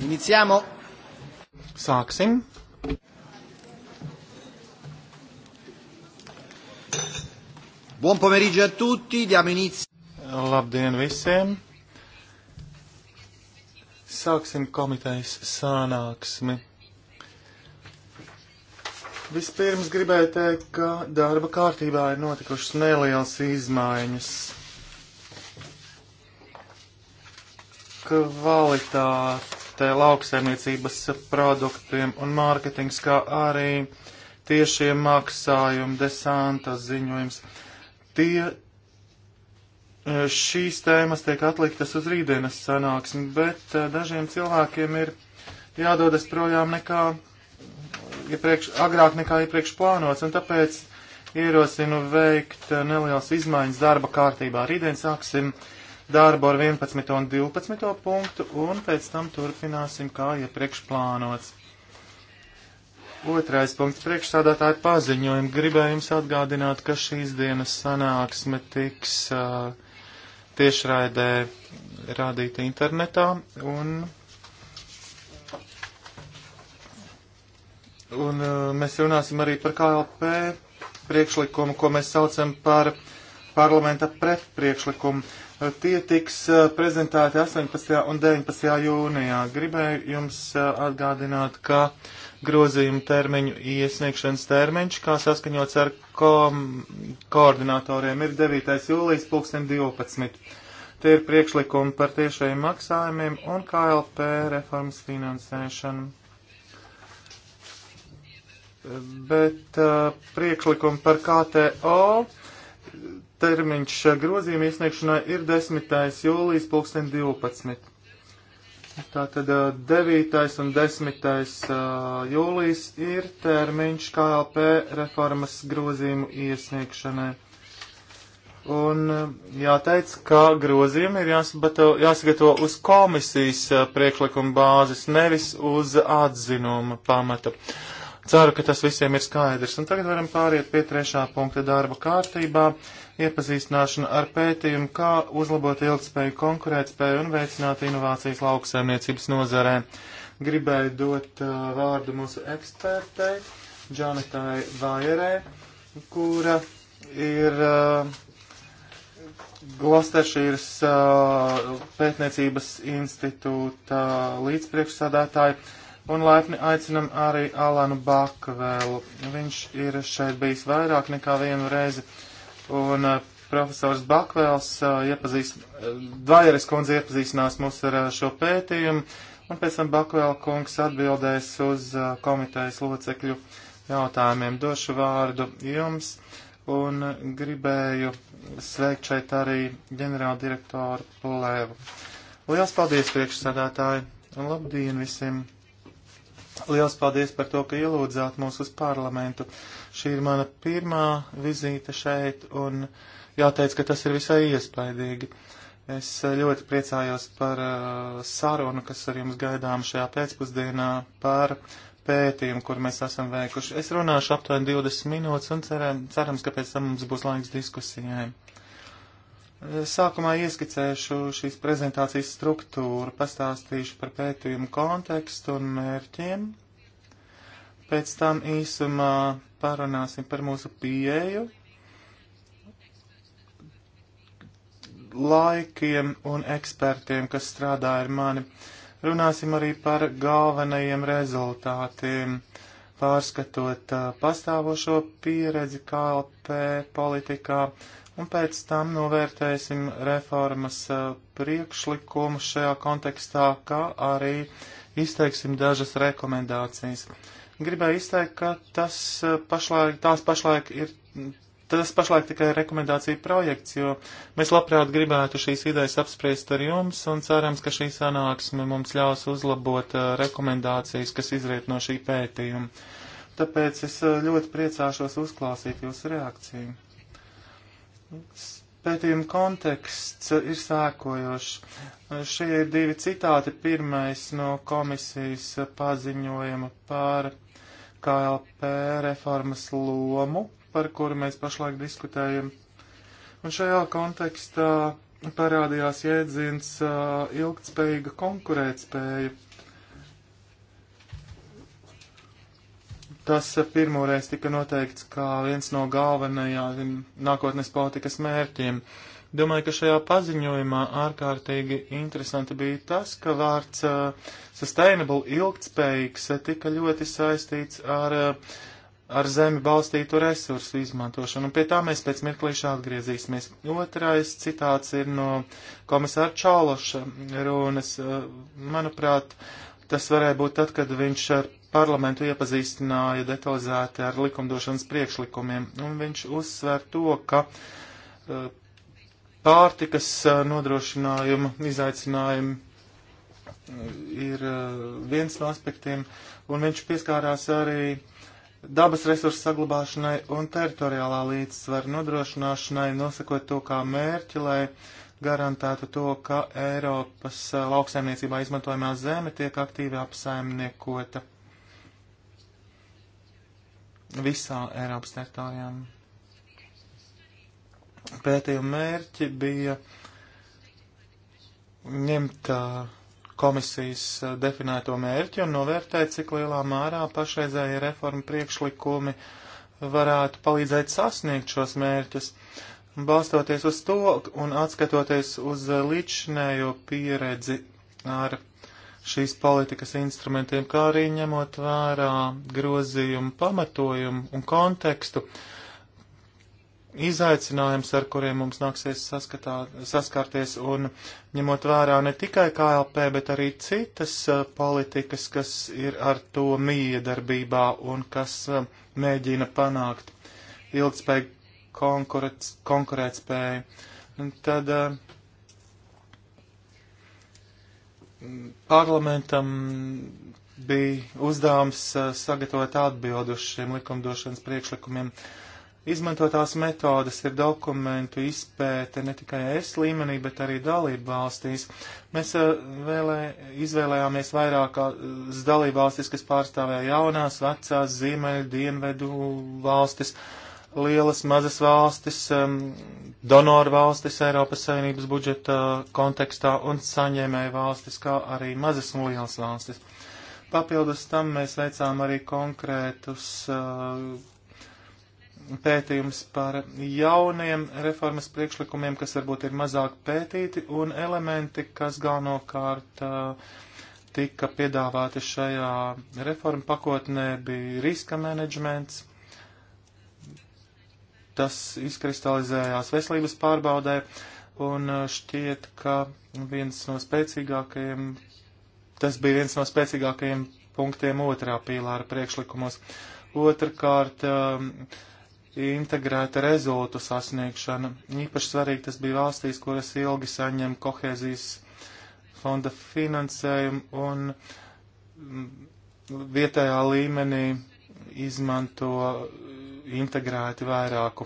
Iniziamo. Sāksim. Buon pomeriggio a tutti, diamo inizio. Labdien visiem. Sāksim komitejas sanāksmi. Vispirms gribēju teikt, ka darba kārtībā ir notikušas nelielas izmaiņas. Kvalitāte eksportē lauksaimniecības produktiem un mārketings, kā arī tiešie maksājumi, desanta ziņojums. Tie e, šīs tēmas tiek atliktas uz rītdienas sanāksmi, bet e, dažiem cilvēkiem ir jādodas projām nekā iepriekš, agrāk nekā iepriekš plānots, un tāpēc ierosinu veikt e, nelielas izmaiņas darba kārtībā. Rītdien sāksim uh, darbu ar 11. un 12. punktu, un pēc tam turpināsim kā iepriekš plānots. Otrais punkts priekšsādātāja paziņojumi. Gribēju jums atgādināt, ka šīs dienas sanāksme tiks uh, tiešraidē rādīta internetā, un, un uh, mēs runāsim arī par KLP priekšlikumu, ko mēs saucam par parlamenta pretpriekšlikumu. Tie tiks eh, prezentēti 18. un 19. jūnijā. Gribēju jums eh, atgādināt, ka grozījumu termiņu iesniegšanas termiņš, kā saskaņots ar ko koordinatoriem, ir 9. jūlijas 2012. Tie ir priekšlikumi par tiešajiem maksājumiem un KLP reformas finansēšanu. Eh, bet uh, priekšlikumi par KTO Termiņš grozījuma iesniegšanai ir 10. jūlijas 2012. Tātad 9. un 10. jūlijas ir termiņš KLP reformas grozījumu iesniegšanai. Un jāteic, ka grozījumi ir jāsabato, jāsagatavo uz komisijas prieklikuma bāzes, nevis uz atzinuma pamata. Ceru, ka tas visiem ir skaidrs. Un tagad varam pāriet pie trešā punkta darba kārtībā. Uh, iepazīstināšana ar pētījumu, kā uzlabot ilgspēju konkurētspēju un veicināt inovācijas lauksaimniecības nozarē. Gribēju dot uh, vārdu mūsu ekspertei, Džanitai Vajerē, kura ir uh, Glosteršīras uh, pētniecības institūta līdzpriekšsādātāja. Un laipni aicinam arī Alanu Bakvēlu. Viņš ir šeit bijis vairāk nekā vienu reizi. Uh, Un uh, profesors Bakvēls uh, iepazīst, uh, Dvajeris kundze iepazīstinās mūs ar šo pētījumu, un pēc tam Bakvēl kungs atbildēs uz komitejas locekļu jautājumiem. Došu vārdu jums, un gribēju sveikt šeit arī ģenerāldirektoru Pulēvu. Lielas paldies priekšsādātāji, un labdien visiem! Liels paldies par to, ka ielūdzāt mūs uz parlamentu. Šī ir mana pirmā vizīte šeit, un jāteic, ka tas ir visai iespaidīgi. Es eh, ļoti priecājos par uh, sarunu, kas ar jums gaidām šajā pēcpusdienā par pētījumu, kur mēs esam veikuši. Es runāšu aptuveni 20 minūtes un ceram, cerams, ka pēc tam mums būs laiks diskusijai. Uh, Sākumā ieskicēšu šīs prezentācijas struktūru, pastāstīšu par pētījumu kontekstu un mērķiem. Pēc tam īsumā parunāsim par mūsu pieeju, laikiem un ekspertiem, kas strādā ar mani. Runāsim arī par galvenajiem rezultātiem, pārskatot pastāvošo pieredzi KLP politikā un pēc tam novērtēsim reformas priekšlikumu šajā kontekstā, kā arī izteiksim dažas rekomendācijas. Gribēju izteikt, ka tas pašlaik, tās pašlaik ir, tas pašlaik tikai rekomendācija projekts, jo mēs labprāt gribētu šīs idejas apspriest ar jums un cerams, ka šī sanāksme mums ļaus uzlabot rekomendācijas, kas izriet no šī pētījuma. Tāpēc es ļoti priecāšos uzklausīt jūsu reakciju. Pētījuma konteksts ir sēkojošs. Šie ir divi citāti. Pirmais no komisijas paziņojuma par KLP reformas lomu, par kuru mēs pašlaik diskutējam. Un šajā kontekstā parādījās jēdziens ilgtspējīga konkurētspēja. Tas eh, pirmoreiz tika noteikts kā viens no galvenajiem nākotnes politikas mērķiem. Domāju, ka šajā paziņojumā ārkārtīgi interesanti bija tas, ka vārds uh, sustainable ilgtspējīgs eh, tika ļoti saistīts ar, ar zemi balstītu resursu izmantošanu, un pie tā mēs pēc mirklīša atgriezīsimies. Otrais citāts ir no komisāra Čāloša runas. Uh, manuprāt, tas varēja būt tad, kad viņš ar parlamentu iepazīstināja detalizēti ar likumdošanas priekšlikumiem, un viņš uzsver to, ka eh, pārtikas eh, nodrošinājuma izaicinājumi eh, ir viens no aspektiem, un viņš pieskārās arī dabas resursu saglabāšanai un teritoriālā līdzsvera nodrošināšanai, nosakot to kā mērķi, lai garantētu to, ka Eiropas lauksaimniecībā izmantojamā zeme tiek aktīvi apsaimniekota visā Eiropas teritorijā. Pētījuma mērķi bija ņemt komisijas definēto mērķi un novērtēt, cik lielā mērā pašreizēja reforma priekšlikumi varētu palīdzēt sasniegt šos mērķus. Balstoties uz to un atskatoties uz līdzinējo pieredzi ar šīs politikas instrumentiem, kā arī ņemot vērā grozījumu pamatojumu un kontekstu, izaicinājums, ar kuriem mums nāksies saskatā, saskarties un ņemot vērā ne tikai KLP, bet arī citas uh, politikas, kas ir ar to miedarbībā un kas uh, mēģina panākt ilgspēju konkurētspēju. Tad uh, Parlamentam bija uzdevums eh, sagatavot atbildu uz šiem likumdošanas priekšlikumiem. Izmantotās metodas ir dokumentu izpēte ne tikai es līmenī, bet arī dalību valstīs. Mēs eh, vēlē, izvēlējāmies vairākas eh, dalību valstis, kas pārstāvēja jaunās, vecās, ziemeļu, dienvedu valstis. Uh, lielas, mazas valstis, um, donoru valstis Eiropas Savienības budžeta kontekstā un saņēmēju valstis, kā arī mazas un lielas valstis. Papildus tam mēs veicām arī konkrētus uh, pētījums par jauniem reformas priekšlikumiem, kas varbūt ir mazāk pētīti, un elementi, kas galvenokārt uh, tika piedāvāti šajā reforma pakotnē, bija riska menedžments, tas izkristalizējās veselības pārbaudē, un uh, šķiet, ka viens no spēcīgākajiem, tas bija viens no spēcīgākajiem punktiem otrā pīlāra priekšlikumos. Otrakārt, um, integrēta rezultu sasniegšana. Īpaši svarīgi tas bija valstīs, kuras ilgi saņem kohēzijas fonda finansējumu un mm, vietējā līmenī izmanto integrēti vairāku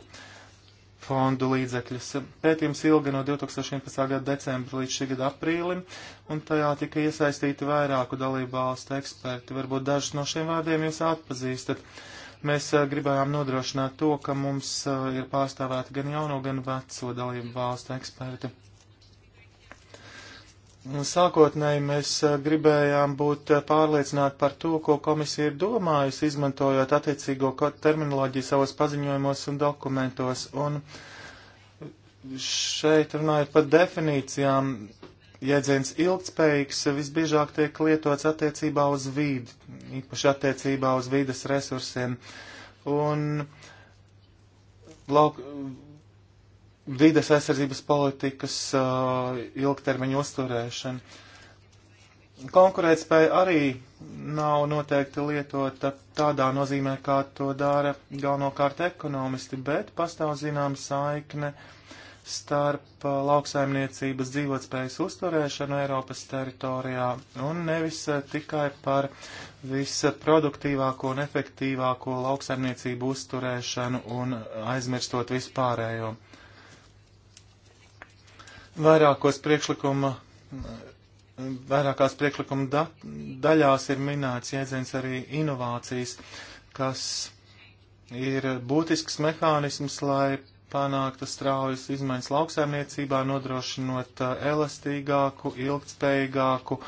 fondu līdzekļus. Pētījums ilga no 2011. gada decembra līdz šī gada aprīlim, un tajā tika iesaistīti vairāku dalību valstu eksperti. Varbūt dažus no šiem vārdiem jūs atpazīstat. Mēs a, eh, gribējām nodrošināt to, ka mums a, eh, ir pārstāvēti gan jauno, gan veco dalību valstu eksperti. Nu, sākotnēji mēs eh, gribējām būt eh, pārliecināti par to, ko komisija ir domājusi, izmantojot attiecīgo terminoloģiju savos paziņojumos un dokumentos. Un šeit runājot par definīcijām, jēdziens ilgspējīgs visbiežāk tiek lietots attiecībā uz vīdi, īpaši attiecībā uz vīdes resursiem. Un lauk, vides aizsardzības politikas uh, ilgtermiņu uzturēšanu. Konkurētspēja arī nav noteikti lietota tādā nozīmē, kā to dara galvenokārt ekonomisti, bet pastāv zinām saikne starp uh, lauksaimniecības dzīvotspējas uzturēšanu Eiropas teritorijā un nevis uh, tikai par visproduktīvāko un efektīvāko lauksaimniecību uzturēšanu un aizmirstot vispārējo. Vairākos priekšlikuma, vairākās priekšlikuma da, daļās ir minēts jēdziens arī inovācijas, kas ir būtisks mehānisms, lai panāktu straujas izmaiņas lauksaimniecībā, nodrošinot uh, elastīgāku, ilgtspējīgāku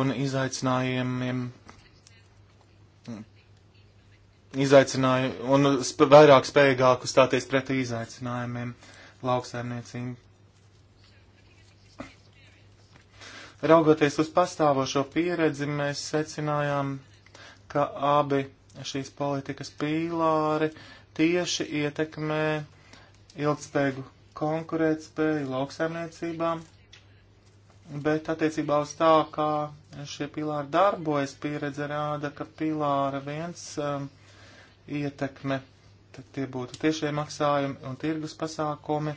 un izaicinājumiem izaicināju un sp vairāk spējīgāku stāties pretī izaicinājumiem lauksaimniecību. Raugoties uz pastāvošo pieredzi, mēs secinājām, ka abi šīs politikas pīlāri tieši ietekmē ilgspēju konkurētspēju lauksaimniecībām, bet attiecībā uz tā, kā šie pīlāri darbojas, pieredze rāda, ka pīlāra viens um, ietekme, tad tie būtu tiešie maksājumi un tirgus pasākumi,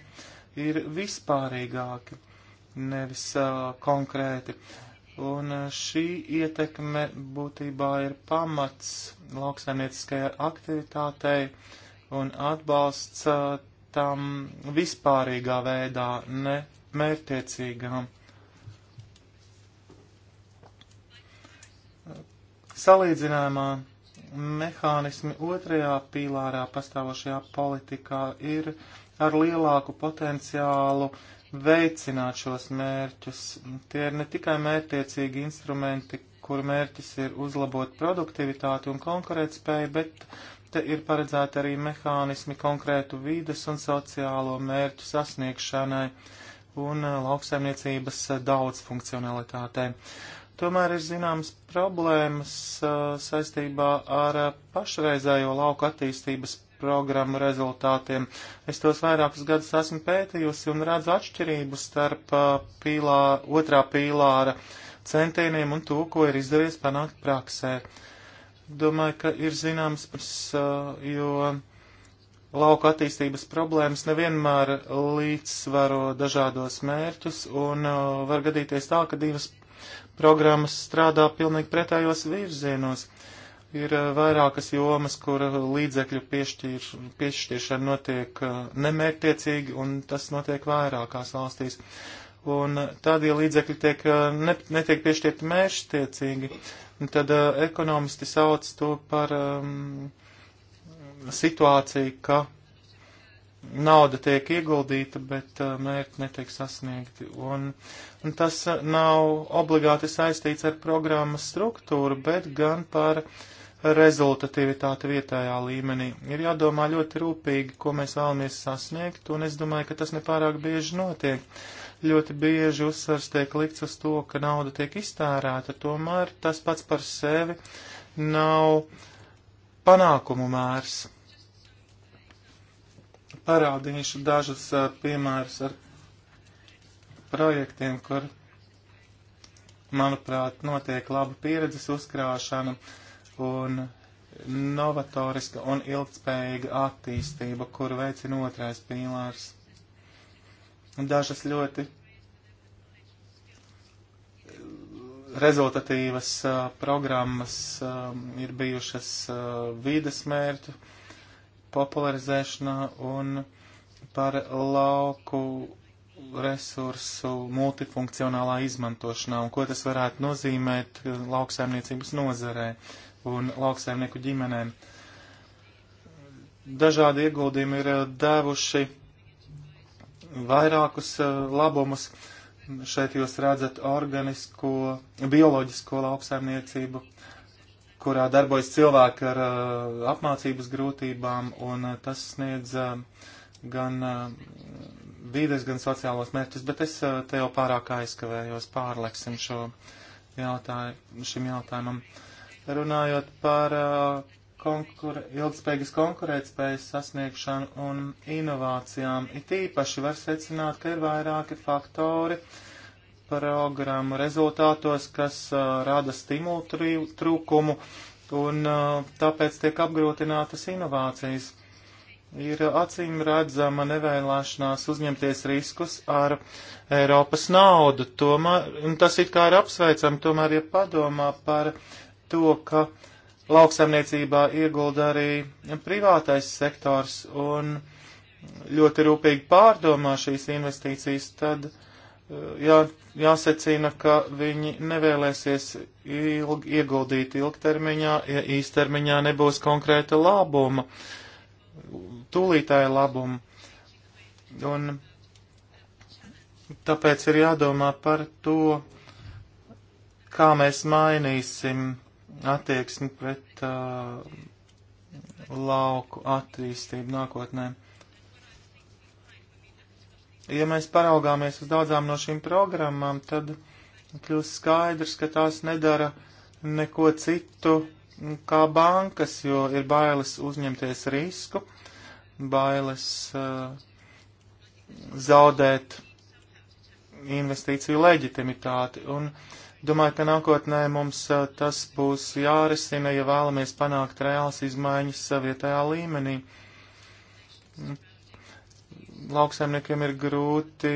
ir vispārīgāki nevis uh, konkrēti. Un uh, šī ietekme būtībā ir pamats lauksaimnieciskajai aktivitātei un atbalsts uh, tam vispārīgā veidā, ne mērķtiecīgā. Salīdzinājumā mehānismi otrajā pīlārā pastāvošajā politikā ir ar lielāku potenciālu uh, veicināt šos mērķus. Tie ir ne tikai mērķiecīgi instrumenti, kur mērķis ir uzlabot produktivitāti un konkurētspēju, bet te ir paredzēti arī mehānismi konkrētu vīdes un sociālo mērķu sasniegšanai un uh, lauksaimniecības uh, daudzfunkcionalitātei. Tomēr ir zināmas problēmas uh, saistībā ar pašreizējo lauku attīstības programmu rezultātiem. Es tos vairākus gadus esmu pētījusi un redzu atšķirību starp uh, pīlā, otrā pīlāra centieniem un to, ko ir izdevies panākt praksē. Domāju, ka ir zināms, uh, jo lauka attīstības problēmas nevienmēr līdzsvaro dažādos mērķus un uh, var gadīties tā, ka divas programmas strādā pilnīgi pretējos virzienos ir eh, vairākas jomas, kur eh, līdzekļu piešķir, piešķiršana notiek eh, nemērtiecīgi, un tas notiek vairākās valstīs. Un tad, ja līdzekļi tiek, ne, netiek piešķirti mērķtiecīgi, tad uh, ekonomisti sauc to par um, situāciju, ka nauda tiek ieguldīta, bet uh, mērķi netiek sasniegti. Un, un tas nav obligāti saistīts ar programmas struktūru, bet gan par uh, rezultatīvitāte vietējā līmenī. Ir jādomā ļoti rūpīgi, ko mēs vēlamies sasniegt, un es domāju, ka tas nepārāk bieži notiek. Ļoti bieži uzsvars tiek likts uz to, ka nauda tiek iztērēta, tomēr tas pats par sevi nav panākumu mērs. Parādīšu dažus piemērus ar projektiem, kur, manuprāt, notiek laba pieredzes uzkrāšana. Uh, un novatoriska un ilgspējīga attīstība, kuru veicina otrais pīlārs. Dažas ļoti rezultatīvas uh, programmas uh, ir bijušas uh, vīdes mērķu popularizēšanā un par lauku resursu multifunkcionālā izmantošanā un ko tas varētu nozīmēt uh, lauksaimniecības nozarē. Uh, un lauksaimnieku ģimenēm. Dažādi ieguldījumi ir eh, devuši vairākus eh, labumus. Šeit jūs redzat organisko, bioloģisko lauksaimniecību, kurā darbojas cilvēki ar eh, apmācības grūtībām, un tas sniedz gan vīdes, gan sociālos mērķus, bet es te jau pārāk aizkavējos pārleksim šo jautāju, šim jautājumam. Uh, Runājot par konkur ilgspējīgas konkurētspējas sasniegšanu un inovācijām, it īpaši var secināt, ka ir vairāki faktori programmu rezultātos, kas rada stimulu trūkumu un tāpēc tiek apgrūtinātas inovācijas ir acīm redzama nevēlēšanās uzņemties riskus ar Eiropas naudu. Tomēr, tas it kā ir apsveicam, tomēr, ja padomā par to, ka lauksaimniecībā iegulda arī privātais sektors un ļoti rūpīgi pārdomā šīs investīcijas, tad eh, jā, jāsecina, ka viņi nevēlēsies ilg, ieguldīt ilgtermiņā, ja īstermiņā nebūs konkrēta labuma, tūlītāja labuma. Un tāpēc ir jādomā par to, kā mēs mainīsim attieksmi pret uh, lauku attīstību nākotnē. Ja mēs paraugāmies uz daudzām no šīm programmām, tad kļūst skaidrs, ka tās nedara neko citu kā bankas, jo ir bailes uzņemties risku, bailes uh, zaudēt investīciju leģitimitāti. Un, uh, Domāju, ka nākotnē mums tas būs jārisina, ja vēlamies panākt reāls izmaiņas savietējā līmenī. Lauksaimniekiem ir grūti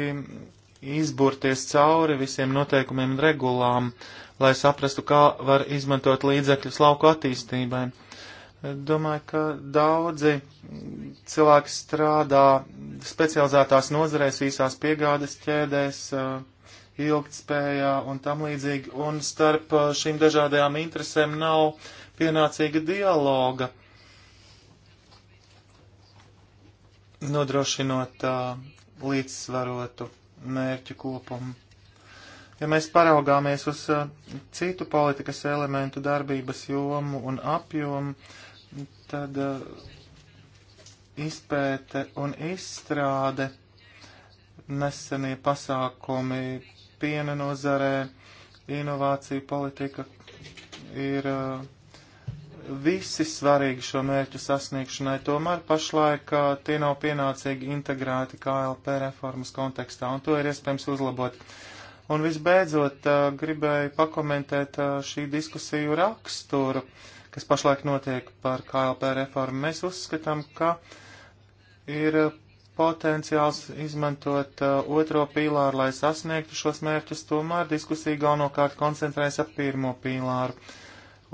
izburties cauri visiem noteikumiem un regulām, lai saprastu, kā var izmantot līdzekļus lauku attīstībai. Domāju, ka daudzi cilvēki strādā specializētās nozarēs, īsās piegādes ķēdēs, ilgtspējā un tam līdzīgi, un starp uh, šīm dažādajām interesēm nav pienācīga dialoga, nodrošinot uh, līdzsvarotu mērķu kopumu. Ja mēs paraugāmies uz uh, citu politikas elementu darbības jomu un apjomu, tad uh, izpēte un izstrāde nesenie pasākumi piena nozarē, inovācija politika ir uh, visi svarīgi šo mērķu sasniegšanai, tomēr pašlaik uh, tie nav pienācīgi integrēti KLP reformas kontekstā, un to ir iespējams uzlabot. Un visbeidzot, uh, gribēju pakomentēt uh, šī diskusiju raksturu, kas pašlaik notiek par KLP reformu. Mēs uzskatām, ka ir uh, potenciāls izmantot uh, otro pīlāru, lai sasniegtu šos mērķus, tomēr diskusija galvenokārt koncentrējas ap pirmo pīlāru.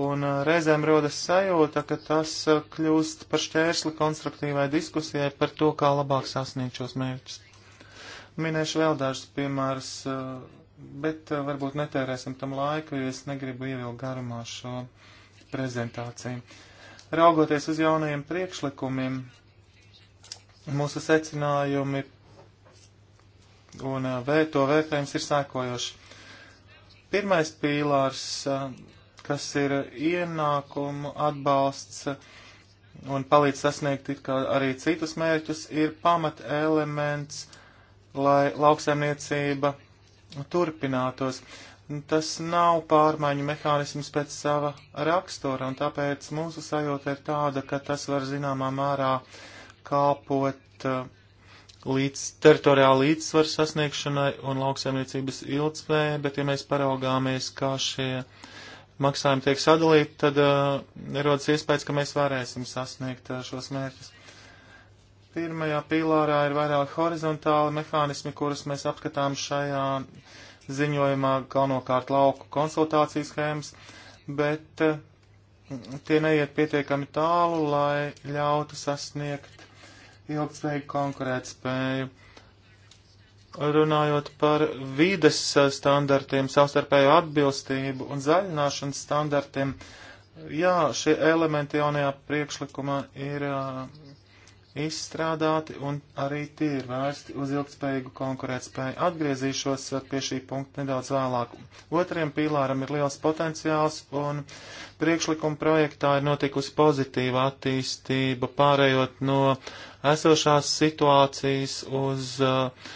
Un uh, reizēm rodas sajūta, ka tas uh, kļūst par šķērsli konstruktīvai diskusijai par to, kā labāk sasniegt šos mērķus. Minēšu vēl dažus piemērus, uh, bet uh, varbūt netērēsim tam laiku, jo es negribu ievilkt garumā šo prezentāciju. Raugoties uz jaunajiem priekšlikumiem, Mūsu secinājumi un vē, to vērtējums ir sēkojoši. Pirmais pīlārs, kas ir ienākumu atbalsts un palīdz sasniegt it kā arī citus mērķus, ir pamat elements, lai lauksaimniecība turpinātos. Tas nav pārmaiņu mehānisms pēc sava rakstura, un tāpēc mūsu sajūta ir tāda, ka tas var zināmā mērā uh, kalpot uh, līdz teritoriāla līdzsvara sasniegšanai un lauksaimniecības ilgspējai, bet ja mēs paraugāmies, kā šie maksājumi tiek sadalīti, tad uh, rodas iespējas, ka mēs varēsim sasniegt uh, šos mērķus. Pirmajā pīlārā ir vairāk horizontāli mehānismi, kurus mēs apskatām šajā ziņojumā, galvenokārt lauku konsultācijas schēmas, bet uh, tie neiet pietiekami tālu, lai ļautu sasniegt ilgspējīgu konkurētspēju. Runājot par vides eh, standartiem, savstarpēju atbilstību un zaļināšanas standartiem, jā, šie elementi jaunajā priekšlikumā ir uh, izstrādāti un arī tie ir vērsti uz ilgspējīgu konkurētspēju. Atgriezīšos eh, pie šī punkta nedaudz vēlāk. Otriem pīlāram ir liels potenciāls un priekšlikuma projektā ir notikusi pozitīva attīstība, pārējot no esošās situācijas uz uh,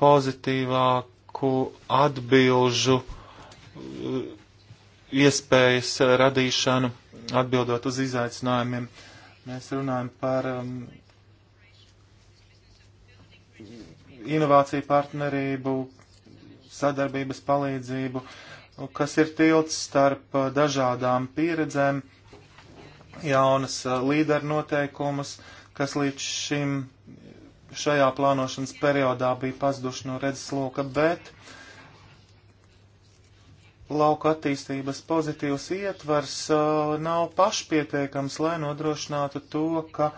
pozitīvāku atbilžu uh, iespējas radīšanu, atbildot uz izaicinājumiem. Mēs runājam par um, inovāciju partnerību, sadarbības palīdzību, kas ir tilts starp uh, dažādām pieredzēm, jaunas līderu noteikumus, uh, kas līdz šim šajā plānošanas periodā bija pazuduši no redzesloka, bet lauka attīstības pozitīvs ietvars uh, nav pašpietiekams, lai nodrošinātu to, ka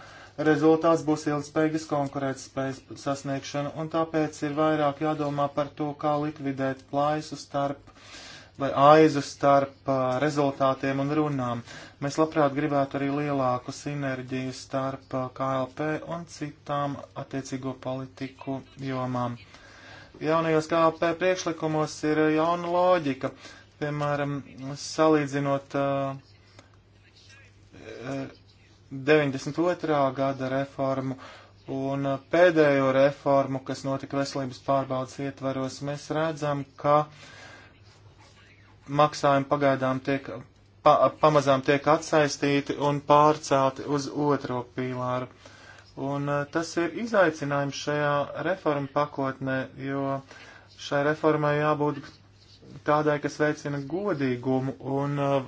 rezultāts būs ilgspējīgas konkurētspējas sasniegšana, un tāpēc ir vairāk jādomā par to, kā likvidēt plaisu starp uh, vai aizu starp rezultātiem un runām. Mēs labprāt gribētu arī lielāku sinerģiju starp KLP un citām attiecīgo politiku jomām. Jaunajos KLP priekšlikumos ir jauna loģika, piemēram, salīdzinot uh, 92. gada reformu Un pēdējo reformu, kas notika veselības pārbaudas ietvaros, mēs redzam, ka maksājumi pagaidām tiek, pa, pamazām tiek atsaistīti un pārcelti uz otro pīlāru. Un eh, tas ir izaicinājums šajā reforma pakotnē, jo šai reformai jābūt tādai, kas veicina godīgumu un eh,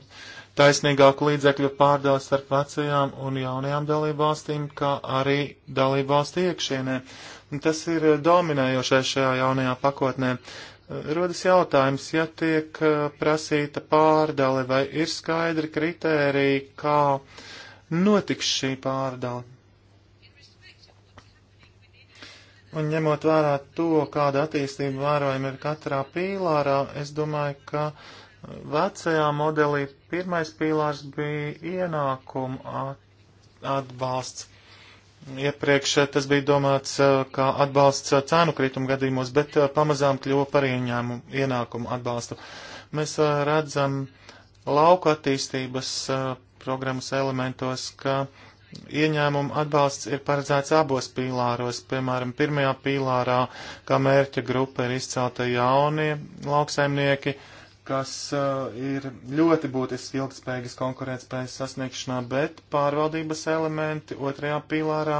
taisnīgāku līdzekļu pārdās ar vecajām un jaunajām dalībvalstīm, kā arī dalībvalstu iekšienē. Un tas ir eh, dominējošais šajā jaunajā pakotnē. Uh, Rodas jautājums, ja tiek eh, prasīta pārdale, vai ir skaidri kritēriji, kā notiks šī pārdale? Un ņemot vērā to, kāda attīstība vērojama ir katrā pīlārā, es domāju, ka vecajā modelī pirmais pīlārs bija ienākuma atbalsts Iepriekš eh, tas bija domāts eh, kā atbalsts eh, cēnu krituma gadījumos, bet pamazām kļuva par ieņēmumu, ienākumu atbalstu. Mēs redzam lauku attīstības programmas elementos, ka ieņēmumu atbalsts ir paredzēts abos pīlāros. Piemēram, pirmajā pīlārā kā mērķa grupa ir izcelta jaunie lauksaimnieki kas uh, ir ļoti būtiski ilgspējīgas konkurētspējas sasniegšanā, bet pārvaldības elementi otrajā pīlārā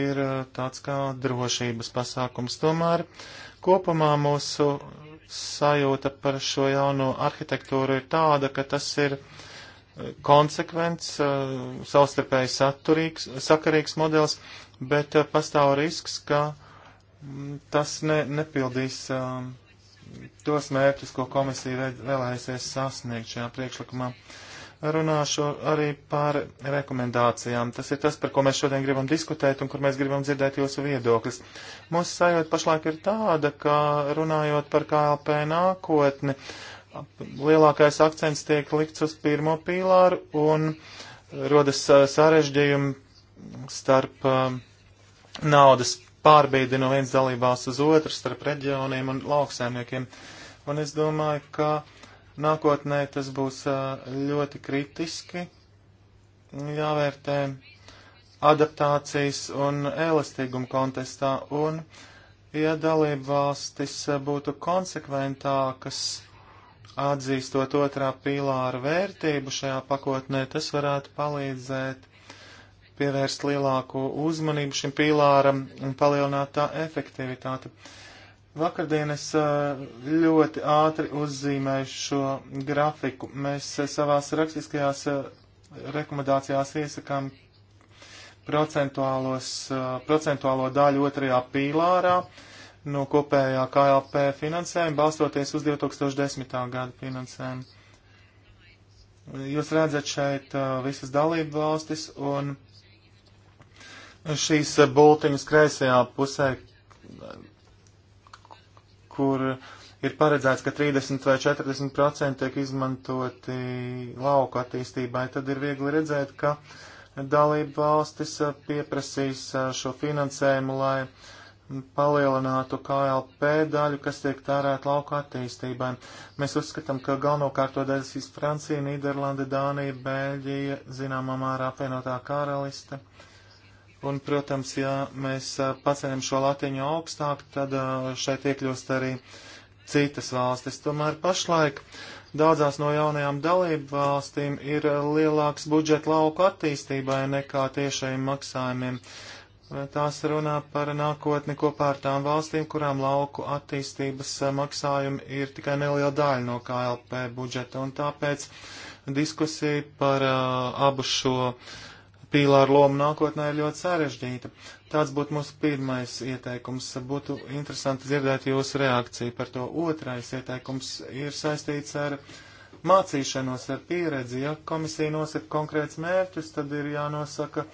ir uh, tāds kā drošības pasākums. Tomēr kopumā mūsu sajūta par šo jauno arhitektūru ir tāda, ka tas ir uh, konsekvents, uh, savstarpēji saturīgs, sakarīgs modelis, bet uh, pastāv risks, ka mm, tas ne, nepildīs um, tos mērķus, ko komisija vēlēsies sasniegt šajā priekšlikumā. Runāšu arī par rekomendācijām. Tas ir tas, par ko mēs šodien gribam diskutēt un kur mēs gribam dzirdēt jūsu viedoklis. Mūsu sajūta pašlaik ir tāda, ka runājot par KLP nākotni, lielākais akcents tiek likts uz pirmo pīlāru un rodas uh, sarežģījumi starp uh, naudas pārbīdi no viens dalībās uz otru starp reģioniem un lauksēmniekiem. Un es domāju, ka nākotnē tas būs ļoti kritiski jāvērtē adaptācijas un elastīguma kontestā. Un, ja dalībvalstis būtu konsekventākas atzīstot otrā pīlāra vērtību šajā pakotnē, tas varētu palīdzēt pievērst lielāku uzmanību šim pīlāram un palielināt tā efektivitāti. Vakardien es ļoti ātri uzzīmēju šo grafiku. Mēs savās rakstiskajās rekomendācijās iesakām procentuālo daļu otrajā pīlārā no kopējā KLP finansējuma, balstoties uz 2010. gada finansējumu. Jūs redzat šeit visas dalību valstis un šīs eh, bultiņas kreisajā pusē, kur ir paredzēts, ka 30 vai 40 procenti tiek izmantoti lauku attīstībai, tad ir viegli redzēt, ka dalību valstis eh, pieprasīs eh, šo finansējumu, lai palielinātu KLP daļu, kas tiek tērēt lauku attīstībai. Mēs uzskatām, ka galvenokārt to darīs Francija, Nīderlanda, Dānija, Bēļģija, zināmā mērā apvienotā karaliste. Uh, Un, protams, ja mēs paceļam šo latiņu augstāk, tad šeit iekļūst arī citas valstis. Tomēr pašlaik daudzās no jaunajām dalību valstīm ir lielāks budžeta lauku attīstībai nekā tiešajiem maksājumiem. Tās runā par nākotni kopā ar tām valstīm, kurām lauku attīstības maksājumi ir tikai neliela daļa no KLP budžeta. Un tāpēc diskusija par uh, abu šo uh, pīlāra loma nākotnē ir ļoti sarežģīta. Tāds būtu mūsu pirmais ieteikums. Būtu interesanti dzirdēt jūsu reakciju par to. Otrais ieteikums ir saistīts ar mācīšanos, ar pieredzi. Ja komisija nosaka konkrēts mērķus, tad ir jānosaka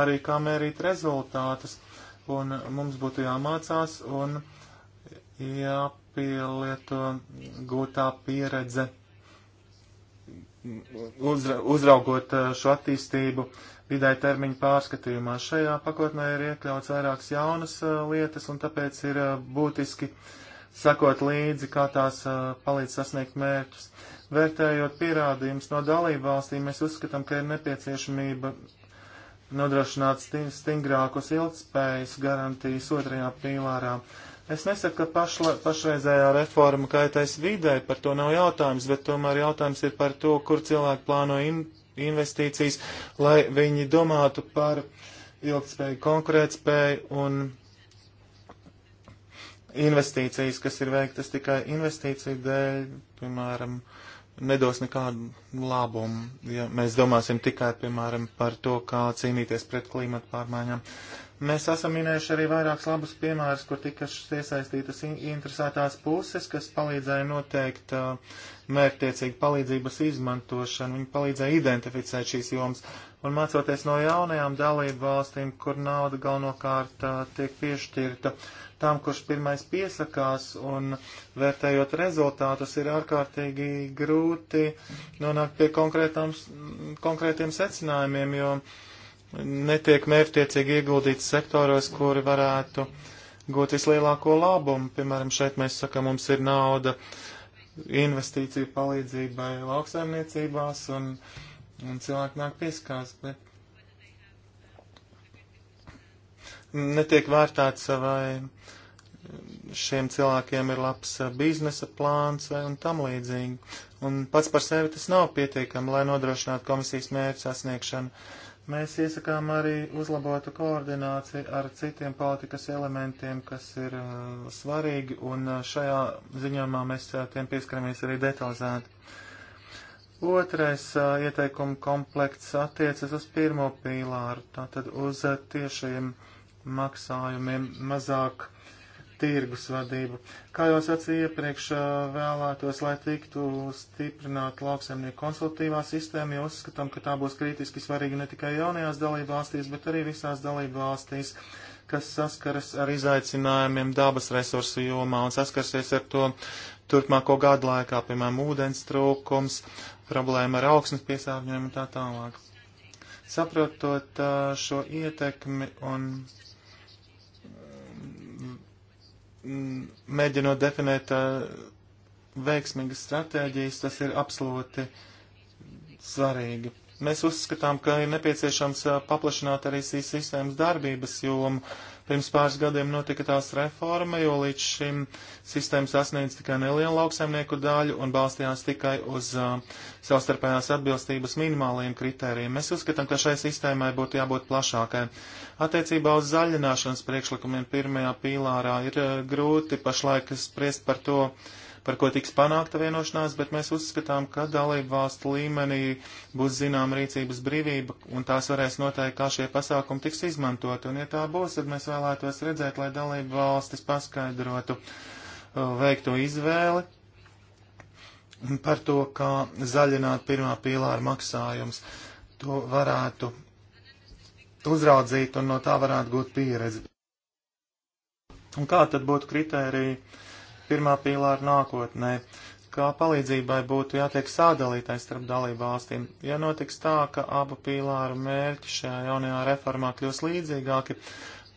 arī, kā mērīt rezultātus. Un mums būtu jāmācās un jāpielieto gūtā pieredze, uzra, uzraugot uh, šo attīstību vidēja termiņa pārskatījumā. Šajā pakotnē ir iekļauts vairākas jaunas lietas, un tāpēc ir būtiski sakot līdzi, kā tās palīdz sasniegt mērķus. Vērtējot pierādījumus no dalību valstīm, mēs uzskatām, ka ir nepieciešamība nodrošināt stingrākus ilgspējas garantijas otrajā pīlārā. Es nesaku, ka pašla, pašreizējā reforma kaitēs vidē, par to nav jautājums, bet tomēr jautājums ir par to, kur cilvēki plāno in, investīcijas, lai viņi domātu par ilgspēju, konkurētspēju un investīcijas, kas ir veiktas tikai investīciju dēļ, piemēram, nedos nekādu labumu, ja mēs domāsim tikai, piemēram, par to, kā cīnīties pret klimatu pārmaiņām. Uh, Mēs esam minējuši arī vairākus labus piemērus, kur tika iesaistītas interesētās puses, kas palīdzēja noteikt uh, mērķtiecīgu palīdzības izmantošanu. Viņi palīdzēja identificēt šīs jomas. Un mācoties no jaunajām dalību valstīm, kur nauda galvenokārt uh, tiek piešķirta tam, kurš pirmais piesakās, un vērtējot rezultātus, ir ārkārtīgi grūti nonākt pie konkrētiem secinājumiem, jo netiek mērķtiecīgi ieguldīts sektoros, kuri varētu gūt vislielāko labumu. Piemēram, šeit mēs sakam, mums ir nauda investīciju palīdzībai lauksaimniecībās un, un cilvēki nāk pieskās, bet netiek vērtēts, vai šiem cilvēkiem ir labs biznesa plāns vai un tam līdzīgi. Un pats par sevi tas nav pietiekami, lai nodrošinātu komisijas mērķu sasniegšanu. Mēs iesakām arī uzlabotu koordināciju ar citiem politikas elementiem, kas ir uh, svarīgi, un uh, šajā ziņojumā mēs uh, tiem pieskaramies arī detalizēti. Otrais uh, ieteikuma komplekts attiecas uz pirmo pīlāru, tātad uz uh, tiešajiem maksājumiem mazāk tirgus vadību. Kā jau sacīju iepriekš, vēlētos, lai tiktu stiprināt lauksaimnieku konsultīvā sistēma, jo uzskatām, ka tā būs kritiski svarīga ne tikai jaunajās dalību valstīs, bet arī visās dalību valstīs, kas saskaras ar izaicinājumiem dabas resursu jomā un saskarsies ar to turpmāko gadu laikā, piemēram, ūdens trūkums, problēma ar augsnes piesārņojumu un tā tālāk. Saprotot šo ietekmi un Mm, mēģinot definēt veiksmīgas stratēģijas, tas ir absolūti svarīgi. Mēs uzskatām, ka ir nepieciešams paplašināt arī šīs sistēmas darbības jomu. Um, Pirms pāris gadiem notika tās reforma, jo līdz šim sistēma sasniedz tikai nelielu lauksaimnieku daļu un balstījās tikai uz uh, savstarpējās atbilstības minimālajiem kritērijiem. Mēs uzskatām, ka šai sistēmai būtu jābūt plašākai. Attiecībā uz zaļināšanas priekšlikumiem pirmajā pīlārā ir uh, grūti pašlaik spriest par to, uh, par ko tiks panākta vienošanās, bet mēs uzskatām, ka dalību valstu līmenī būs zinām rīcības brīvība un tās varēs noteikt, kā šie pasākumi tiks izmantot. Un ja tā būs, tad mēs vēlētos redzēt, lai dalību valstis paskaidrotu uh, veikto izvēli par to, kā zaļināt pirmā pīlāra maksājums. To varētu uzraudzīt un no tā varētu gūt pieredzi. Un kā tad būtu kritērija pirmā pīlāra nākotnē, kā palīdzībai būtu jātiek sādalītai starp dalību valstīm. Ja notiks tā, ka abu pīlāru mērķi šajā jaunajā reformā kļūs līdzīgāki,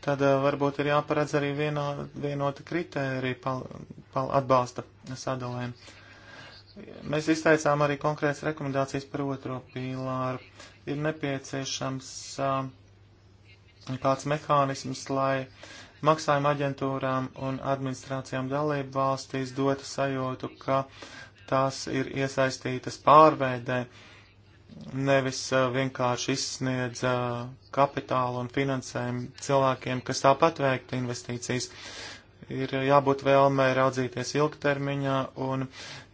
tad uh, varbūt ir jāparedz arī vienā, vienota kritērija pal, pal, atbalsta sadalēm. Mēs izteicām arī konkrētas rekomendācijas par otro pīlāru. Ir nepieciešams uh, kāds mehānisms, lai uh, maksājuma aģentūrām un administrācijām dalību valstīs dotu sajūtu, ka tās ir iesaistītas pārveidē, nevis uh, vienkārši izsniedz uh, kapitālu un finansējumu cilvēkiem, kas tāpat veiktu investīcijas. Ir jābūt vēlmē raudzīties ilgtermiņā un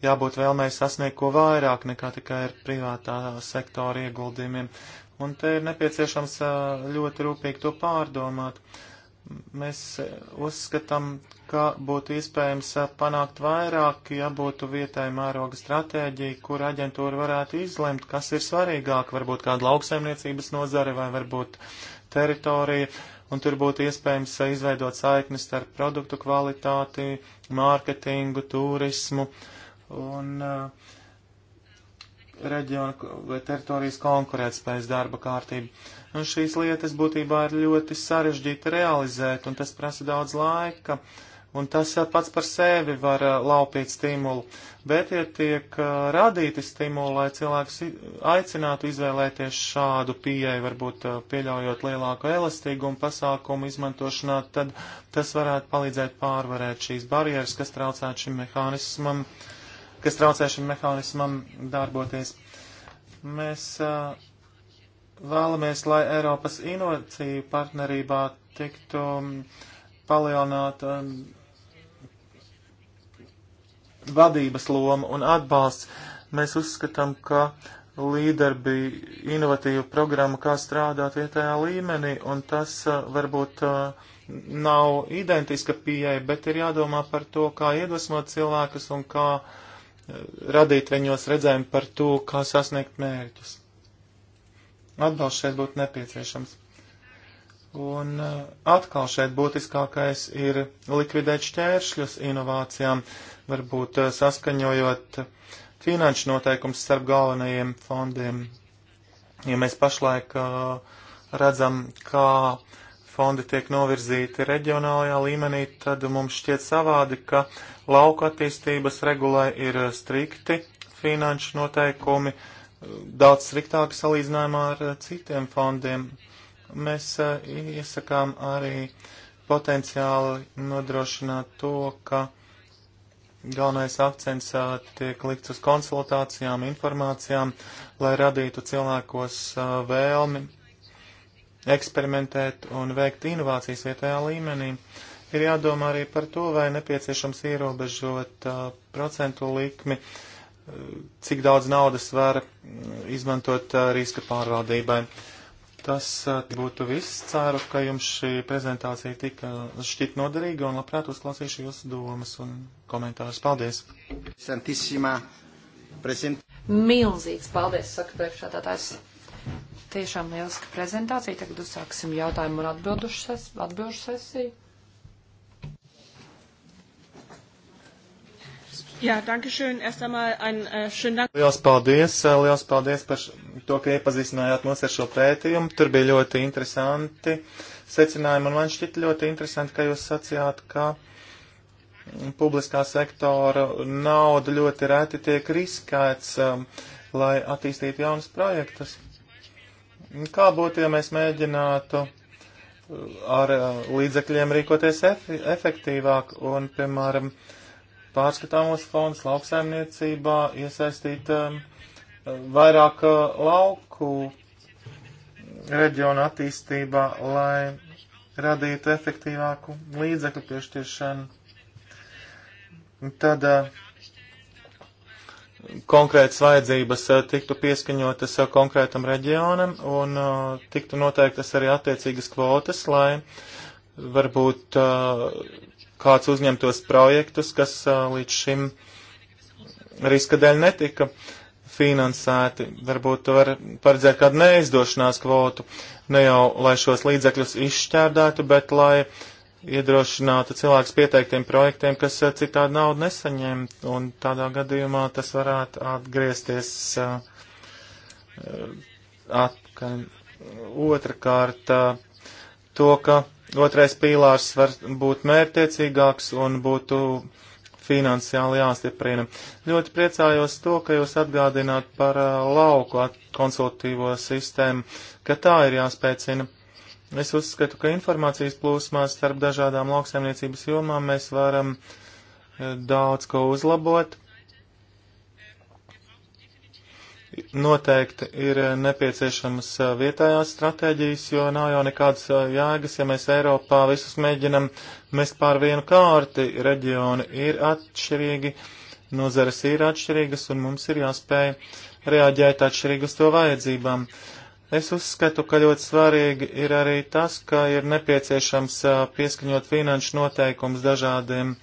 jābūt vēlmē sasniegt ko vairāk nekā tikai ar privātā sektora ieguldījumiem. Un te ir nepieciešams uh, ļoti rūpīgi to pārdomāt. Uh, Mēs uzskatām, ka būtu iespējams eh, panākt vairāk, ja būtu vietēja mēroga stratēģija, kur aģentūra varētu izlemt, kas ir svarīgāk, varbūt kāda lauksaimniecības nozare vai varbūt teritorija, un tur būtu iespējams eh, izveidot saiknes starp produktu kvalitāti, mārketingu, turismu un uh, reģionu vai teritorijas konkurētspējas darba kārtību. Un šīs lietas būtībā ir ļoti sarežģīti realizēt, un tas prasa daudz laika. Un tas pats par sevi var uh, laupīt stimulu. Bet, ja tiek uh, radīti stimuli, lai cilvēks aicinātu izvēlēties šādu pieeju, varbūt uh, pieļaujot lielāku elastīgumu pasākumu izmantošanā, tad tas varētu palīdzēt pārvarēt šīs barjeras, kas traucē šim mehānismam, kas traucē šim mehānismam darboties. Mēs uh, vēlamies, lai Eiropas inovāciju partnerībā tiktu um, palielināta um, vadības loma un atbalsts. Mēs uzskatām, ka līderi bija inovatīva programma, kā strādāt vietējā līmenī, un tas uh, varbūt uh, nav identiska pieeja, bet ir jādomā par to, kā iedvesmot cilvēkus un kā uh, radīt viņos redzējumu par to, kā sasniegt mērķus atbalsts šeit būtu nepieciešams. Un uh, atkal šeit būtiskākais ir likvidēt šķēršļus inovācijām, varbūt uh, saskaņojot finanšu noteikums starp galvenajiem fondiem. Ja mēs pašlaik uh, redzam, kā fondi tiek novirzīti reģionālajā līmenī, tad mums šķiet savādi, ka lauka attīstības regulai ir uh, strikti finanšu noteikumi, uh, daudz striktāki salīdzinājumā ar eh, citiem fondiem. Mēs eh, iesakām arī potenciāli nodrošināt to, ka galvenais akcents eh, tiek likts uz konsultācijām, informācijām, lai radītu cilvēkos vēlmi eksperimentēt un veikt inovācijas vietējā līmenī. Ir jādomā arī par to, vai nepieciešams ierobežot procentu likmi uh, cik daudz naudas var izmantot uh, riska pārvaldībai. Tas uh, būtu viss. Ceru, ka jums šī prezentācija tika šķiet noderīga un labprāt uzklausīšu jūsu domas un komentārus. Paldies! Milzīgs paldies, saka priekšādātājs. Tiešām lieliska prezentācija. Tagad uzsāksim jautājumu un atbildušu sesiju. Jā, dankeschön. Erst einmal ein uh, schönen Dank. Liels paldies, äh, liels paldies par to, ka iepazīstinājāt mūs ar šo pētījumu. Tur bija ļoti interesanti secinājumi, un man šķiet ļoti interesanti, ka jūs sacījāt, ka publiskā sektora nauda ļoti reti tiek riskēts, um, lai attīstītu jaunus projektus. Kā būtu, ja mēs mēģinātu uh, ar uh, līdzekļiem rīkoties ef efektīvāk un, piemēram, uh, pārskatāmos fondus lauksaimniecībā iesaistīt um, vairāk uh, lauku reģionu attīstībā, lai radītu efektīvāku līdzekļu piešķiršanu. Tad uh, konkrētas vajadzības uh, tiktu pieskaņotas uh, konkrētam reģionam un uh, tiktu noteiktas arī attiecīgas kvotas, lai varbūt uh, kāds uzņemtos projektus, kas līdz šim riska dēļ netika finansēti. Varbūt var paredzēt kādu neizdošanās kvotu, ne jau lai šos līdzekļus izšķērdētu, bet lai iedrošinātu cilvēkus pieteiktiem projektiem, kas citādi naudu nesaņem. Un tādā gadījumā tas varētu atgriezties atpakaļ. Otrakārt, to, ka Otrais pīlārs var būt mērtiecīgāks un būtu finansiāli jāstiprina. Ļoti priecājos to, ka jūs atgādināt par uh, lauku konsultīvo sistēmu, ka tā ir jāspēcina. Es uzskatu, ka informācijas plūsmās starp dažādām lauksaimniecības jomām mēs varam uh, daudz ko uzlabot Noteikti ir eh, nepieciešamas eh, vietējās stratēģijas, jo nav jau nekādas eh, jēgas, ja mēs Eiropā visus mēģinam mest pār vienu kārti. Reģioni ir atšķirīgi, nozares ir atšķirīgas, un mums ir jāspēj reaģēt atšķirīgi uz to vajadzībām. Es uzskatu, ka ļoti svarīgi ir arī tas, ka ir nepieciešams pieskaņot finanšu noteikums dažādiem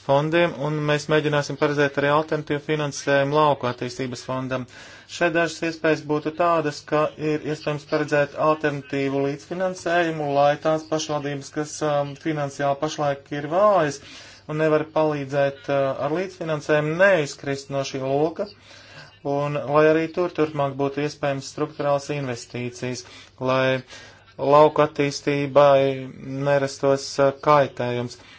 fondiem, un mēs mēģināsim paredzēt arī alternatīvu finansējumu lauku attīstības fondam. Uh, Šeit dažas iespējas būtu tādas, ka ir iespējams paredzēt alternatīvu līdzfinansējumu, lai tās pašvaldības, kas um, finansiāli pašlaik ir vājas un nevar palīdzēt uh, ar līdzfinansējumu, neizkrist no šī loka. Un lai arī tur turpmāk būtu iespējams struktūrāls investīcijas, lai lauka attīstībai nerastos uh, kaitējums. Uh,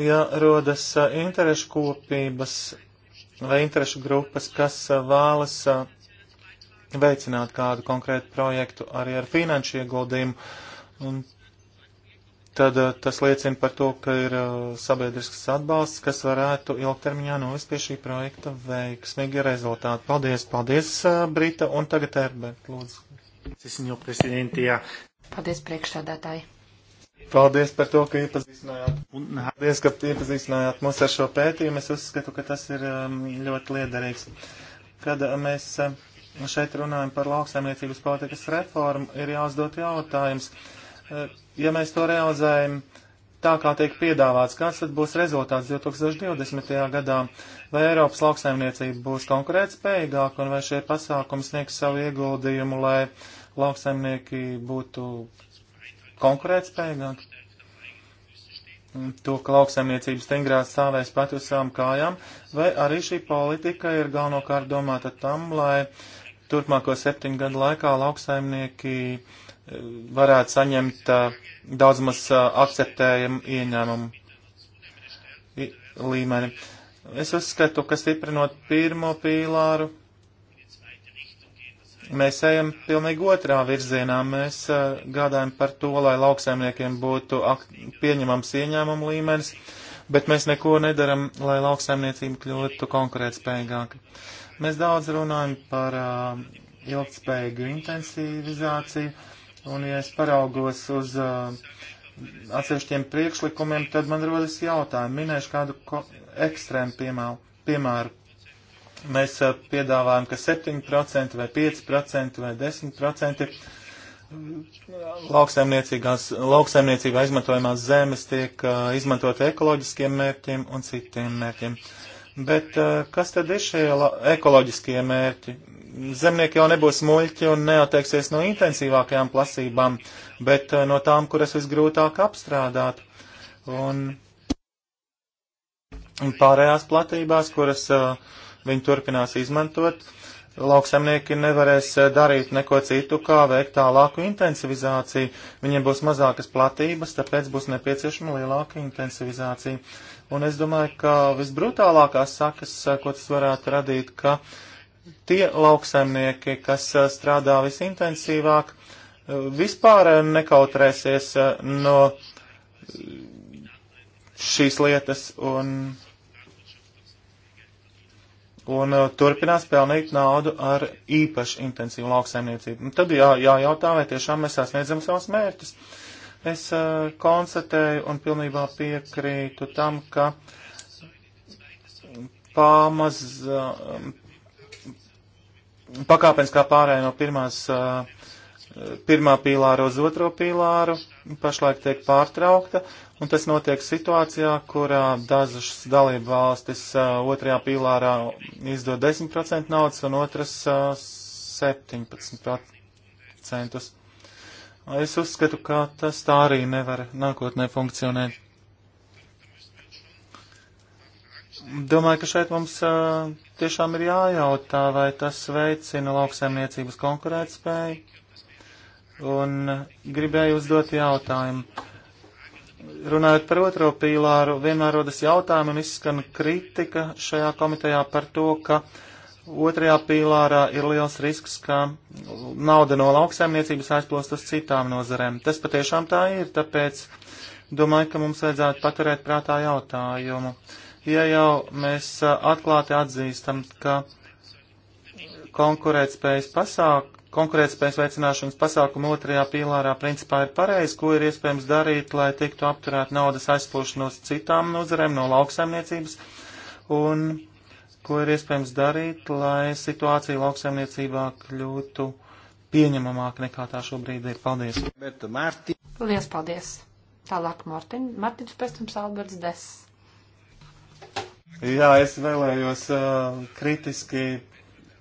ja rodas interešu kopības vai interešu grupas, kas vēlas veicināt kādu konkrētu projektu arī ar finanšu ieguldījumu, un tad tas liecina par to, ka ir sabiedrisks atbalsts, kas varētu ilgtermiņā novest pie šī projekta veiksmīga rezultāta. Paldies, paldies, Brita, un tagad Erbert, lūdzu. Paldies, priekšsādātāji. Paldies par to, ka iepazīstinājāt. Paldies, ka iepazīstinājāt mūs ar šo pētījumu. Es uzskatu, ka tas ir um, ļoti liederīgs. Kad uh, mēs uh, šeit runājam par lauksaimniecības politikas reformu, ir jāuzdot jautājums. Uh, ja mēs to realizējam tā, kā tiek piedāvāts, kāds tad būs rezultāts 2020. gadā? Vai Eiropas lauksaimniecība būs konkurētspējīgāka un vai šie pasākumi sniegs savu ieguldījumu, lai lauksaimnieki būtu konkurētspējīgāki. To, ka lauksaimniecības stingrās stāvēs pat uz savām kājām, vai arī šī politika ir galvenokārt domāta tam, lai turpmāko septiņu gadu laikā lauksaimnieki eh, varētu saņemt eh, daudz maz eh, akceptējumu ieņēmumu līmeni. Es uzskatu, ka stiprinot pirmo pīlāru, Mēs ejam pilnīgi otrā virzienā. Mēs uh, gādājam par to, lai lauksaimniekiem būtu pieņemams ieņēmumu līmenis, bet mēs neko nedaram, lai lauksaimniecība kļūtu konkurētspējīgāka. Mēs daudz runājam par uh, ilgspējīgu intensīvizāciju, un ja es paraugos uz uh, atsevišķiem priekšlikumiem, tad man rodas jautājumi. Minēšu kādu ekstrēmu piemēru. piemēru Mēs eh, piedāvājam, ka 7% vai 5% vai 10% lauksaimniecībā izmantojamās zemes tiek eh, izmantot ekoloģiskiem mērķiem un citiem mērķiem. Bet eh, kas tad ir šie ekoloģiskie mērķi? zemnieki jau nebūs muļķi un neatteiksies no intensīvākajām plasībām, bet no tām, kuras visgrūtāk apstrādāt. Un pārējās platībās, kuras uh, viņi turpinās izmantot. Lauksaimnieki nevarēs eh, darīt neko citu, kā veikt tālāku intensivizāciju. Viņiem būs mazākas platības, tāpēc būs nepieciešama lielāka intensivizācija. Un es domāju, ka visbrutālākās sakas, eh, ko tas varētu radīt, ka tie lauksaimnieki, kas eh, strādā visintensīvāk, vispār nekautrēsies no šīs lietas un un uh, turpinās pelnīt naudu ar īpaši intensīvu lauksaimniecību. Un tad jā, jājautā, vai tiešām mēs sasniedzam savus mērķus. Es uh, konstatēju un pilnībā piekrītu tam, ka pamaz, uh, pakāpeniskā pārēja no pirmās, uh, pirmā pīlāra uz otro pīlāru pašlaik tiek pārtraukta, un tas notiek situācijā, kurā dažas dalība valstis otrajā pīlārā izdod 10% naudas un otras 17%. Es uzskatu, ka tas tā arī nevar nākotnē funkcionēt. Domāju, ka šeit mums uh, tiešām ir jājautā, vai tas veicina lauksaimniecības konkurētspēju un gribēju uzdot jautājumu. Runājot par otro pīlāru, vienmēr rodas jautājumi un izskan kritika šajā komitejā par to, ka otrajā pīlārā ir liels risks, ka nauda no lauksaimniecības aizplūst uz citām nozarēm. Tas patiešām tā ir, tāpēc domāju, ka mums vajadzētu paturēt prātā jautājumu. Ja jau mēs atklāti atzīstam, ka konkurētspējas pasāk, konkurētspējas veicināšanas pasākumu otrajā pīlārā principā ir pareizi, ko ir iespējams darīt, lai tiktu apturēt naudas aizplūšanos citām nozarēm no lauksaimniecības, un ko ir iespējams darīt, lai situācija lauksaimniecībā kļūtu pieņemamāk nekā tā šobrīd ir. Paldies! Lielas paldies! Tālāk Martin, Martins pēc tam Alberts Des. Jā, es vēlējos uh, kritiski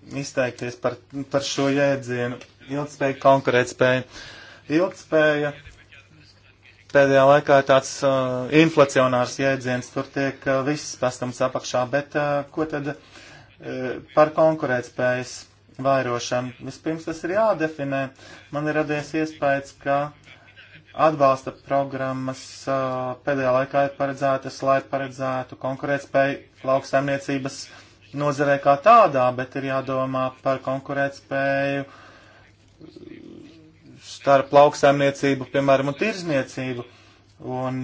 izteikties par, par šo jēdzienu - ilgspēja, konkurētspēja. Ilgspēja pēdējā laikā ir tāds uh, inflacionārs jēdziens, tur tiek uh, viss pastams apakšā, bet uh, ko tad uh, par konkurētspējas vairošanu? Vispirms tas ir jādefinē. Man ir radies iespējas, ka atbalsta programmas uh, pēdējā laikā ir paredzētas, lai paredzētu konkurētspēju lauksaimniecības uh, nozarē kā tādā, bet ir jādomā par konkurētspēju starp lauksaimniecību, piemēram, un tirzniecību. Un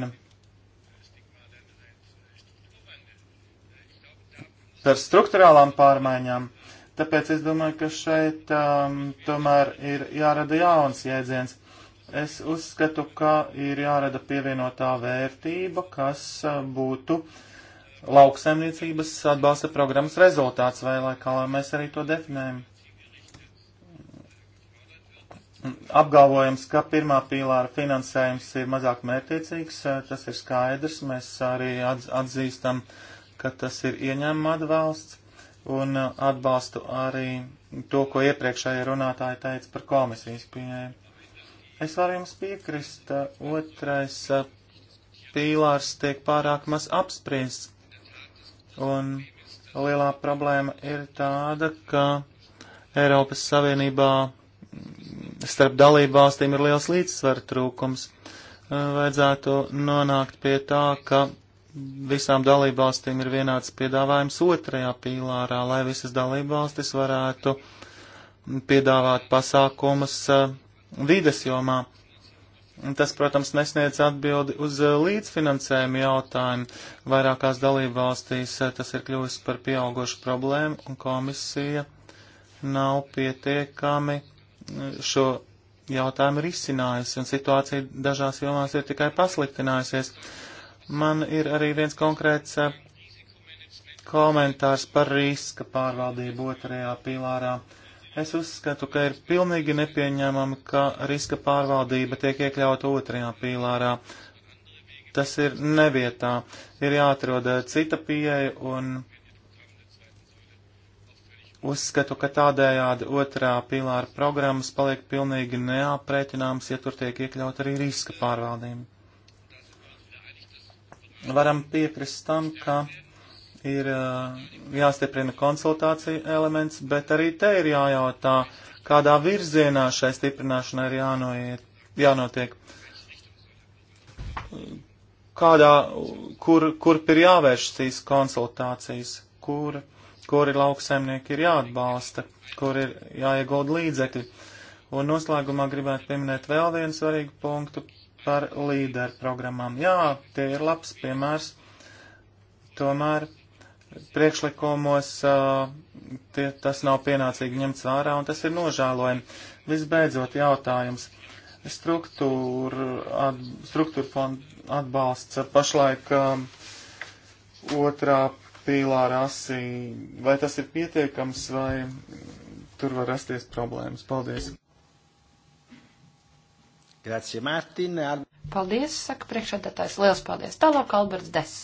par struktūrālām pārmaiņām. Tāpēc es domāju, ka šeit um, tomēr ir jārada jauns jēdziens. Es uzskatu, ka ir jārada pievienotā vērtība, kas uh, būtu uh, lauksaimniecības atbalsta programmas rezultāts, vai lai kā lai mēs arī to definējam. Apgalvojams, ka pirmā pīlāra finansējums ir mazāk mērķiecīgs, eh, tas ir skaidrs, mēs arī atzīstam, ka tas ir ieņēmuma atbalsts, un eh, atbalstu arī to, ko iepriekšējie runātāji teica par komisijas pieeju. Es varu jums piekrist, eh, otrais pīlārs tiek pārāk maz apspriests Un lielā problēma ir tāda, ka Eiropas Savienībā starp dalību valstīm ir liels līdzsvara trūkums. Uh, vajadzētu nonākt pie tā, ka visām dalību valstīm ir vienāds piedāvājums otrajā pīlārā, lai visas dalību valstis varētu piedāvāt pasākumus uh, vides jomā. Tas, protams, nesniedz atbildi uz eh, līdzfinansējumu jautājumu. Vairākās dalībvalstīs eh, tas ir kļuvis par pieaugušu problēmu, un komisija nav pietiekami eh, šo jautājumu risinājusi, un situācija dažās jomās ir tikai pasliktinājusies. Man ir arī viens konkrēts komentārs par riska pārvaldību otrajā pīlārā. Uh, Es uzskatu, ka ir pilnīgi nepieņemami, ka riska pārvaldība tiek iekļauta otrajā pīlārā. Tas ir nevietā. Ir jāatrod eh, cita pieeja un Uzskatu, ka tādējādi otrā pilāra programmas paliek pilnīgi neaprēķināmas, ja tur tiek iekļaut arī riska pārvaldība. Varam piekrist tam, ka ir jāstiprina konsultācija elements, bet arī te ir jājautā, kādā virzienā šai stiprināšanai ir jānoiet, jānotiek. Kādā, kur, kurp ir jāvēršas šīs konsultācijas, kur, kur ir lauksaimnieki ir jāatbalsta, kur ir jāiegūda līdzekļi. Un noslēgumā gribētu pieminēt vēl vienu svarīgu punktu par līderu programmām. Jā, tie ir labs piemērs. Tomēr priekšlikumos tie, tas nav pienācīgi ņemts vērā, un tas ir nožēlojami. Visbeidzot, jautājums. Struktūra, at, struktūra fonda atbalsts pašlaik otrā pīlāra asī, vai tas ir pietiekams, vai tur var rasties problēmas? Paldies! Grazie, Mārtiņa. Paldies, saka priekšādātājs. Liels paldies. Tālāk Alberts Dess,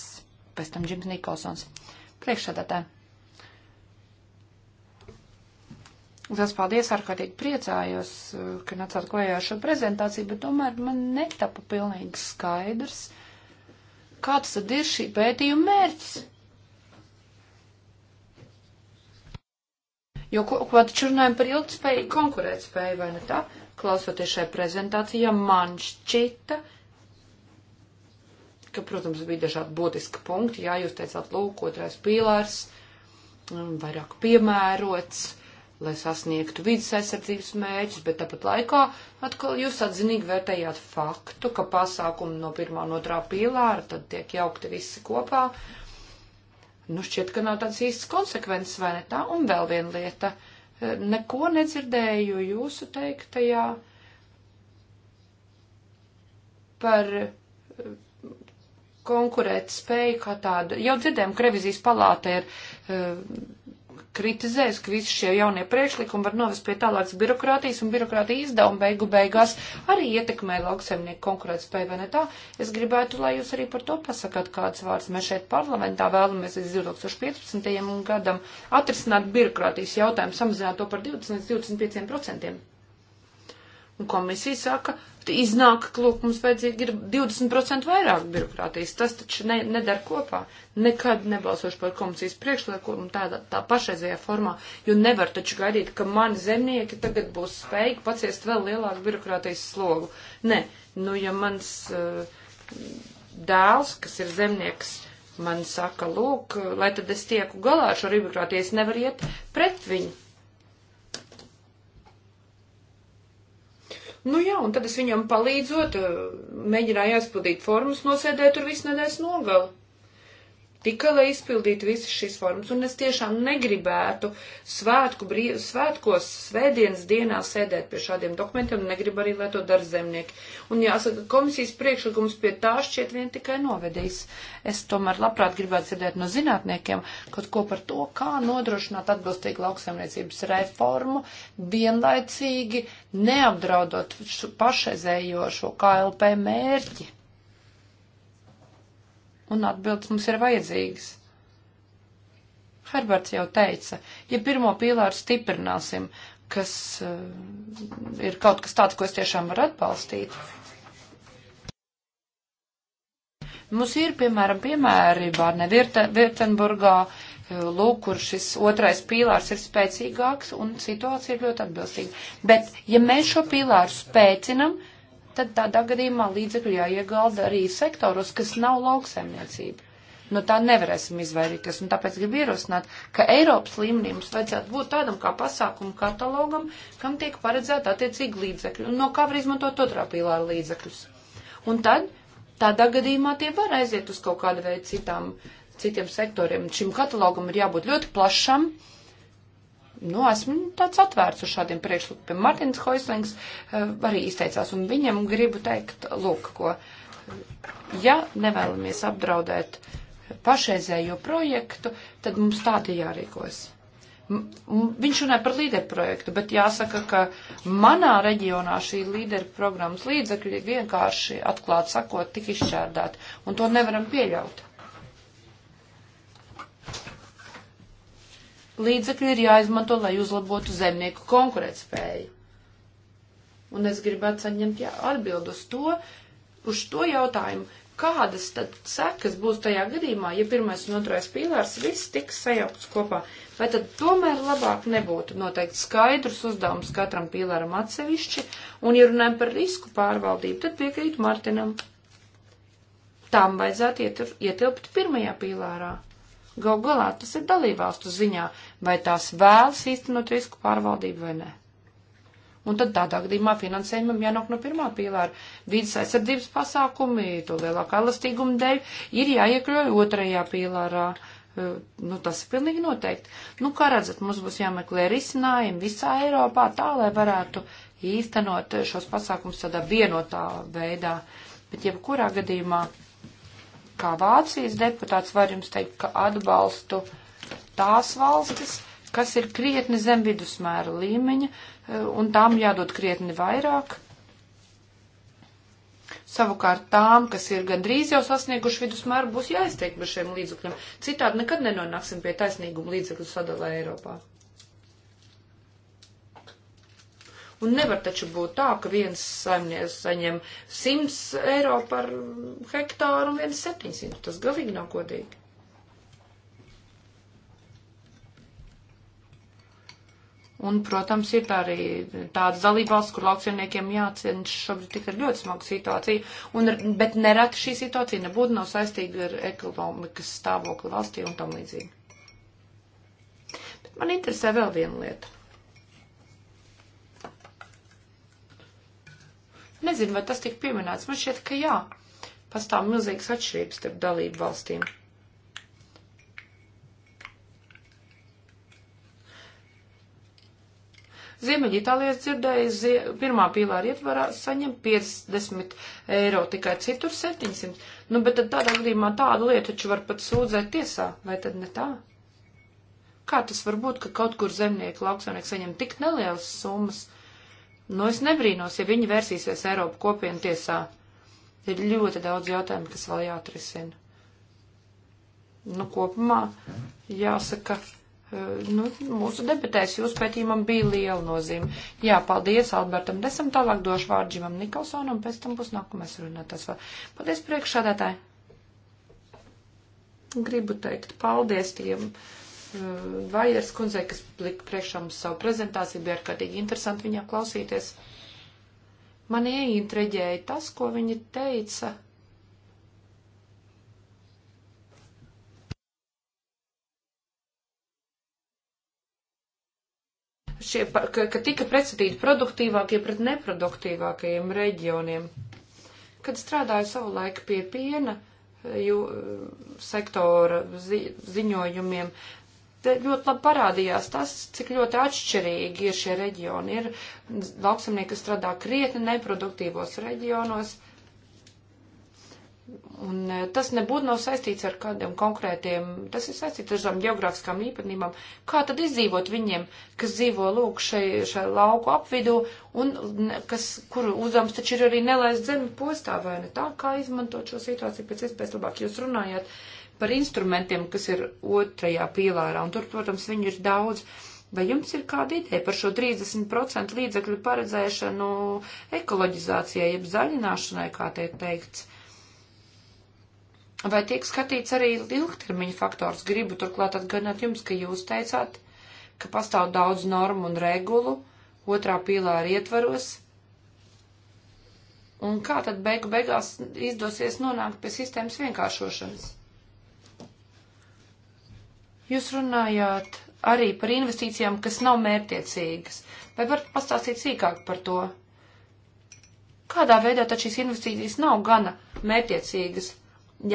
pēc tam Džims Nikolsons. Uh, Priekšsēdētāji. Liels paldies, ārkārtīgi priecājos, ka nācāt klajā ar šo prezentāciju, bet tomēr man netapa pilnīgi skaidrs, kāds tad ir šī pētījuma mērķis. Jo, ko, ko taču runājam par ilgspēju, konkurētspēju, vai ne tā? Klausoties šai prezentācijā, man šķita, ka, protams, bija dažādi būtiski punkti. Jā, jūs teicāt, lūk, otrais pīlārs, mm, vairāk piemērots, lai sasniegtu vidas aizsardzības mērķus, bet tāpat laikā atkal jūs atzinīgi vērtējāt faktu, ka pasākumi no pirmā un otrā pīlāra tad tiek jaukti visi kopā. Nu, šķiet, ka nav tāds īsts konsekvences, vai ne tā? Un vēl viena lieta. E, neko nedzirdēju jūsu teiktajā par e, konkurēt spēju kā tādu. Jau dzirdējām, ka revizijas palāta ir uh, e, kritizējis, ka visi šie jaunie priekšlikumi var novest pie tālākas birokrātijas, un birokrātija izdevuma beigu beigās arī ietekmē lauksaimnieku konkurētspēju, vai ne tā? Es gribētu, lai jūs arī par to pasakāt kāds vārds. Mēs šeit parlamentā vēlamies līdz 2015. gadam atrisināt birokrātijas jautājumu, samazināt to par 20 līdz 25 procentiem. Un komisija saka, iznāk, ka, lūk, mums vajadzīgi ir 20% vairāk birokrātijas. Tas taču ne, nedara kopā. Nekad nebalsošu par komisijas priekšlikumu tādā tā pašreizajā formā, jo nevar taču gaidīt, ka mani zemnieki tagad būs spējīgi paciest vēl lielāku birokrātijas slogu. Nē, nu, ja mans uh, dēls, kas ir zemnieks, man saka, lūk, lai tad es tieku galā ar šo birokrātiju, es nevaru iet pret viņu Nu jā, un tad es viņam palīdzot, mēģināju aizpildīt formas, nosēdēju tur visu nedēļas nogali tikai lai izpildītu visas šīs formas. Un es tiešām negribētu svētku brīv, svētkos, svētdienas dienā sēdēt pie šādiem dokumentiem, un negribu arī, lai to dara zemnieki. Un jāsaka, komisijas priekšlikums pie tā šķiet vien tikai novedīs. Es tomēr labprāt gribētu dzirdēt no zinātniekiem kaut ko par to, kā nodrošināt atbilstīgu lauksaimniecības reformu, vienlaicīgi neapdraudot pašreizējo šo KLP mērķi un atbildes mums ir vajadzīgas. Herberts jau teica, ja pirmo pīlāru stiprināsim, kas uh, ir kaut kas tāds, ko es tiešām varu atbalstīt. Mums ir, piemēram, piemēri Bārne Virtenburgā, lūk, kur šis otrais pīlārs ir spēcīgāks un situācija ir ļoti atbilstīga. Bet, ja mēs šo pīlāru spēcinam, tad tādā gadījumā līdzekļu jāiegalda arī sektoros, kas nav lauksaimniecība. No nu, tā nevarēsim izvairīties, un tāpēc gribu ierosināt, ka Eiropas līmenī mums vajadzētu būt tādam kā pasākumu katalogam, kam tiek paredzēta attiecīgi līdzekļi, un no kā var izmantot otrā pīlāra līdzekļus. Un tad tādā gadījumā tie var aiziet uz kaut kādu veidu citām, citiem sektoriem. Šim katalogam ir jābūt ļoti plašam, uh, nu, esmu tāds atvērts uz šādiem priekšlikumiem. Martins Hoislings eh, arī izteicās, un viņam gribu teikt, lūk, ko, ja nevēlamies apdraudēt pašreizējo projektu, tad mums tādi jārīkos. Viņš runāja par līderu projektu, bet jāsaka, ka manā reģionā šī līderu programmas līdzekļi vienkārši atklāt sakot tik izšķērdēti, un to nevaram pieļaut. līdzekļi ir jāizmanto, lai uzlabotu zemnieku konkurētspēju. Un es gribētu saņemt jā, atbild uz to, uz to jautājumu, kādas tad sekas būs tajā gadījumā, ja pirmais un otrais pīlārs viss tiks sajaukts kopā? Vai tad tomēr labāk nebūtu noteikti skaidrs uzdevums katram pīlāram atsevišķi, un ja runājam par risku pārvaldību, tad piekrīt Martinam. Tām vajadzētu ietilpt pirmajā pīlārā. Gal galā tas ir dalībvalstu ziņā, vai tās vēlas īstenot risku pārvaldību vai nē. Un tad tādā gadījumā finansējumam jānāk no pirmā pīlāra. Vīdas aizsardzības pasākumi, to lielākā elastīguma dēļ, ir jāiekļauj otrajā pīlārā. Eh, nu, tas ir pilnīgi noteikti. Nu, kā redzat, mums būs jāmeklē risinājumi visā Eiropā tā, lai varētu īstenot šos pasākumus tādā vienotā veidā. Bet jebkurā gadījumā kā Vācijas deputāts var jums teikt, ka atbalstu tās valstis, kas ir krietni zem vidusmēra līmeņa, e, un tām jādod krietni vairāk. Savukārt tām, kas ir gandrīz jau sasnieguši vidusmēru, būs jāiztiek bez šiem līdzekļiem. Citādi nekad nenonāksim pie taisnīguma līdzekļu sadalē Eiropā. Un nevar taču būt tā, ka viens saimnieks saņem 100 eiro par hektāru un viens 700. Tas galīgi nav godīgi. Un, protams, ir tā arī tādas dalībvalsts, kur lauksiemniekiem jācienš šobrīd tik ar ļoti smagu situāciju, un, bet nereti šī situācija nebūtu nav saistīga ar ekonomikas stāvokli valstī un tam līdzīgi. Bet man interesē vēl viena lieta. Nezinu, vai tas tika pieminēts. Man šķiet, ka jā, pastāv milzīgas atšķirības starp dalību valstīm. Ziemeļitālijas dzirdēju, zie, pirmā pīlāra ietvarā saņem 50 eiro, tikai citur 700. Nu, bet tad tādā gadījumā tādu lietu taču var pat sūdzēt tiesā, vai tad ne tā? Kā tas var būt, ka kaut kur zemnieki lauksaimnieki saņem tik nelielas summas? Uh, Nu, es nebrīnos, ja viņi versīsies Eiropu kopienu tiesā. Ir ļoti daudz jautājumu, kas vēl jāatrisina. Nu, kopumā jāsaka, eh, nu, mūsu debatēs jūs pētījumam bija liela nozīme. Jā, paldies Albertam Desam, tālāk došu vārdu Džimam Nikolsonam, pēc tam būs nākamais runātājs vēl. Paldies priekšādātāji! Gribu teikt paldies tiem. Uh, Eh, Vairs kundzei, kas lika priekšā mums savu prezentāciju, bija ārkārtīgi interesanti viņā klausīties. Man ieintriģēja tas, ko viņa teica. Šie, ka, ka tika pretstatīti produktīvākie pret neproduktīvākajiem reģioniem. Kad strādāju savu laiku pie piena, eh, jū, eh, sektora zi, ziņojumiem. Te ļoti labi parādījās tas, cik ļoti atšķirīgi ir šie reģioni. Ir lauksamnieki, kas strādā krietni neproduktīvos reģionos, Un e, tas nebūtu nav saistīts ar kādiem konkrētiem, tas ir saistīts ar šām geogrāfiskām īpatnībām. Kā tad izdzīvot viņiem, kas dzīvo lūk šai, šai lauku apvidū un kas, kur uzdevums taču ir arī nelaist zemi postā vai ne tā, kā izmantot šo situāciju pēc iespējas labāk. Jūs runājāt par instrumentiem, kas ir otrajā pīlārā, un tur, protams, viņi ir daudz. Vai jums ir kāda ideja par šo 30% līdzekļu paredzēšanu ekoloģizācijai, jeb zaļināšanai, kā te ir teikts? Vai tiek skatīts arī ilgtermiņa faktors? Gribu turklāt atgādināt jums, ka jūs teicāt, ka pastāv daudz normu un regulu, otrā pīlāra ietvaros. Un kā tad beigu beigās izdosies nonākt pie sistēmas vienkāršošanas? Jūs runājāt arī par investīcijām, kas nav mērtiecīgas. Vai varat pastāstīt sīkāk par to? Kādā veidā tad šīs investīcijas nav gana mērtiecīgas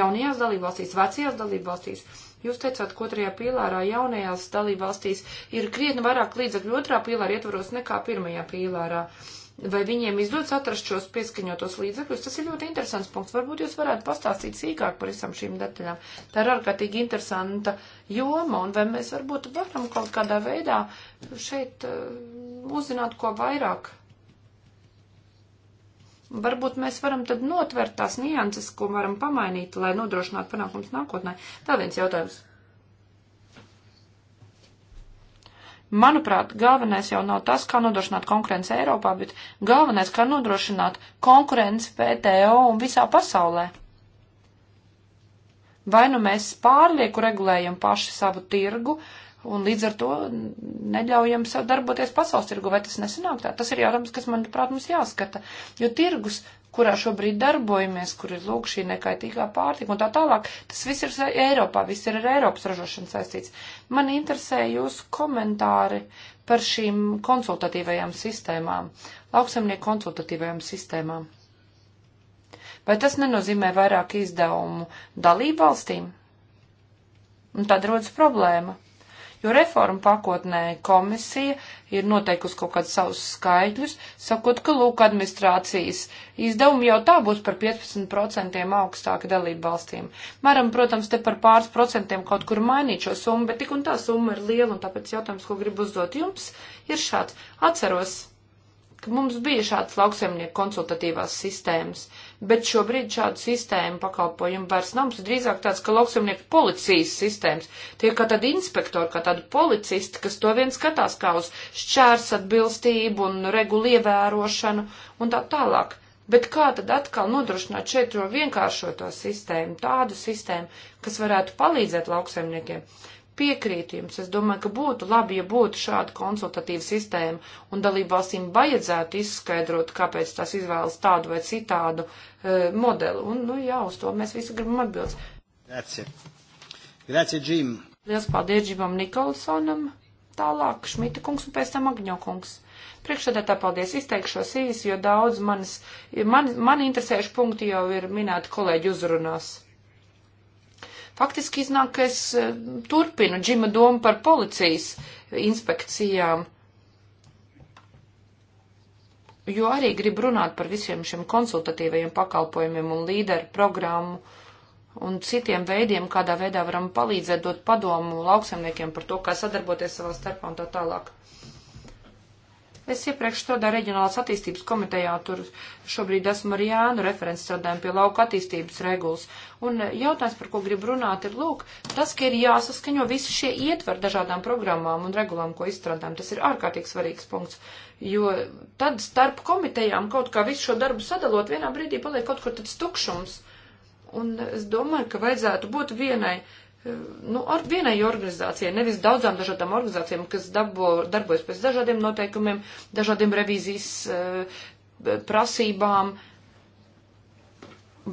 jaunajās dalībvalstīs, vecajās dalībvalstīs? Jūs teicāt, ka otrajā pīlārā jaunajās dalībvalstīs ir krietni vairāk līdzekļu otrā pīlāra ietvaros nekā pirmajā pīlārā. Uh, vai viņiem izdodas atrast šos pieskaņotos līdzekļus. Tas ir ļoti interesants punkts. Varbūt jūs varētu pastāstīt sīkāk par visam šīm detaļām. Tā ir ārkārtīgi interesanta joma, un vai mēs varbūt varam kaut kādā veidā šeit uh, uzzināt ko vairāk. Varbūt mēs varam tad notvert tās nianses, ko varam pamainīt, lai nodrošinātu panākums nākotnē. Vēl viens jautājums. Manuprāt, galvenais jau nav tas, kā nodrošināt konkurenci Eiropā, bet galvenais, kā nodrošināt konkurenci PTO un visā pasaulē. Vai nu mēs pārlieku regulējam paši savu tirgu un līdz ar to neļaujam sev darboties pasaules tirgu, vai tas nesanāk tā? Tas ir jautājums, kas, manuprāt, mums jāskata, jo tirgus kurā šobrīd darbojamies, kur ir lūk šī nekaitīgā pārtika un tā tālāk. Tas viss ir Eiropā, viss ir ar Eiropas ražošanu saistīts. Man interesē jūsu komentāri par šīm konsultatīvajām sistēmām, lauksemnieku konsultatīvajām sistēmām. Vai tas nenozīmē vairāk izdevumu dalībvalstīm? Un tad rodas problēma jo reforma pakotnē komisija ir noteikusi kaut kādus savus skaitļus, sakot, ka lūk administrācijas izdevumi jau tā būs par 15% augstāka dalība valstīm. Mēram, protams, te par pāris procentiem kaut kur mainīt šo summu, bet tik un tā summa ir liela, un tāpēc jautājums, ko gribu uzdot jums, ir šāds. Atceros, ka mums bija šāds lauksaimnieku konsultatīvās sistēmas bet šobrīd šādu sistēmu pakalpojumu vairs nav. Mums ir drīzāk tāds, ka lauksimnieku policijas sistēmas. Tie kā tādi inspektori, kā tādi policisti, kas to vien skatās kā uz šķērs atbilstību un regulu ievērošanu un tā tālāk. Bet kā tad atkal nodrošināt šeit to vienkāršoto sistēmu, tādu sistēmu, kas varētu palīdzēt lauksaimniekiem? piekrītu jums. Es domāju, ka būtu labi, ja būtu šāda konsultatīva sistēma, un dalību valstīm vajadzētu izskaidrot, kāpēc tās izvēlas tādu vai citādu e, modeli. Un, nu jā, uz to mēs visi gribam atbildes. Grazie. Grazie, Džim. Liels paldies Džimam Nikolsonam. Tālāk Šmita kungs un pēc tam Agņokungs. Priekšsēdētā paldies izteikšos īsi, jo daudz manis, man, man interesējuši punkti jau ir minēti kolēģi uzrunās. Faktiski iznāk, ka es eh, turpinu Džima domu par policijas inspekcijām, jo arī gribu runāt par visiem šiem konsultatīvajiem pakalpojumiem un līderu programmu un citiem veidiem, kādā veidā varam palīdzēt dot padomu lauksemniekiem par to, kā sadarboties savā starpā un tā tālāk. Es iepriekš strādāju reģionālās attīstības komitejā, tur šobrīd esmu ar Jānu referents strādājumu pie lauka attīstības regulas. Un e, jautājums, par ko gribu runāt, ir lūk, tas, ka ir jāsaskaņo visi šie ietver dažādām programmām un regulām, ko izstrādājam. Tas ir ārkārtīgi svarīgs punkts, jo tad starp komitejām kaut kā visu šo darbu sadalot, vienā brīdī paliek kaut kur tāds tukšums. Un es domāju, ka vajadzētu būt vienai nu, ar vienai organizācijai, nevis daudzām dažādām organizācijām, kas dabo, darbojas pēc dažādiem noteikumiem, dažādiem revīzijas eh, prasībām.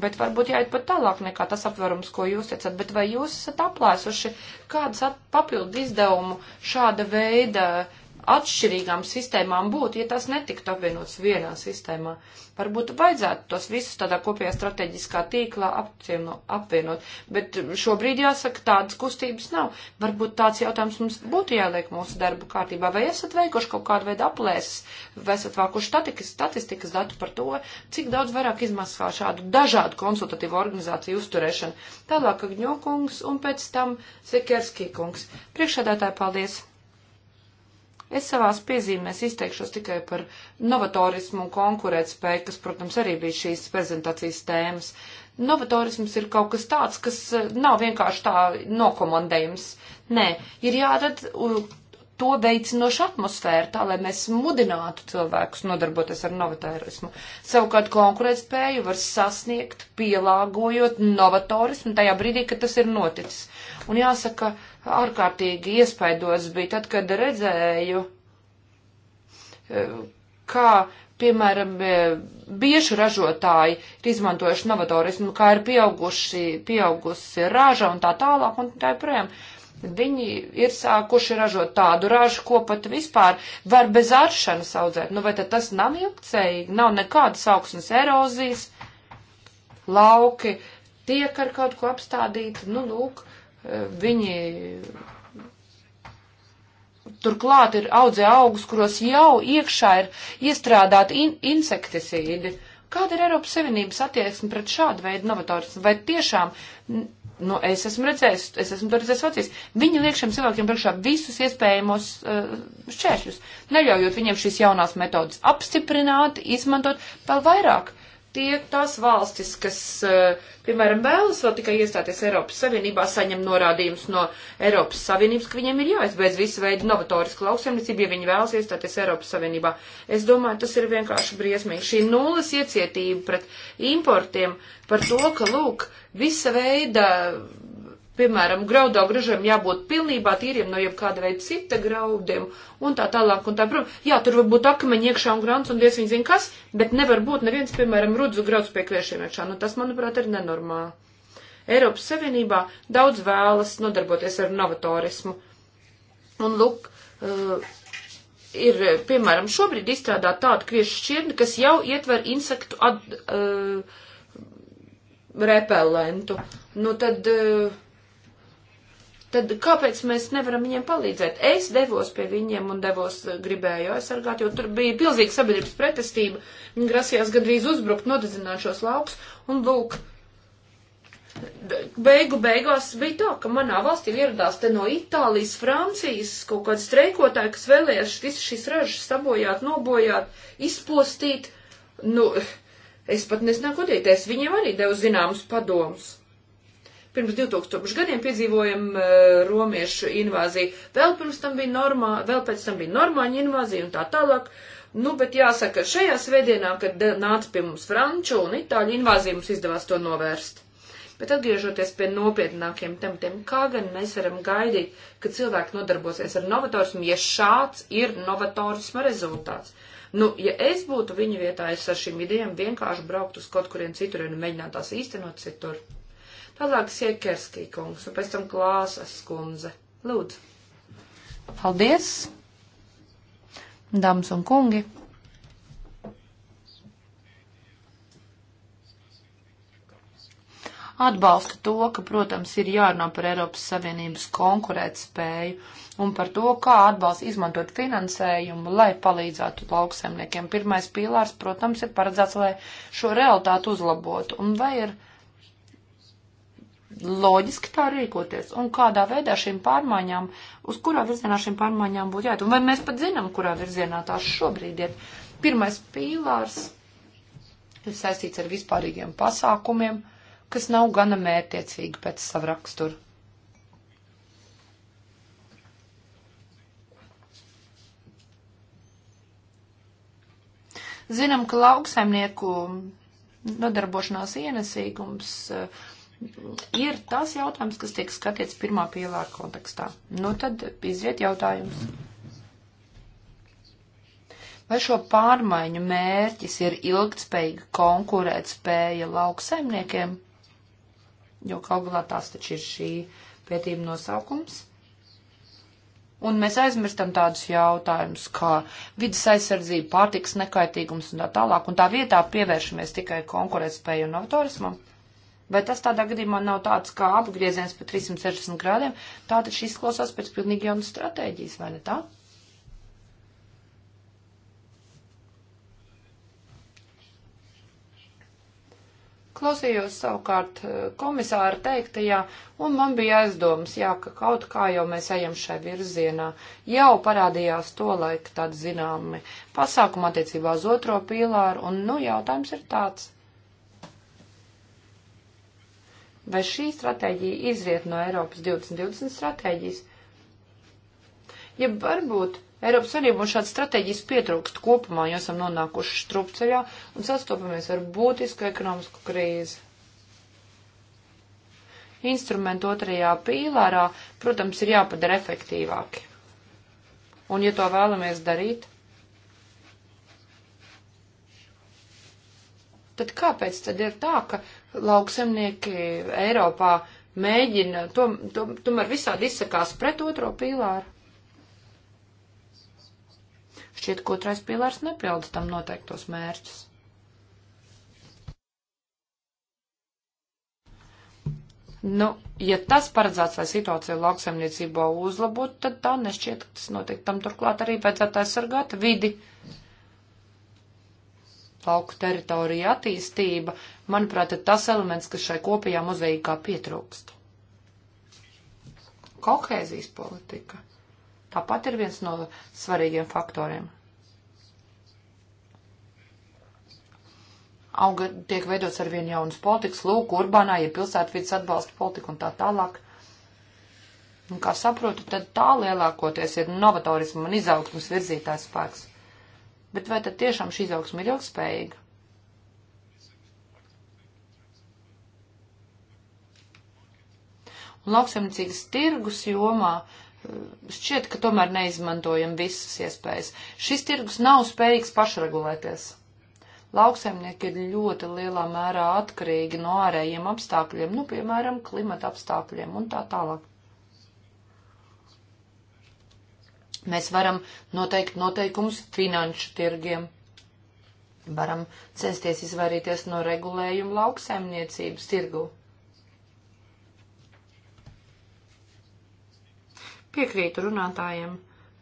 Bet varbūt jāiet pat tālāk nekā tas apvērums, ko jūs teicat. Bet vai jūs esat aplēsuši kādas papildu izdevumu šāda veida uh, atšķirīgām sistēmām būtu, ja tās netiktu apvienotas vienā sistēmā. Varbūt vajadzētu tos visus tādā kopējā strateģiskā tīklā apcieno, apvienot, bet šobrīd jāsaka, tādas kustības nav. Varbūt tāds jautājums mums būtu jāliek mūsu darbu kārtībā. Vai esat veikuši kaut kādu veidu aplēses, vai esat vākuši statikas, statistikas datu par to, cik daudz vairāk izmaksā šādu dažādu konsultatīvu organizāciju uzturēšanu. Tālāk Agņokungs un pēc tam Sekerskī kungs. Priekšādātāji, paldies! Es savās piezīmēs izteikšos tikai par novatorismu un konkurētspēju, kas, protams, arī bija šīs prezentācijas tēmas. Novatorisms ir kaut kas tāds, kas eh, nav vienkārši tā nokomandējums. Nē, ir jārada to veicinoša atmosfēra, tā lai mēs mudinātu cilvēkus nodarboties ar novatorismu. Savukārt konkurētspēju var sasniegt, pielāgojot novatorismu tajā brīdī, kad tas ir noticis. Un jāsaka, ka ārkārtīgi iespaidots bija tad, kad redzēju, e, kā, piemēram, e, biežu ražotāji ir izmantojuši novatorismu, kā ir pieauguši, pieaugusi raža un tā tālāk un tā joprojām. Viņi ir sākuši ražot tādu ražu, ko pat vispār var bez aršanas audzēt. Nu, vai tad tas nav ilgtseigi? Nav nekādas augsnes erozijas, lauki tiek ar kaut ko apstādīti, nu, lūk. Uh, Viņi turklāt ir audzē augus, kuros jau iekšā ir iestrādāti in insekticīdi. Kāda ir Eiropas Savienības attieksme pret šādu veidu novatorismu? Vai tiešām, nu, es esmu redzējis, es esmu to redzējis acīs, viņi liek šiem cilvēkiem priekšā visus iespējamos uh, šķēršļus, neļaujot viņiem šīs jaunās metodas apstiprināt, izmantot vēl vairāk. Uh, tie tās valstis, kas, eh, piemēram, vēlas vēl tikai iestāties Eiropas Savienībā, saņem norādījumus no Eiropas Savienības, ka viņiem ir jāizbeidz visu veidu novatorisku lauksaimniecību, ja viņi vēlas iestāties Eiropas Savienībā. Es domāju, tas ir vienkārši briesmīgi. Šī nulles iecietība pret importiem par to, ka, lūk, visa veida Piemēram, graudu gražiem jābūt pilnībā tīriem no jebkāda veida cita graudiem un tā tālāk un tā prom. Jā, tur var būt akmeņi iekšā un grants un diez viņi zina kas, bet nevar būt neviens, piemēram, rudzu grauds pie kviešiem iekšā. Nu, tas, manuprāt, ir nenormāli. Eiropas Savienībā daudz vēlas nodarboties ar novatorismu. Un, lūk, uh, ir, piemēram, šobrīd izstrādāta tāda kviešu šķirne, kas jau ietver insektu ad, uh, repelentu. Nu, tad. Uh, tad kāpēc mēs nevaram viņiem palīdzēt? Es devos pie viņiem un devos, eh, gribēju aizsargāt, jo tur bija pilnīga sabiedrības pretestība. Viņi grasījās gandrīz uzbrukt, nodezināt šos laukus, un lūk, beigu beigās bija tā, ka manā valstī ieradās te no Itālijas, Francijas kaut kāds streikotāji, kas vēlējās visas šīs ražas sabojāt, nobojāt, izpostīt. Nu, es pat nesnāku godīties, viņiem arī devu zināmus padomus. Pirms 2000 gadiem piedzīvojam uh, romiešu invāziju, vēl pirms tam bija normā, vēl pēc tam bija normāņu invāzija un tā tālāk. Nu, bet jāsaka, šajā svētdienā, kad nāca pie mums franču un itāļu invāzija, mums izdevās to novērst. Bet atgriežoties pie nopietnākiem tematiem, kā gan mēs varam gaidīt, ka cilvēki nodarbosies ar novatorismu, ja šāds ir novatorisma rezultāts? Nu, ja es būtu viņu vietā, es ar šīm idejām vienkārši brauktu uz kaut kurien citur un mēģinātu tās īstenot citur. Tālāk Siekerskī kungs un pēc tam Klāsas kundze. Lūdzu. Paldies, dāmas un kungi. atbalsta to, ka, protams, ir jārunā par Eiropas Savienības konkurētspēju un par to, kā atbalsts izmantot finansējumu, lai palīdzētu lauksaimniekiem. Pirmais pīlārs, protams, ir paredzēts, lai šo realitātu uzlabotu un vai ir loģiski tā rīkoties un kādā veidā šīm pārmaiņām, uz kurā virzienā šīm pārmaiņām būtu jāiet. Un vai mēs pat zinām, kurā virzienā tās šobrīd iet. Pirmais pīlārs ir saistīts ar vispārīgiem pasākumiem, kas nav gana mērtiecīgi pēc savu raksturu. Zinām, ka lauksaimnieku nodarbošanās ienesīgums uh, ir tas jautājums, kas tiek skatīts pirmā pielāra kontekstā. Nu tad iziet jautājums. Vai šo pārmaiņu mērķis ir ilgtspējīga konkurēt spēja lauksaimniekiem? Jo kaut galā tas taču ir šī pētījuma nosaukums. Un mēs aizmirstam tādus jautājumus kā vidas aizsardzība, pārtiks nekaitīgums un tā tālāk, un tā vietā pievēršamies tikai konkurētspēju un autorismam. Vai tas tādā gadījumā nav tāds kā apgrieziens pa 360 grādiem? Tā taču izklausās pēc pilnīgi jaunas stratēģijas, vai ne tā? Klausījos savukārt eh, komisāra teiktajā, un man bija aizdomas, jā, ka kaut kā jau mēs ejam šai virzienā. Jau parādījās to laika tādi zināmi pasākumi attiecībā uz otro pīlāru, un, nu, jautājums ir tāds. Vai šī stratēģija izriet no Eiropas 2020 stratēģijas? Ja varbūt Eiropas Savienība mums šādas stratēģijas pietrūkst kopumā, jo esam nonākuši strupceļā un sastopamies ar būtisku ekonomisku krīzi. Instrumentu otrajā pīlārā, protams, ir jāpadara efektīvāki. Un, ja to vēlamies darīt, tad kāpēc tad ir tā, ka lauksemnieki Eiropā mēģina, to, to, tomēr visādi izsakās pret otro pīlāru. Šķiet, ka otrais pīlārs nepilda tam noteiktos mērķus. Nu, ja tas paredzēts, lai situācija lauksaimniecībā uzlabotu, tad tā nešķiet, ka tas notiek. Tam turklāt arī vajadzētu aizsargāt vidi. Uh, lauku teritorija attīstība, manuprāt, ir tas elements, kas šai kopējā mozaīkā pietrūkst. Kohēzijas politika tāpat ir viens no svarīgiem faktoriem. Auga tiek veidots ar vienu jaunas politikas, lūk, urbānā, ja pilsētvidas atbalsta politika un tā tālāk. Un kā saprotu, tad tā lielākoties ir novatorismu un izaugsmas virzītājs spēks. Bet vai tad tiešām šī izaugsme ir ilgspējīga? Un lauksaimniecības tirgus jomā eh, šķiet, ka tomēr neizmantojam visas iespējas. Šis tirgus nav spējīgs pašregulēties. Lauksaimnieki ir ļoti lielā mērā atkarīgi no ārējiem apstākļiem, nu, piemēram, klimata apstākļiem un tā tālāk. Mēs varam noteikt noteikumus finanšu tirgiem. Varam censties izvairīties no regulējuma lauksaimniecības tirgu. Piekrītu runātājiem,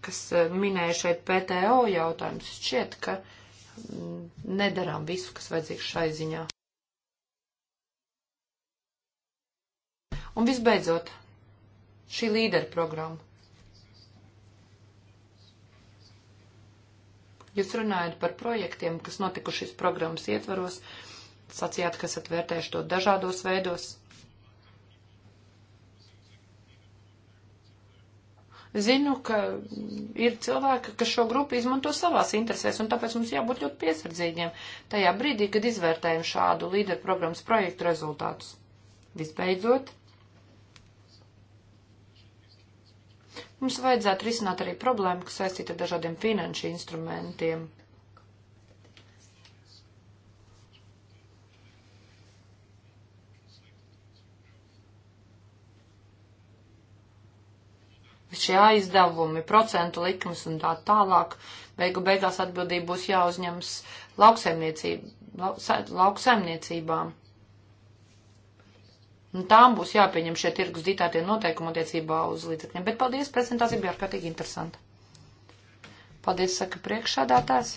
kas eh, minēja šeit PTO jautājumus. Šķiet, ka mm, nedarām visu, kas vajadzīgs šai ziņā. Un visbeidzot, šī līdera programma. Jūs runājat par projektiem, kas notikuši šīs programmas ietvaros, sacījāt, ka esat vērtējuši to dažādos veidos. Zinu, ka ir cilvēki, kas šo grupu izmanto savās interesēs, un tāpēc mums jābūt ļoti piesardzīgiem tajā brīdī, kad izvērtējam šādu līderu programmas projektu rezultātus. Visbeidzot, Mums vajadzētu risināt arī problēmu, kas saistīta ar dažādiem finanšu instrumentiem. Šie aizdevumi, procentu likums un tā tālāk, beigu beigās atbildība būs jāuzņems lauksaimniecībām. Un nu, tām būs jāpieņem šie tirgus ditātie noteikumi attiecībā uz līdzekļiem. Bet paldies, prezentācija bija ārkārtīgi interesanta. Paldies, saka priekšādātājs.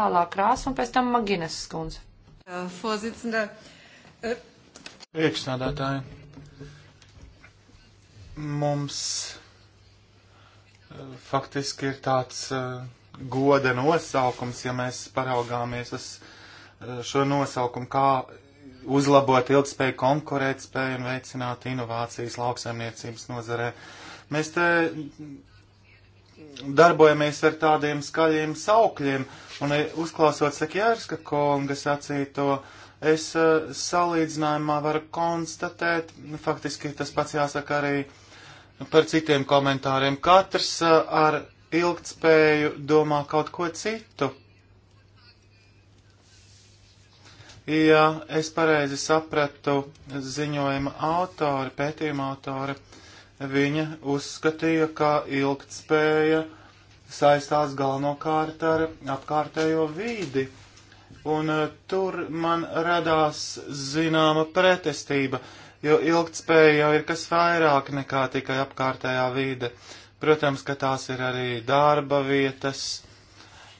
Tālāk krās un pēc tam Magines skundze. E, Priekšsādātāji, mums e, faktiski ir tāds e, goda nosaukums, ja mēs paraugāmies uz šo nosaukumu, kā uzlabot ilgspēju konkurētspēju un veicināt inovācijas lauksaimniecības nozarē. Mēs te darbojamies ar tādiem skaļiem saukļiem, un e, uzklausot Sekjērska konga sacīto, es e, salīdzinājumā varu konstatēt, faktiski tas pats jāsaka arī par citiem komentāriem. Katrs e, ar ilgtspēju domā kaut ko citu. Ja es pareizi sapratu ziņojuma autori, pētījuma autori, viņa uzskatīja, ka ilgtspēja saistās galvenokārt ar apkārtējo vīdi. Un e, tur man radās zināma pretestība, jo ilgtspēja jau ir kas vairāk nekā tikai apkārtējā vīde. Protams, ka tās ir arī darba vietas,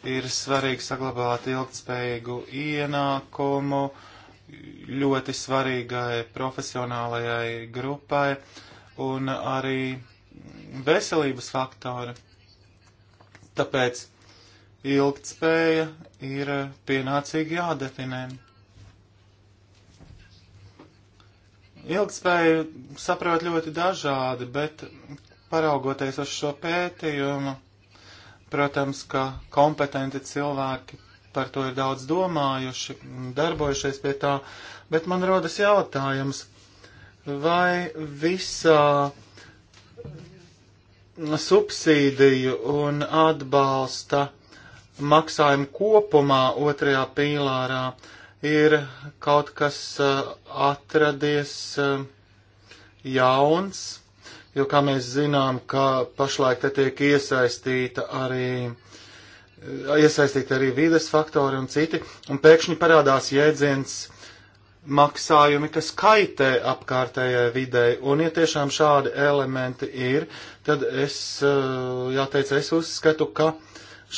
ir svarīgi saglabāt ilgtspējīgu ienākumu ļoti svarīgai profesionālajai grupai un arī veselības faktori. Tāpēc ilgtspēja ir pienācīgi jādefinē. Ilgtspēju saprot ļoti dažādi, bet paraugoties uz šo pētījumu, Protams, ka kompetenti cilvēki par to ir daudz domājuši, darbojušies pie tā, bet man rodas jautājums, vai visā subsīdiju un atbalsta maksājumu kopumā otrajā pīlārā ir kaut kas eh, atradies eh, jauns, jo, kā mēs zinām, ka pašlaik te tiek iesaistīta arī iesaistīti arī vides faktori un citi, un pēkšņi parādās jēdziens maksājumi, kas kaitē apkārtējai videi, un ja tiešām šādi elementi ir, tad es, eh, jāteic, es uzskatu, ka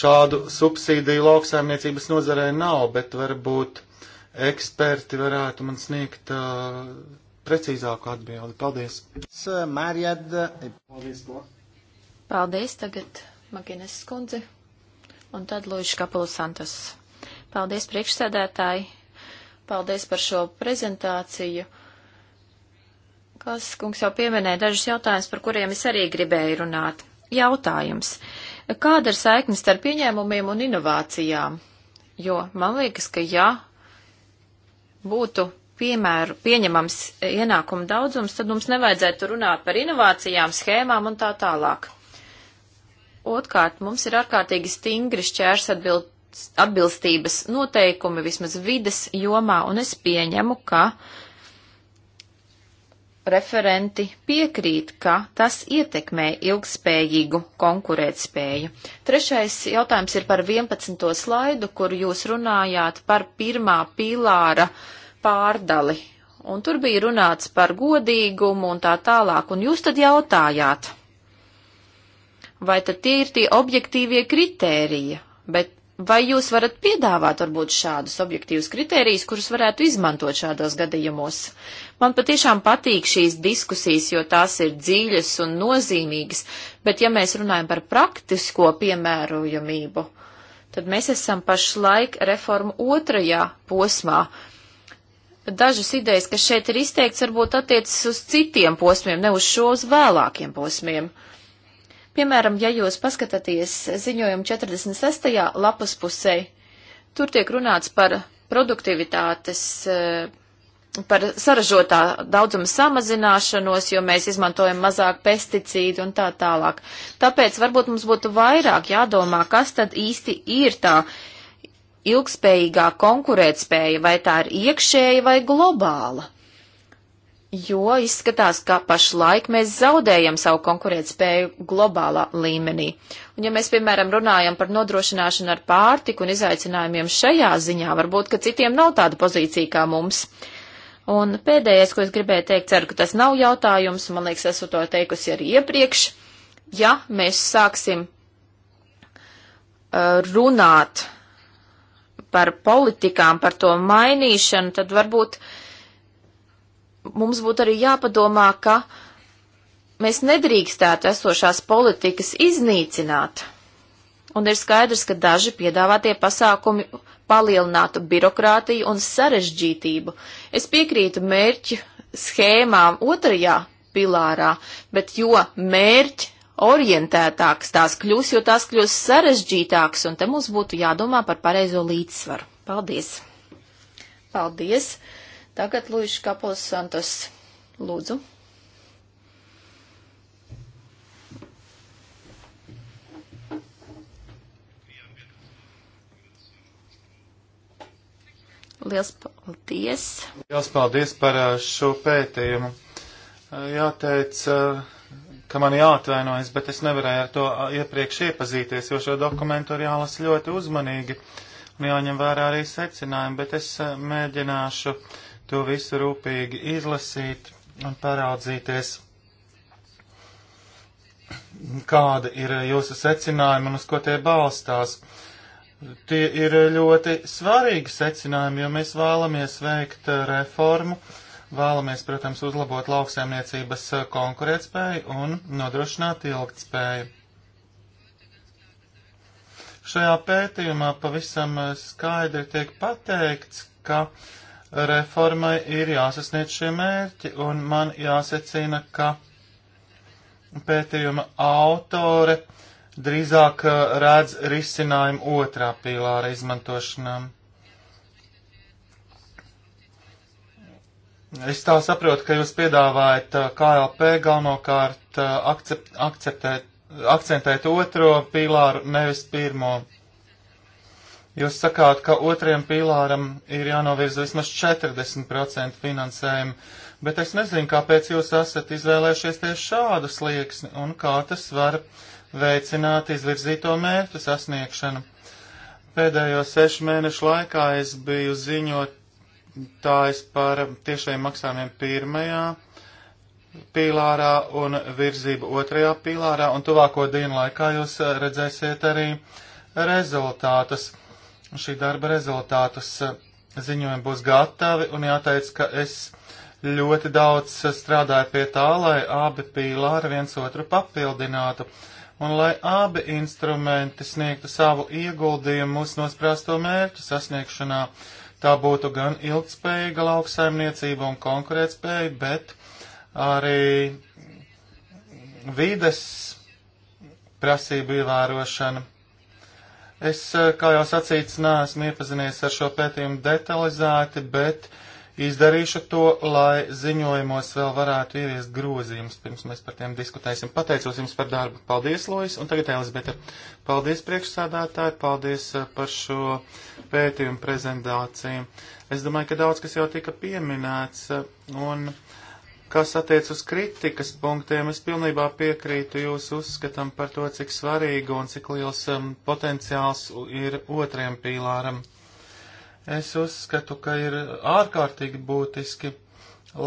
šādu subsīdiju lauksaimniecības nozarē nav, bet varbūt eksperti varētu man sniegt uh, precīzāku atbildi. Paldies! Eh, Paldies, Paldies tagad Magines skundze un tad Lūža Kapula Santos. Paldies priekšsēdētāji! Paldies par šo prezentāciju! Kas kungs jau pieminēja dažus jautājumus, par kuriem es arī gribēju runāt. Jautājums. Kāda ir saikne starp pieņēmumiem un inovācijām? Jo man liekas, ka ja būtu piemēru, pieņemams ienākumu daudzums, tad mums nevajadzētu runāt par inovācijām, schēmām un tā tālāk. Otkārt, mums ir ārkārtīgi stingri šķērs atbild, atbilstības noteikumi vismaz vides jomā, un es pieņemu, ka referenti piekrīt, ka tas ietekmē ilgspējīgu konkurētspēju. Trešais jautājums ir par 11. slaidu, kur jūs runājāt par pirmā pīlāra uh, pārdali. Un tur bija runāts par godīgumu un tā tālāk, un jūs tad jautājāt, vai tad tie ir tie objektīvie kritērija, bet vai jūs varat piedāvāt varbūt šādus objektīvus kritērijus, kurus varētu izmantot šādos gadījumos? Man patiešām patīk šīs diskusijas, jo tās ir dziļas un nozīmīgas, bet ja mēs runājam par praktisko piemērojamību, tad mēs esam pašlaik reformu otrajā posmā, dažas idejas, kas šeit ir izteikts, varbūt attiecas uz citiem posmiem, ne uz šo uz vēlākiem posmiem. Piemēram, ja jūs paskatāties ziņojumu 46. lapas pusē, tur tiek runāts par produktivitātes, eh, par saražotā daudzuma samazināšanos, jo mēs izmantojam mazāk pesticīdu un tā tālāk. Tāpēc varbūt mums būtu vairāk jādomā, kas tad īsti ir tā ilgspējīgā konkurētspēja, vai tā ir iekšēja vai globāla? Jo izskatās, ka pašlaik mēs zaudējam savu konkurētspēju globālā līmenī. Un ja mēs, piemēram, runājam par nodrošināšanu ar pārtiku un izaicinājumiem šajā ziņā, varbūt, ka citiem nav tāda pozīcija kā mums. Un pēdējais, ko es gribēju teikt, ceru, ka tas nav jautājums, man liekas, esmu to teikusi arī iepriekš. Ja mēs sāksim uh, runāt par politikām, par to mainīšanu, tad varbūt mums būtu arī jāpadomā, ka mēs nedrīkstētu esošās politikas iznīcināt. Un ir skaidrs, ka daži piedāvātie pasākumi palielinātu birokrātiju un sarežģītību. Es piekrītu mērķu schēmām otrajā pilārā, bet jo mērķi orientētākas tās kļūs, jo tās kļūs sarežģītākas, un te mums būtu jādomā par pareizo līdzsvaru. Paldies! Paldies! Tagad Lūdzu Kapulis Santos. Lūdzu! Liels paldies! Liels paldies par eh, šo pētījumu. Eh, jāteic, eh, ka man jāatvainojas, bet es nevarēju ar to iepriekš iepazīties, jo šo dokumentu ir jālas ļoti uzmanīgi un jāņem vērā arī secinājumi, bet es mēģināšu to visu rūpīgi izlasīt un paraudzīties, kāda ir jūsu secinājuma un uz ko tie balstās. Tie ir ļoti svarīgi secinājumi, jo mēs vēlamies veikt reformu. Uh, Vēlamies, protams, uzlabot lauksaimniecības eh, konkurētspēju un nodrošināt ilgtspēju. Šajā pētījumā pavisam eh, skaidri tiek pateikts, ka reformai ir jāsasniedz šie mērķi, un man jāsecina, ka pētījuma autore drīzāk eh, redz risinājumu otrā pīlāra izmantošanām. Es tā saprotu, ka jūs piedāvājat uh, KLP galvenokārt uh, akcept, akceptēt, akcentēt otro pīlāru, nevis pirmo. Jūs sakāt, ka otriem pīlāram ir jānovirza vismaz 40% finansējumu, bet es nezinu, kāpēc jūs esat izvēlējušies tieši šādu slieksni un kā tas var veicināt izvirzīto mērķu sasniegšanu. Pēdējo sešu mēnešu laikā es biju ziņot iestājas par tiešajiem maksājumiem pirmajā pīlārā un virzību otrajā pīlārā, un tuvāko dienu laikā jūs eh, redzēsiet arī rezultātus. Šī darba rezultātus eh, ziņojumi būs gatavi, un jāteic, ka es ļoti daudz eh, strādāju pie tā, lai abi pīlāri viens otru papildinātu, un lai abi instrumenti sniegtu savu ieguldījumu mūsu nosprāsto mērķu sasniegšanā. Uh, Tā būtu gan ilgspējīga lauksaimniecība un konkurētspēja, bet arī vides prasību ievērošana. Es, kā jau sacīts, neesmu iepazinies ar šo pētījumu detalizēti, bet uh, Izdarīšu to, lai ziņojumos vēl varētu ieviest grozījumus, pirms mēs par tiem diskutēsim. Pateicos jums par darbu. Paldies, Lois, un tagad Elizabete. Paldies, priekšsādātāji, paldies eh, par šo pētījumu prezentāciju. Es domāju, ka daudz kas jau tika pieminēts, eh, un kas attiec uz kritikas punktiem, es pilnībā piekrītu jūsu uzskatam par to, cik svarīgu un cik liels um, potenciāls ir otriem pīlāram. Es uzskatu, ka ir ārkārtīgi būtiski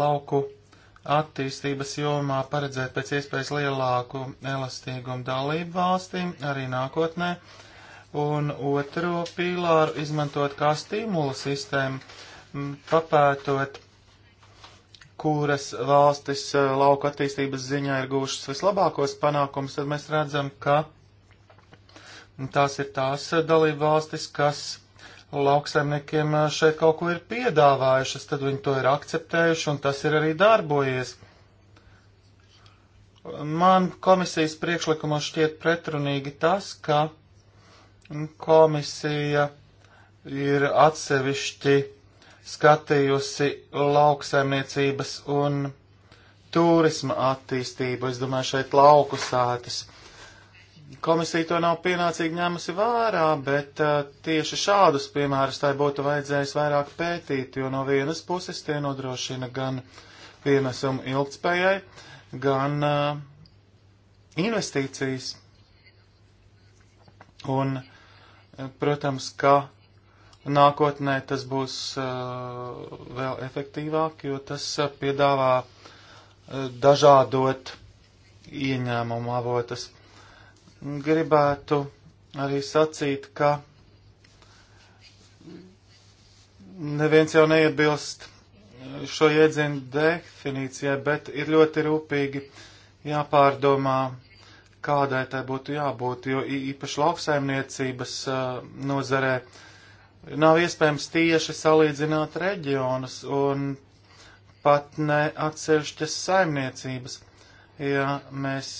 lauku attīstības jomā paredzēt pēc iespējas lielāku elastīgumu dalību valstīm arī nākotnē, un otro pīlāru izmantot kā stimulu sistēmu, papētot, kuras valstis e, lauku attīstības ziņā ir gūšas vislabākos panākumus, tad mēs redzam, ka tās ir tās dalību valstis, kas lauksaimniekiem eh, šeit kaut ko ir piedāvājušas, tad viņi to ir akceptējuši un tas ir arī darbojies. Man komisijas priekšlikumā šķiet pretrunīgi tas, ka komisija ir atsevišķi skatījusi lauksaimniecības un turisma attīstību. Es domāju, šeit lauku sētas Komisija to nav pienācīgi ņēmusi vērā, bet uh, tieši šādus piemērus tai būtu vajadzējis vairāk pētīt, jo no vienas puses tie nodrošina gan pienesumu ilgtspējai, gan uh, investīcijas. Un, eh, protams, ka nākotnē tas būs uh, vēl efektīvāk, jo tas uh, piedāvā uh, dažādot ieņēmumu avotas gribētu arī sacīt, ka neviens jau neiebilst šo jēdzienu definīcijai, bet ir ļoti rūpīgi jāpārdomā, kādai tai būtu jābūt, jo īpaši lauksaimniecības nozarē nav iespējams tieši salīdzināt reģionus un pat ne atsevišķas saimniecības. Ja mēs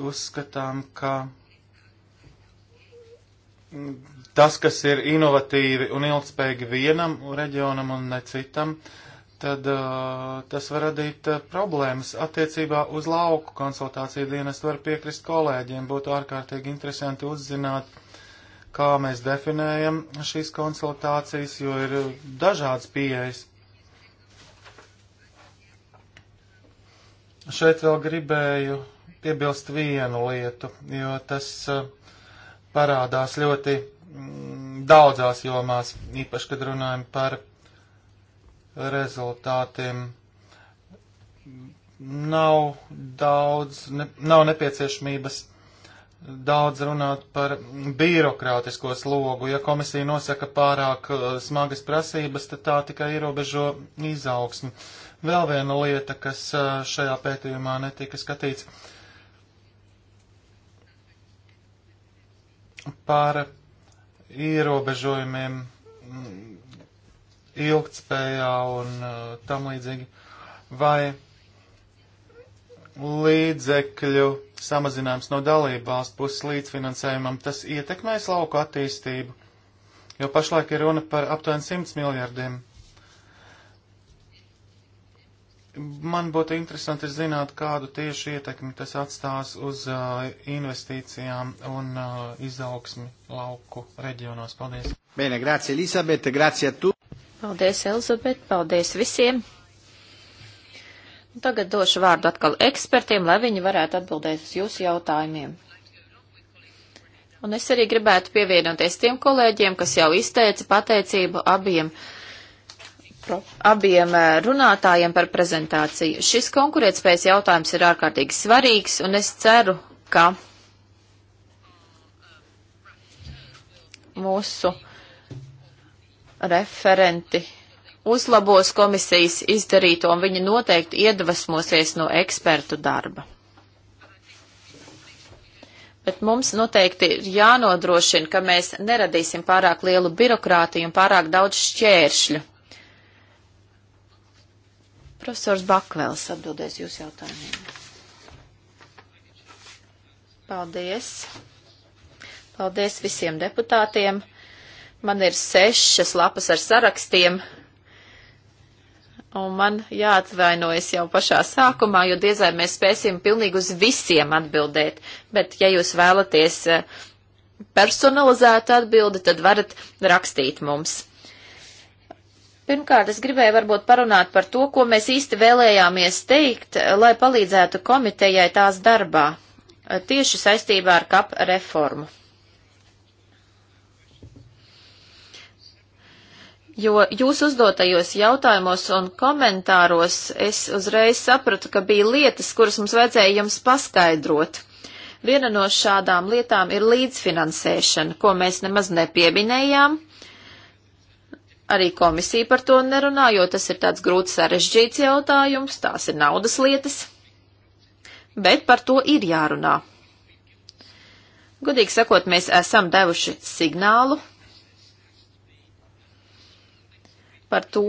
uzskatām, ka tas, kas ir inovatīvi un ilgspējīgi vienam reģionam un ne citam, tad uh, tas var radīt uh, problēmas. Attiecībā uz lauku konsultāciju dienestu var piekrist kolēģiem. Būtu ārkārtīgi interesanti uzzināt, kā mēs definējam šīs konsultācijas, jo ir uh, dažādas pieejas. Šeit vēl gribēju piebilst vienu lietu, jo tas e, parādās ļoti mm, daudzās jomās, īpaši, kad runājam par rezultātiem. Nav daudz, ne, nav nepieciešamības daudz runāt par birokrātisko slogu. Ja komisija nosaka pārāk e, smagas prasības, tad tā tikai ierobežo izaugsmi. Vēl viena lieta, kas e, šajā pētījumā netika skatīts, par ierobežojumiem mm, ilgtspējā un uh, tam līdzīgi, vai līdzekļu samazinājums no dalībvalstu puses līdzfinansējumam, tas ietekmēs lauku attīstību, jo pašlaik ir runa par aptuveni 100 miljardiem. Man būtu interesanti zināt, kādu tieši ietekmi tas atstās uz uh, investīcijām un uh, izaugsmi lauku reģionos. Paldies! Bene, grazie Elisabete, grazie tu! Paldies, Elizabete, paldies visiem! Tagad došu vārdu atkal ekspertiem, lai viņi varētu atbildēt uz jūsu jautājumiem. Un es arī gribētu pievienoties tiem kolēģiem, kas jau izteica pateicību abiem abiem eh, runātājiem par prezentāciju. Šis konkurētspējas jautājums ir ārkārtīgi svarīgs, un es ceru, ka mūsu referenti uzlabos komisijas izdarīto, un viņi noteikti iedvesmosies no ekspertu darba. Bet mums noteikti ir jānodrošina, ka mēs neradīsim pārāk lielu birokrātiju un pārāk daudz šķēršļu Profesors Bakvēls atbildēs jūs jautājumiem. Paldies. Paldies visiem deputātiem. Man ir sešas lapas ar sarakstiem. Un man jāatvainojas jau pašā sākumā, jo diez vai mēs spēsim pilnīgi uz visiem atbildēt. Bet, ja jūs vēlaties eh, personalizētu atbildi, tad varat rakstīt mums. Pirmkārt, es gribēju varbūt parunāt par to, ko mēs īsti vēlējāmies teikt, lai palīdzētu komitejai tās darbā, eh, tieši saistībā ar kap reformu. Jo jūs uzdotajos jautājumos un komentāros es uzreiz sapratu, ka bija lietas, kuras mums vajadzēja jums paskaidrot. Viena no šādām lietām ir līdzfinansēšana, ko mēs nemaz nepieminējām Arī komisija par to nerunā, jo tas ir tāds grūts sarežģīts jautājums, tās ir naudas lietas, bet par to ir jārunā. Godīgi sakot, mēs esam devuši signālu par to,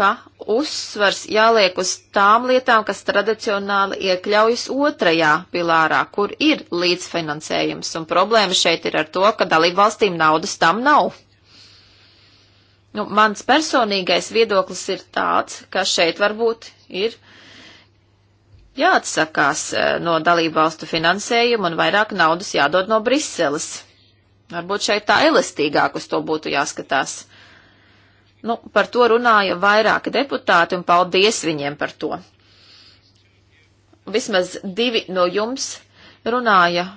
ka uzsvars jāliek uz tām lietām, kas tradicionāli iekļaujas otrajā pilārā, kur ir līdzfinansējums, un problēma šeit ir ar to, ka dalībvalstīm naudas tam nav. Nu, mans personīgais viedoklis ir tāds, ka šeit varbūt ir jāatsakās eh, no dalībvalstu finansējuma un vairāk naudas jādod no Briseles. Varbūt šeit tā elastīgāk uz to būtu jāskatās. Nu, par to runāja vairāki deputāti un paldies viņiem par to. Vismaz divi no jums runāja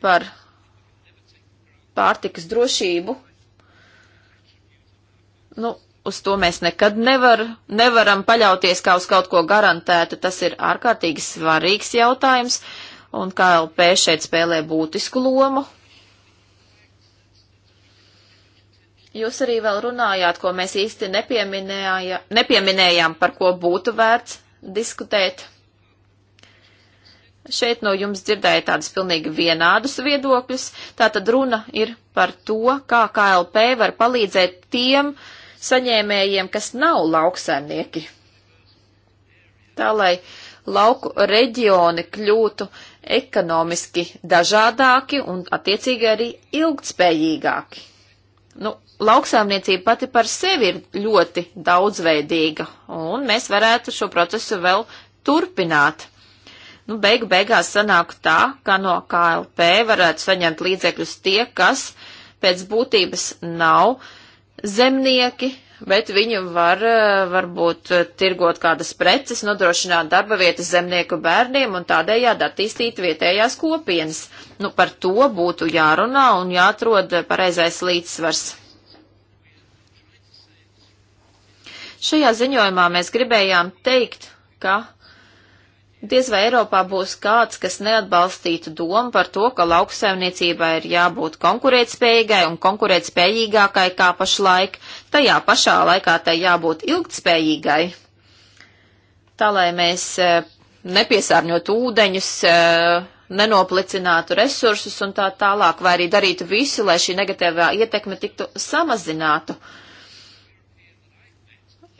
par pārtikas drošību Nu, uz to mēs nekad nevar, nevaram paļauties kā uz kaut ko garantētu. Tas ir ārkārtīgi svarīgs jautājums, un KLP šeit spēlē būtisku lomu. Jūs arī vēl runājāt, ko mēs īsti nepieminējām, par ko būtu vērts diskutēt. Šeit no jums dzirdēju tādus pilnīgi vienādus viedokļus. Tātad runa ir par to, kā KLP var palīdzēt tiem, uh, saņēmējiem, kas nav lauksaimnieki. Tā lai lauku reģioni kļūtu ekonomiski dažādāki un attiecīgi arī ilgtspējīgāki. Nu, lauksaimniecība pati par sevi ir ļoti daudzveidīga, un mēs varētu šo procesu vēl turpināt. Nu, beigu beigās sanāk tā, ka no KLP varētu saņemt līdzekļus tie, kas pēc būtības nav uh, zemnieki, bet viņi var eh, varbūt eh, tirgot kādas preces, nodrošināt darba vietas zemnieku bērniem un tādējādi attīstīt vietējās kopienas. Nu, par to būtu jārunā un jāatrod pareizais līdzsvars. Šajā ziņojumā mēs gribējām teikt, ka Diez vai Eiropā būs kāds, kas neatbalstītu domu par to, ka lauksaimniecībai ir jābūt konkurētspējīgai un konkurētspējīgākai kā pašlaik, tajā pašā laikā tai jābūt ilgtspējīgai. Tā lai mēs e, nepiesārņot ūdeņus, e, nenoplicinātu resursus un tā tālāk, vai arī darītu visu, lai šī negatīvā ietekme tiktu samazinātu. Uh,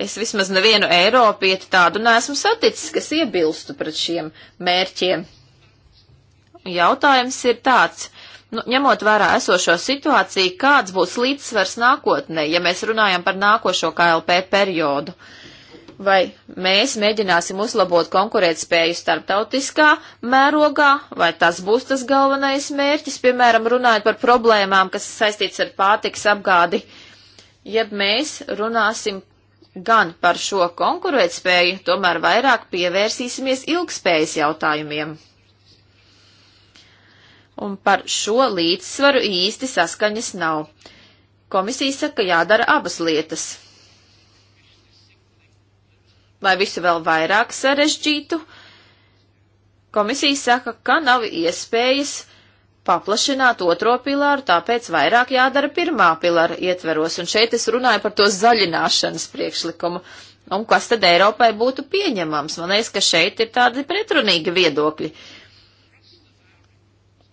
es vismaz nevienu Eiropietu tādu nesmu saticis, kas iebilstu pret šiem mērķiem. Jautājums ir tāds, nu, ņemot vērā esošo situāciju, kāds būs līdzsvars nākotnē, ja mēs runājam par nākošo KLP periodu? Vai mēs mēģināsim uzlabot konkurētspēju starptautiskā mērogā, vai tas būs tas galvenais mērķis, piemēram, runājot par problēmām, kas saistīts ar pārtiks apgādi, jeb mēs runāsim gan par šo konkurētspēju, tomēr vairāk pievērsīsimies ilgspējas jautājumiem. Un par šo līdzsvaru īsti saskaņas nav. Komisija saka, jādara abas lietas. Lai visu vēl vairāk sarežģītu, komisija saka, ka nav iespējas paplašināt otro pilāru, tāpēc vairāk jādara pirmā pilāra ietveros. Un šeit es runāju par to zaļināšanas priekšlikumu. Un kas tad Eiropai būtu pieņemams? Man liekas, ka šeit ir tādi pretrunīgi viedokļi.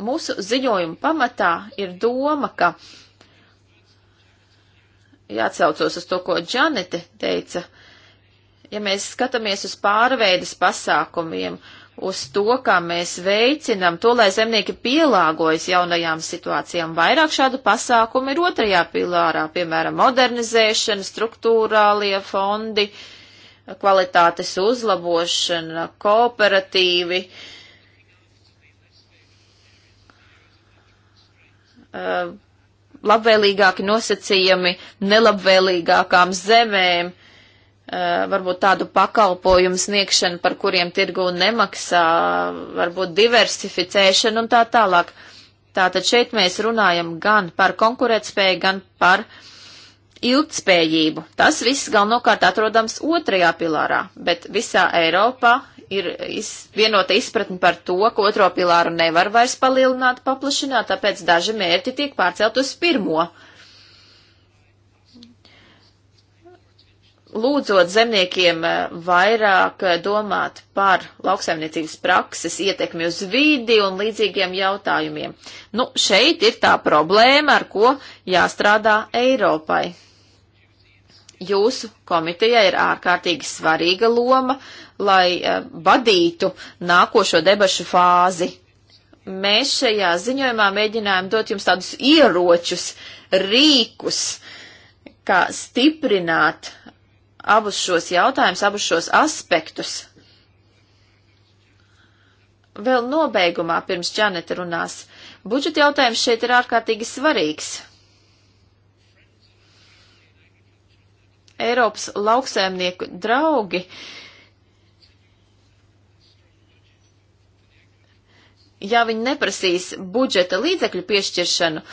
Mūsu ziņojuma pamatā ir doma, ka jāatsaucos uz to, ko Džanete teica, ja mēs skatāmies uz pārveidas pasākumiem, uh, uz to, kā mēs veicinam to, lai zemnieki pielāgojas jaunajām situācijām. Vairāk šādu pasākumu ir otrajā pilārā, piemēram, modernizēšana, struktūrālie fondi, kvalitātes uzlabošana, kooperatīvi. Eh, labvēlīgāki nosacījumi nelabvēlīgākām zemēm, Eh, varbūt tādu pakalpojumu sniegšanu, par kuriem tirgu nemaksā, varbūt diversificēšanu un tā tālāk. Tātad šeit mēs runājam gan par konkurētspēju, gan par ilgtspējību. Tas viss galvenokārt atrodams otrajā pilārā, bet visā Eiropā ir iz, vienota izpratne par to, ka otro pilāru nevar vairs palielināt, paplašināt, tāpēc daži mērķi tiek pārcelt uz pirmo pilāru lūdzot zemniekiem eh, vairāk eh, domāt par lauksaimniecības prakses ietekmi uz vidi un līdzīgiem jautājumiem. Nu, šeit ir tā problēma, ar ko jāstrādā Eiropai. Jūsu komitejai ir ārkārtīgi svarīga loma, lai eh, vadītu nākošo debašu fāzi. Mēs šajā ziņojumā mēģinājām dot jums tādus ieročus, rīkus, kā stiprināt abus šos jautājumus, abus šos aspektus. Vēl nobeigumā, pirms Čaneta runās, budžeta jautājums šeit ir ārkārtīgi svarīgs. Eiropas lauksēmnieku draugi ja viņi neprasīs budžeta līdzekļu piešķiršanu,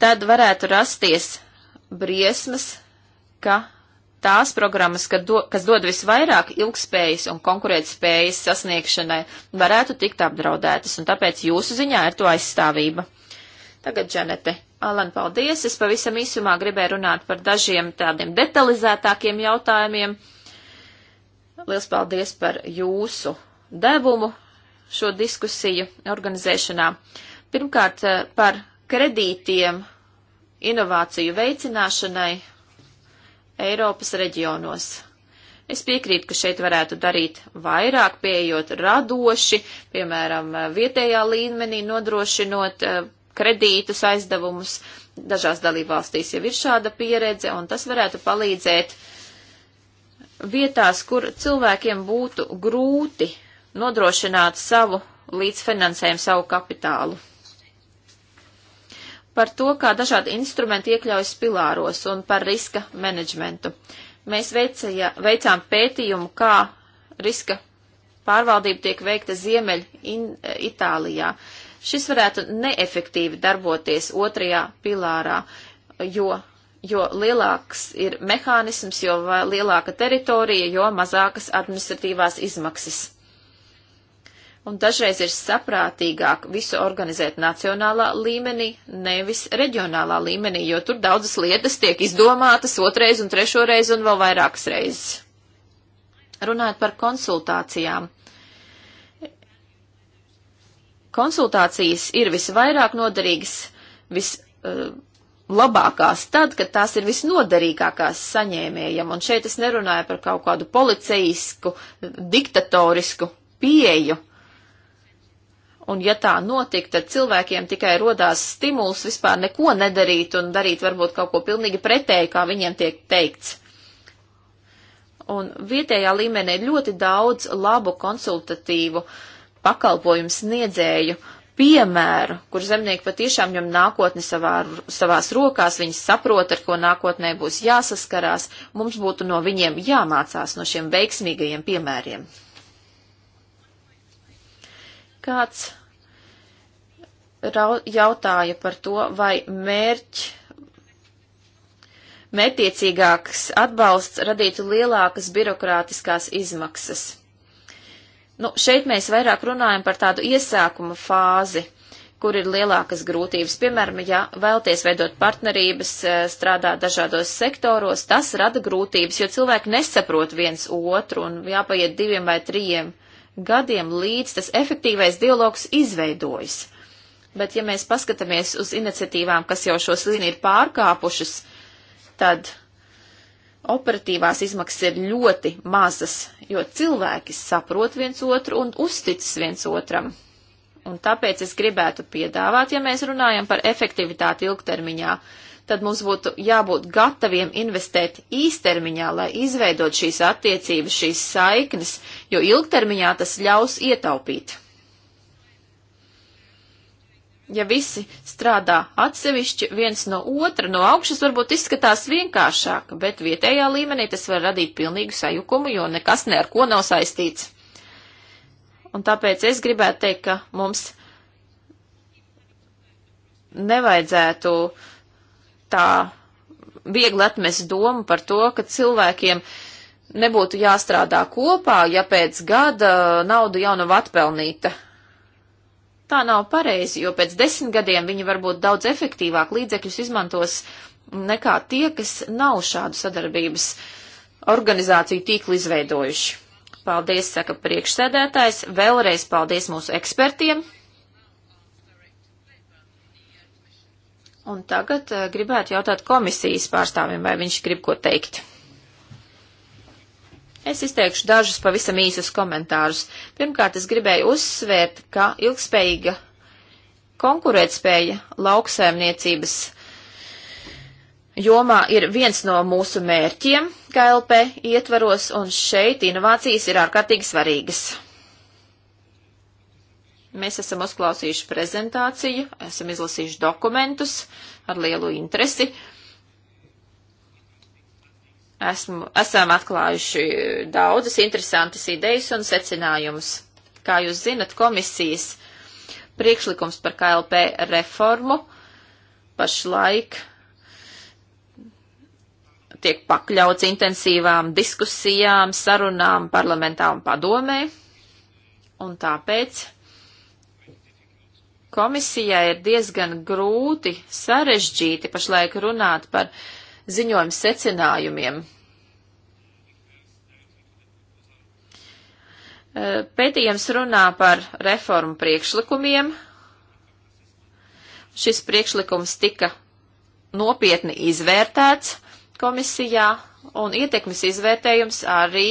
tad varētu rasties briesmas, ka tās programmas, do, kas dod visvairāk ilgspējas un konkurētspējas sasniegšanai, varētu tikt apdraudētas, un tāpēc jūsu ziņā ir to aizstāvība. Tagad, Džanete, Alan, paldies. Es pavisam īsumā gribēju runāt par dažiem tādiem detalizētākiem jautājumiem. Liels paldies par jūsu devumu šo diskusiju organizēšanā. Pirmkārt, par kredītiem inovāciju veicināšanai Eiropas reģionos. Es piekrītu, ka šeit varētu darīt vairāk, pieejot radoši, piemēram, vietējā līmenī nodrošinot eh, kredītus, aizdevumus. Dažās dalībvalstīs jau ir šāda pieredze, un tas varētu palīdzēt vietās, kur cilvēkiem būtu grūti nodrošināt savu līdzfinansējumu, savu kapitālu par to, kā dažādi instrumenti iekļaujas pilāros un par riska menedžmentu. Mēs veicaja, veicām pētījumu, kā riska pārvaldība tiek veikta Ziemeļ in, Itālijā. Šis varētu neefektīvi darboties otrajā pilārā, jo jo lielāks ir mehānisms, jo lielāka teritorija, jo mazākas administratīvās izmaksas un dažreiz ir saprātīgāk visu organizēt nacionālā līmenī, nevis reģionālā līmenī, jo tur daudzas lietas tiek izdomātas otrais un trešoreiz un vēl vairākas reizes. Runājot par konsultācijām. Konsultācijas ir visvairāk noderīgas, vislabākās eh, uh, tad, kad tās ir visnoderīgākās saņēmējam, un šeit es nerunāju par kaut kādu policijisku, diktatorisku pieju, uh, Un ja tā notika, tad cilvēkiem tikai rodās stimuls vispār neko nedarīt un darīt varbūt kaut ko pilnīgi pretēji, kā viņiem tiek teikts. Un vietējā līmenī ir ļoti daudz labu konsultatīvu pakalpojumu sniedzēju piemēru, kur zemnieki patiešām ņem nākotni savā, savās rokās, viņi saprot, ar ko nākotnē būs jāsaskarās, mums būtu no viņiem jāmācās no šiem veiksmīgajiem piemēriem. Kāds jautāja par to, vai mērķi mērķiecīgāks atbalsts radītu lielākas birokrātiskās izmaksas. Nu, šeit mēs vairāk runājam par tādu iesākuma fāzi, kur ir lielākas grūtības. Piemēram, ja vēlties veidot partnerības, e, strādāt dažādos sektoros, tas rada grūtības, jo cilvēki nesaprot viens otru un jāpaiet diviem vai trījiem gadiem, līdz tas efektīvais dialogs izveidojas. Bet, ja mēs paskatāmies uz iniciatīvām, kas jau šos līniju ir pārkāpušas, tad operatīvās izmaksas ir ļoti mazas, jo cilvēki saprot viens otru un uzticas viens otram. Un tāpēc es gribētu piedāvāt, ja mēs runājam par efektivitāti ilgtermiņā, uh, tad mums būtu jābūt gataviem investēt īstermiņā, lai izveidot šīs attiecības, šīs saiknes, jo ilgtermiņā tas ļaus ietaupīt. Ja visi strādā atsevišķi viens no otra, no augšas varbūt izskatās vienkāršāk, bet vietējā līmenī tas var radīt pilnīgu sajukumu, jo nekas ne ar ko nav saistīts. Un tāpēc es gribētu teikt, ka mums nevajadzētu uh, tā viegli atmest domu par to, ka cilvēkiem nebūtu jāstrādā kopā, ja pēc gada nauda jau nav atpelnīta. Tā nav pareizi, jo pēc desmit gadiem viņi varbūt daudz efektīvāk līdzekļus izmantos nekā tie, kas nav šādu sadarbības organizāciju tīklu izveidojuši. Paldies, saka priekšsēdētājs. Vēlreiz paldies mūsu ekspertiem. Un tagad uh, gribētu jautāt komisijas pārstāvim, vai viņš grib ko teikt. Es izteikšu dažus pavisam īsus komentārus. Pirmkārt, es gribēju uzsvērt, ka ilgspējīga konkurētspēja lauksēmniecības jomā ir viens no mūsu mērķiem KLP ietvaros, un šeit inovācijas ir ārkārtīgi svarīgas. Mēs esam uzklausījuši prezentāciju, esam izlasījuši dokumentus ar lielu interesi. Esmu, esam atklājuši daudzas interesantas idejas un secinājumus. Kā jūs zinat, komisijas priekšlikums par KLP reformu pašlaik tiek pakļauts intensīvām diskusijām, sarunām parlamentā un padomē. Un tāpēc Komisijai ir diezgan grūti, sarežģīti pašlaik runāt par ziņojumu secinājumiem. Eh, pētījums runā par reformu priekšlikumiem. Šis priekšlikums tika nopietni izvērtēts komisijā, un ietekmes izvērtējums arī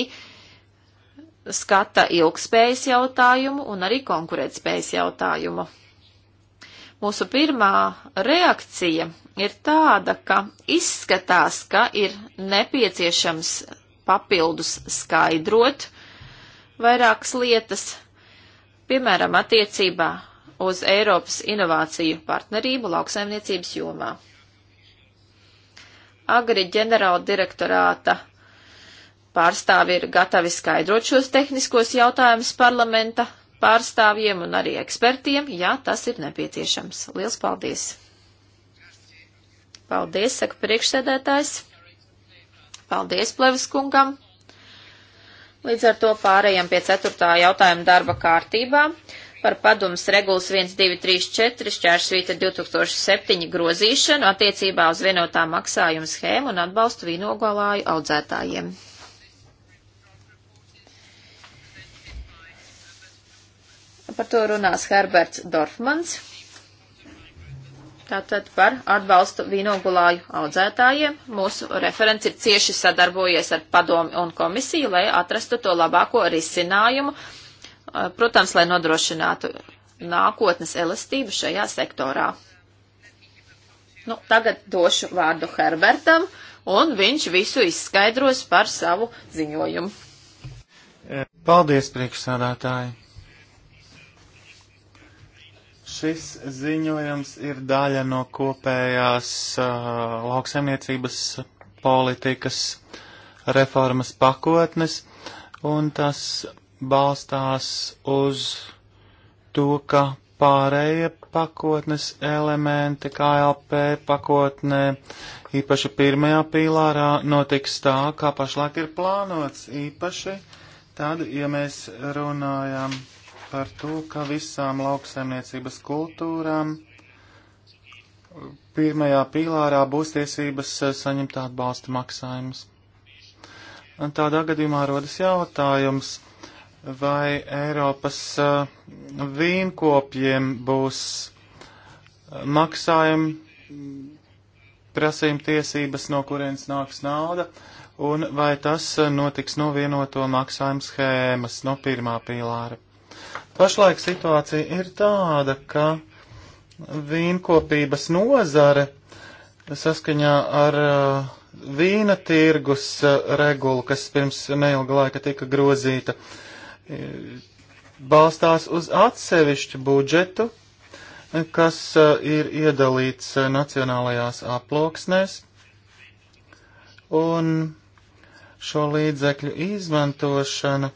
skata ilgspējas jautājumu un arī konkurētspējas jautājumu. Mūsu pirmā reakcija ir tāda, ka izskatās, ka ir nepieciešams papildus skaidrot vairākas lietas, piemēram, attiecībā uz Eiropas inovāciju partnerību lauksaimniecības jomā. Agri ģenerāla direktorāta pārstāvi ir gatavi skaidrot šos tehniskos jautājumus parlamenta pārstāvjiem un arī ekspertiem, ja tas ir nepieciešams. Liels paldies! Paldies, saka priekšsēdētājs. Paldies, plevas kungam. Līdz ar to pārējām pie ceturtā jautājuma darba kārtībā par padomus regulas 1234 šķērsvīta 2007 grozīšanu attiecībā uz vienotā maksājuma schēmu un atbalstu vīnogolāju audzētājiem. Par to runās Herberts Dorfmans. Tātad par atbalstu vīnogulāju audzētājiem. Mūsu referents ir cieši sadarbojies ar padomi un komisiju, lai atrastu to labāko risinājumu, eh, protams, lai nodrošinātu nākotnes elastību šajā sektorā. Nu, tagad došu vārdu Herbertam, un viņš visu izskaidros par savu ziņojumu. Paldies, priekšsādātāji! Šis ziņojums ir daļa no kopējās uh, lauksaimniecības politikas reformas pakotnes, un tas balstās uz to, ka pārējie pakotnes elementi KLP pakotnē, īpaši pirmajā pīlārā, notiks tā, kā pašlaik ir plānots, īpaši tad, ja mēs runājam par to, ka visām lauksaimniecības kultūrām pirmajā pīlārā būs tiesības eh, saņemt atbalsta maksājumus. Tādā gadījumā rodas jautājums, vai Eiropas eh, vīnkopjiem būs eh, maksājumi prasījuma tiesības, no kurienes nāks nauda, un vai tas notiks no vienoto maksājumu schēmas, no pirmā pīlāra. Pašlaik situācija ir tāda, ka vīnkopības nozare saskaņā ar uh, vīna tirgus uh, regulu, kas pirms neilga laika tika grozīta, balstās uz atsevišķu budžetu, kas uh, ir iedalīts uh, nacionālajās aploksnēs, un šo līdzekļu izmantošana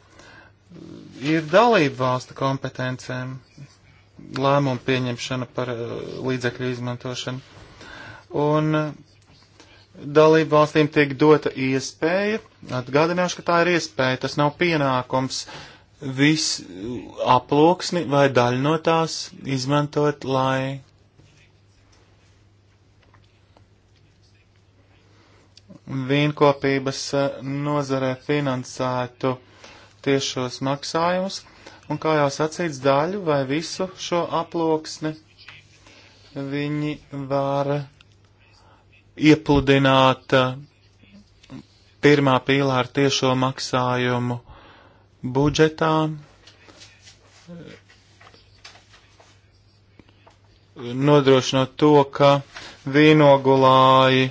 ir dalību valstu kompetencēm lēmumu pieņemšana par uh, līdzekļu izmantošanu. Un uh, dalību valstīm tiek dota iespēja, atgādināšu, ka tā ir iespēja, tas nav pienākums viss aploksni vai daļu no tās izmantot, lai vīnkopības eh, nozarē finansētu tiešos maksājumus, un kā jau sacīts, daļu vai visu šo aploksni viņi var iepludināt uh, pirmā pīlāra tiešo maksājumu budžetā. Nodrošinot to, ka vīnogulāji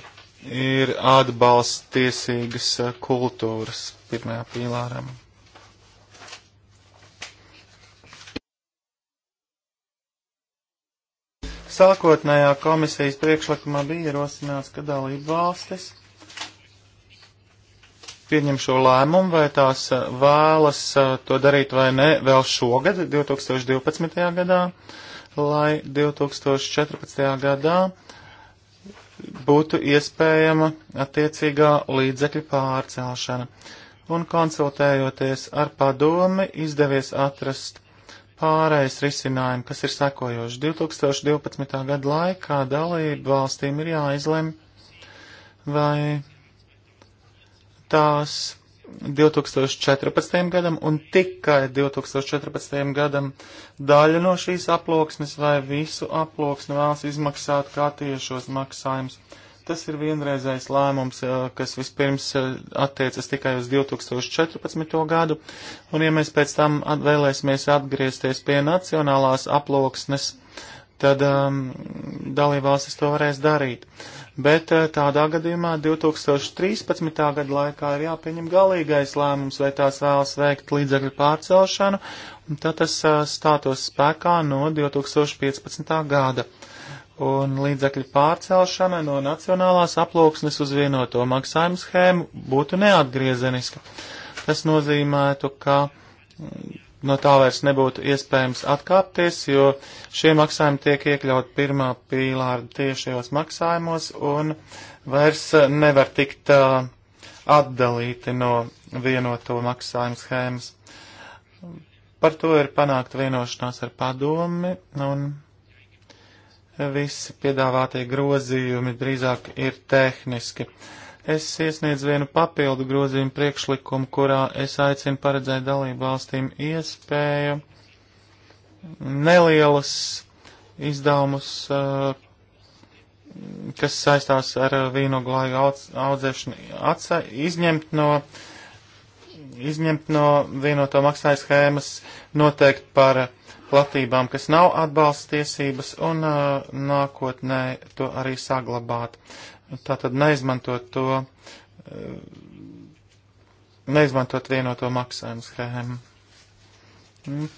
ir atbalsts tiesīgas uh, kultūras pirmajā pīlāram. Sākotnējā komisijas priekšlikumā bija ierosināts, ka dalību valstis pieņem šo lēmumu, vai tās vēlas to darīt vai ne vēl šogad, 2012. gadā, lai 2014. gadā būtu iespējama attiecīgā līdzekļa pārcelšana. Un konsultējoties ar padomi, izdevies atrast pārējais risinājumi, kas ir sekojoši. 2012. gada laikā dalību valstīm ir jāizlem, vai tās 2014. gadam un tikai 2014. gadam daļu no šīs aploksnes vai visu aploksni vēlas izmaksāt kā tiešos maksājumus. Tas ir vienreizais lēmums, eh, kas vispirms eh, attiecas tikai uz 2014. gadu, un ja mēs pēc tam vēlēsimies atgriezties pie nacionālās aploksnes, tad um, dalībvalstis to varēs darīt. Bet eh, tādā gadījumā 2013. gada laikā ir jāpieņem galīgais lēmums, vai tās vēlas veikt līdzekļu pārcelšanu, un tad tas uh, stātos spēkā no 2015. gada. Uh, un līdzekļu pārcelšana no nacionālās aploksnes uz vienoto maksājumu schēmu būtu neatgriezeniska. Tas nozīmētu, ka mm, no tā vairs nebūtu iespējams atkāpties, jo šie maksājumi tiek iekļaut pirmā pīlāra tiešajos maksājumos un vairs eh, nevar tikt uh, atdalīti no vienoto maksājumu schēmas. Par to ir panākta vienošanās ar padomi un visi piedāvātie grozījumi drīzāk ir tehniski. Es iesniedzu vienu papildu grozījumu priekšlikumu, kurā es aicinu paredzēt dalību valstīm iespēju nelielas izdevumus, eh, kas saistās ar eh, vīnoglāju audzēšanu, atsai, izņemt no izņemt no vienoto maksājas schēmas noteikti par uh, platībām, kas nav atbalsts tiesības, un uh, nākotnē to arī saglabāt. Tātad neizmantot to, uh, neizmantot vienoto maksājumu schēmu. Mm.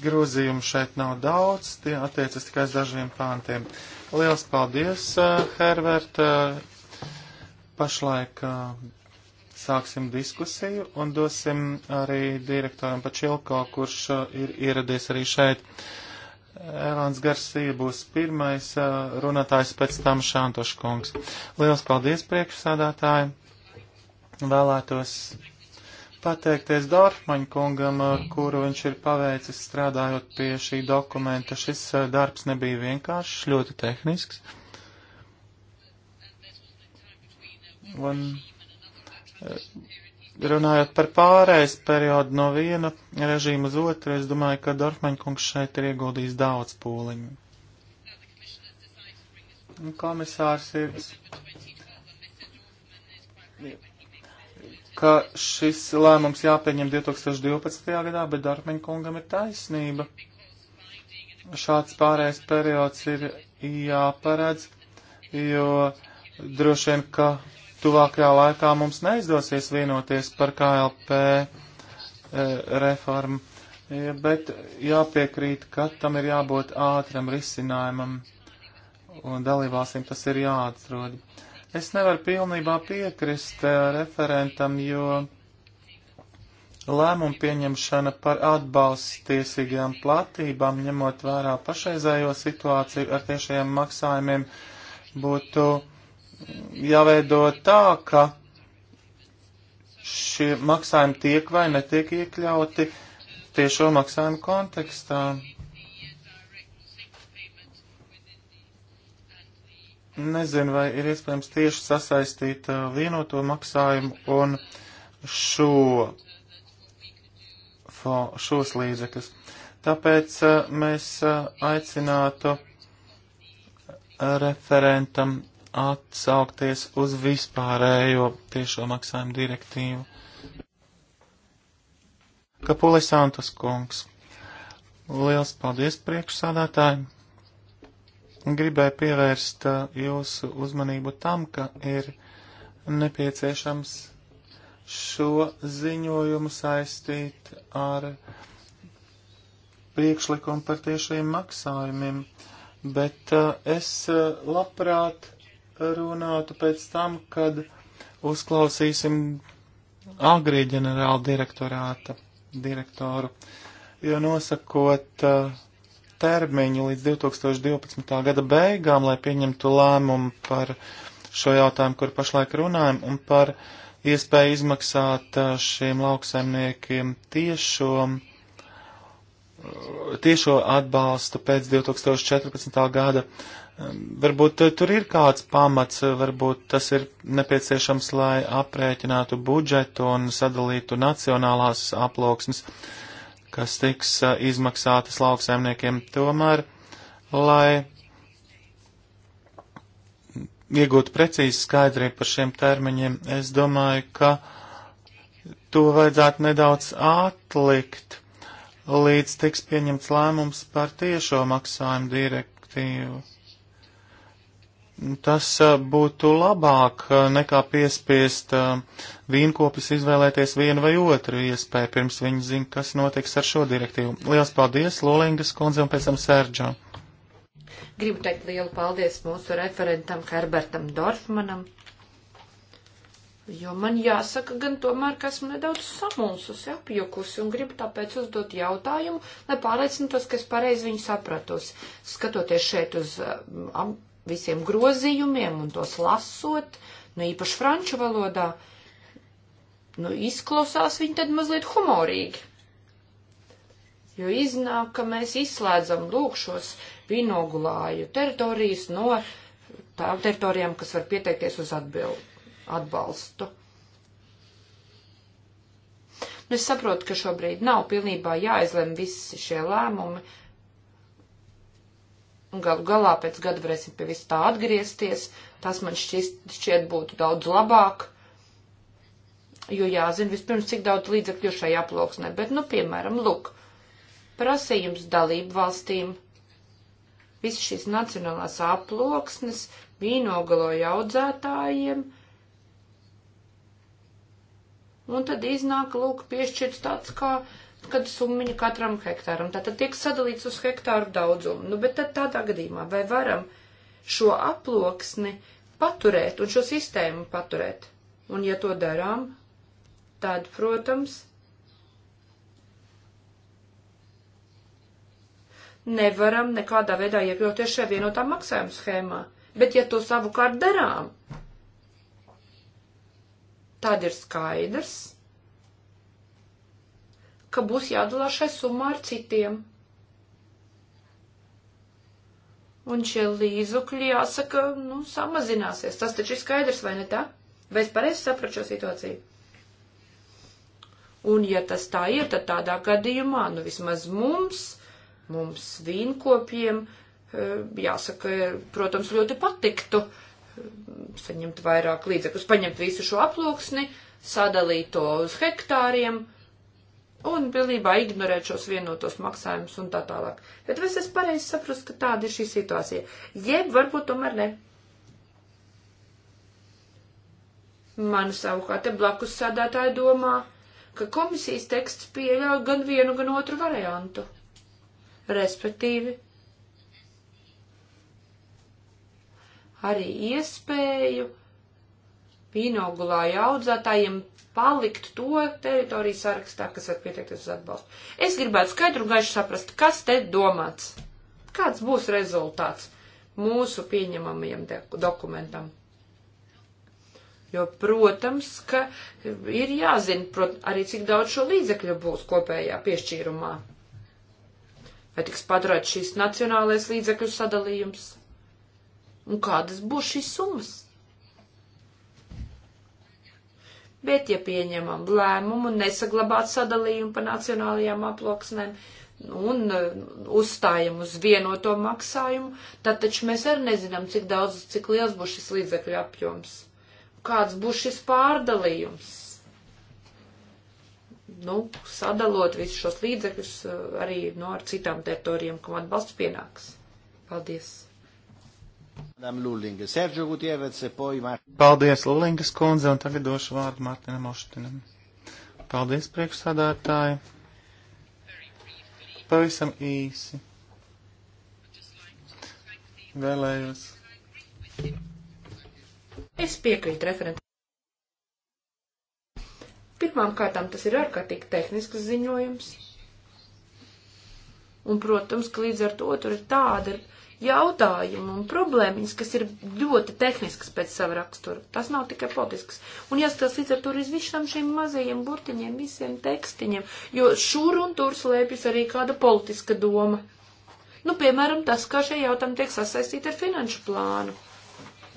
Grozījumu šeit nav daudz, tie attiecas tikai uz dažiem pāntiem. Liels paldies, uh, Herbert! Uh, pašlaik uh, sāksim diskusiju un dosim arī direktoram Pačilko, kurš uh, ir ieradies arī šeit. Elāns Garsija būs pirmais uh, runātājs, pēc tam Šantoš kungs. Lielas paldies priekšsādātāji. Vēlētos pateikties Dārfmaņa kungam, uh, kuru viņš ir paveicis strādājot pie šī dokumenta. Šis darbs nebija vienkāršs, ļoti tehnisks. Un Runājot par pārējais periodu no viena režīma uz otru, es domāju, ka Dorfmaņkungs šeit ir ieguldījis daudz pūliņu. Komisārs ir, ka šis lēmums jāpieņem 2012. gadā, bet Dorfmaņkungam ir taisnība. Šāds pārējais periods ir jāparedz, jo droši vien, ka tuvākajā laikā mums neizdosies vienoties par KLP e, eh, reformu, e, bet jāpiekrīt, ka tam ir jābūt ātram risinājumam un dalībvalstīm tas ir jāatrod. Es nevaru pilnībā piekrist e, referentam, jo lēmumu pieņemšana par atbalstu tiesīgajām platībām, ņemot vērā pašreizējo situāciju ar tiešajiem maksājumiem, būtu jāveido tā, ka šie maksājumi tiek vai netiek iekļauti tiešo maksājumu kontekstā. Nezinu, vai ir iespējams tieši sasaistīt uh, vienoto maksājumu un šo, fo, šos līdzekļus. Tāpēc uh, mēs uh, aicinātu referentam atsaukties uz vispārējo tiešo maksājumu direktīvu. Kapulis Santos kungs. Liels paldies priekšsādātājiem! Gribēju pievērst uh, jūsu uzmanību tam, ka ir nepieciešams šo ziņojumu saistīt ar priekšlikumu par tiešajiem maksājumiem, bet uh, es uh, labprāt runātu pēc tam, kad uzklausīsim agri ģenerāla direktorāta direktoru, jo nosakot uh, termiņu līdz 2012. gada beigām, lai pieņemtu lēmumu par šo jautājumu, kur pašlaik runājam, un par iespēju izmaksāt uh, šiem lauksaimniekiem tiešo, uh, tiešo atbalstu pēc 2014. gada Varbūt eh, tur ir kāds pamats, eh, varbūt tas ir nepieciešams, lai aprēķinātu budžetu un sadalītu nacionālās aploksnes, kas tiks eh, izmaksātas lauksaimniekiem. Tomēr, lai iegūtu precīzi skaidrību par šiem termiņiem, es domāju, ka to vajadzētu nedaudz atlikt, līdz tiks pieņemts lēmums par tiešo maksājumu direktīvu Tas būtu labāk nekā piespiest vīnkopis izvēlēties vienu vai otru iespēju, pirms viņi zina, kas notiks ar šo direktīvu. Lielas paldies, Lolingas kundze un pēc tam Sērdžo. Gribu teikt lielu paldies mūsu referentam Herbertam Dorfmanam, jo man jāsaka gan tomēr, ka esmu nedaudz samulsusi, apjukusi un gribu tāpēc uzdot jautājumu, lai pārliecinātos, ka es pareizi viņu sapratos. Skatoties šeit uz visiem grozījumiem un tos lasot, nu īpaši franču valodā, nu izklausās viņi tad mazliet humorīgi. Jo iznāk, ka mēs izslēdzam lūk šos vinogulāju teritorijas no tām teritorijām, kas var pieteikties uz atbild, atbalstu. Nu, es saprotu, ka šobrīd nav pilnībā jāizlem visi šie lēmumi, uh, Un galu galā pēc gada varēsim pie vis tā atgriezties. Tas man šķist, šķiet būtu daudz labāk. Jo jāzina vispirms, cik daudz līdzekļu šajā ploksnē. Bet, nu, piemēram, lūk, prasījums dalību valstīm. Viss šīs nacionālās aploksnes vīnogaloja audzētājiem. Un tad iznāk, lūk, piešķirts tāds kā uh, kad summiņa katram hektāram. Tātad tiek sadalīts uz hektāru daudzumu. Nu, bet tad tādā gadījumā vai varam šo aploksni paturēt un šo sistēmu paturēt? Un ja to darām, tad, protams, nevaram nekādā veidā iekļauties šajā vienotā maksājuma schēmā. Bet ja to savukārt darām, tad ir skaidrs, ka būs jādalās šai summā ar citiem. Un šie līdzukļi, jāsaka, nu, samazināsies. Tas taču ir skaidrs, vai ne tā? Vai es pareizi sapratu šo situāciju? Un, ja tas tā ir, tad tādā gadījumā, nu, vismaz mums, mums vīnkopiem, eh, jāsaka, protams, ļoti patiktu eh, saņemt vairāk līdzekļus, paņemt visu šo aploksni, sadalīt to uz hektāriem, un pilnībā ignorēt šos vienotos maksājumus un tā tālāk. Bet vai es pareizi saprotu, ka tāda ir šī situācija? Jeb varbūt tomēr ne. Man savukārt te blakus sēdētāji domā, ka komisijas teksts pieļauj gan vienu, gan otru variantu. Respektīvi, arī iespēju vīnogulāju audzētājiem palikt to teritoriju sarakstā, kas var pieteikties uz atbalstu. Es gribētu skaidru un gaišu saprast, kas te domāts, kāds būs rezultāts mūsu pieņemamajam dokumentam. Jo, protams, ka ir jāzina prot, arī, cik daudz šo līdzekļu būs kopējā piešķīrumā. Vai tiks padarīts šīs nacionālais līdzekļu sadalījums? Un kādas būs šīs summas? Bet, ja pieņemam lēmumu nesaglabāt sadalījumu pa nacionālajām aploksnēm un uh, uzstājam uz vienoto maksājumu, tad taču mēs arī nezinām, cik daudz, cik liels būs šis līdzekļu apjoms. Kāds būs šis pārdalījums? Nu, sadalot visus šos līdzekļus uh, arī no nu, ar citām teritorijām, kam atbalsts pienāks. Paldies! Paldies, Lulingas kundze, un tagad došu vārdu Mārtiņam Oštinam. Paldies, priekšsādātāji. Pavisam īsi. Vēlējos. Es piekrītu referentam. Pirmām kārtām tas ir ārkārtīgi tehnisks ziņojums. Un, protams, ka līdz ar to tur ir tāda. Ir jautājumu un problēmiņas, kas ir ļoti tehniskas pēc sava rakstura. Tas nav tikai politisks. Un jāskatās līdz ar to uz visām šīm mazajiem burtiņiem, visiem tekstiņiem, jo šur un tur slēpjas arī kāda politiska doma. Nu, piemēram, tas, kā šie jautājumi tiek sasaistīti ar finanšu plānu.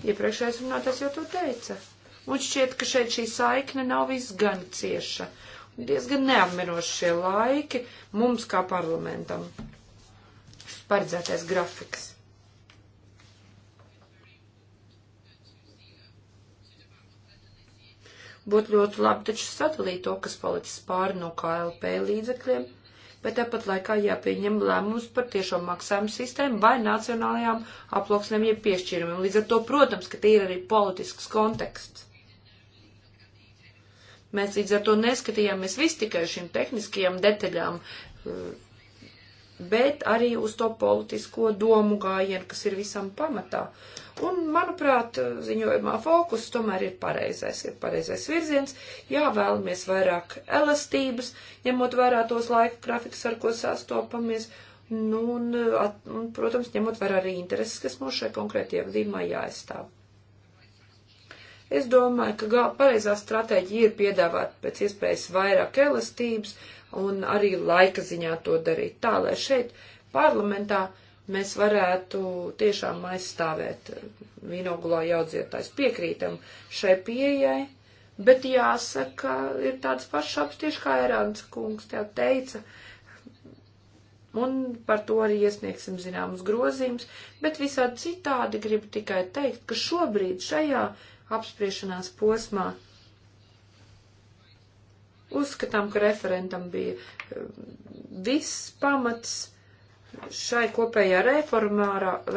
Iepriekšējais runātājs jau to teica. Un šķiet, ka šeit šī saikne nav izgan cieša. Un diezgan neapmiroši šie laiki mums kā parlamentam. Paredzētais grafiks. Būtu ļoti labi taču sadalīt to, kas palicis pāri no KLP līdzekļiem, bet tāpat laikā jāpieņem lēmums par tiešo maksājumu sistēmu vai nacionālajām aploksnēm jeb piešķīrumiem. Līdz ar to, protams, ka tie ir arī politisks konteksts. Mēs līdz ar to neskatījāmies visu tikai šīm tehniskajām detaļām, eh, bet arī uz to politisko domu gājienu, kas ir visam pamatā. Uh, Un, manuprāt, ziņojumā fokus tomēr ir pareizais, ir pareizais virziens. Jā, vēlamies vairāk elastības, ņemot vērā tos laika grafikus, ar ko sastopamies. Nu, un, at, un, protams, ņemot vērā arī intereses, kas mums šai konkrētajā gadījumā jāaizstāv. Es domāju, ka gal, pareizā stratēģija ir piedāvāt pēc iespējas vairāk elastības un arī laika ziņā to darīt tā, lai šeit parlamentā uh, mēs varētu tiešām aizstāvēt vīnogulā jaudzietājs. Piekrītam šai pieejai, bet jāsaka, ir tāds pašs apstiež, kā Erāns kungs tev teica, un par to arī iesniegsim zināmas grozījums, bet visādi citādi gribu tikai teikt, ka šobrīd šajā apspriešanās posmā uzskatām, ka referentam bija eh, viss pamats šai kopējā reformā,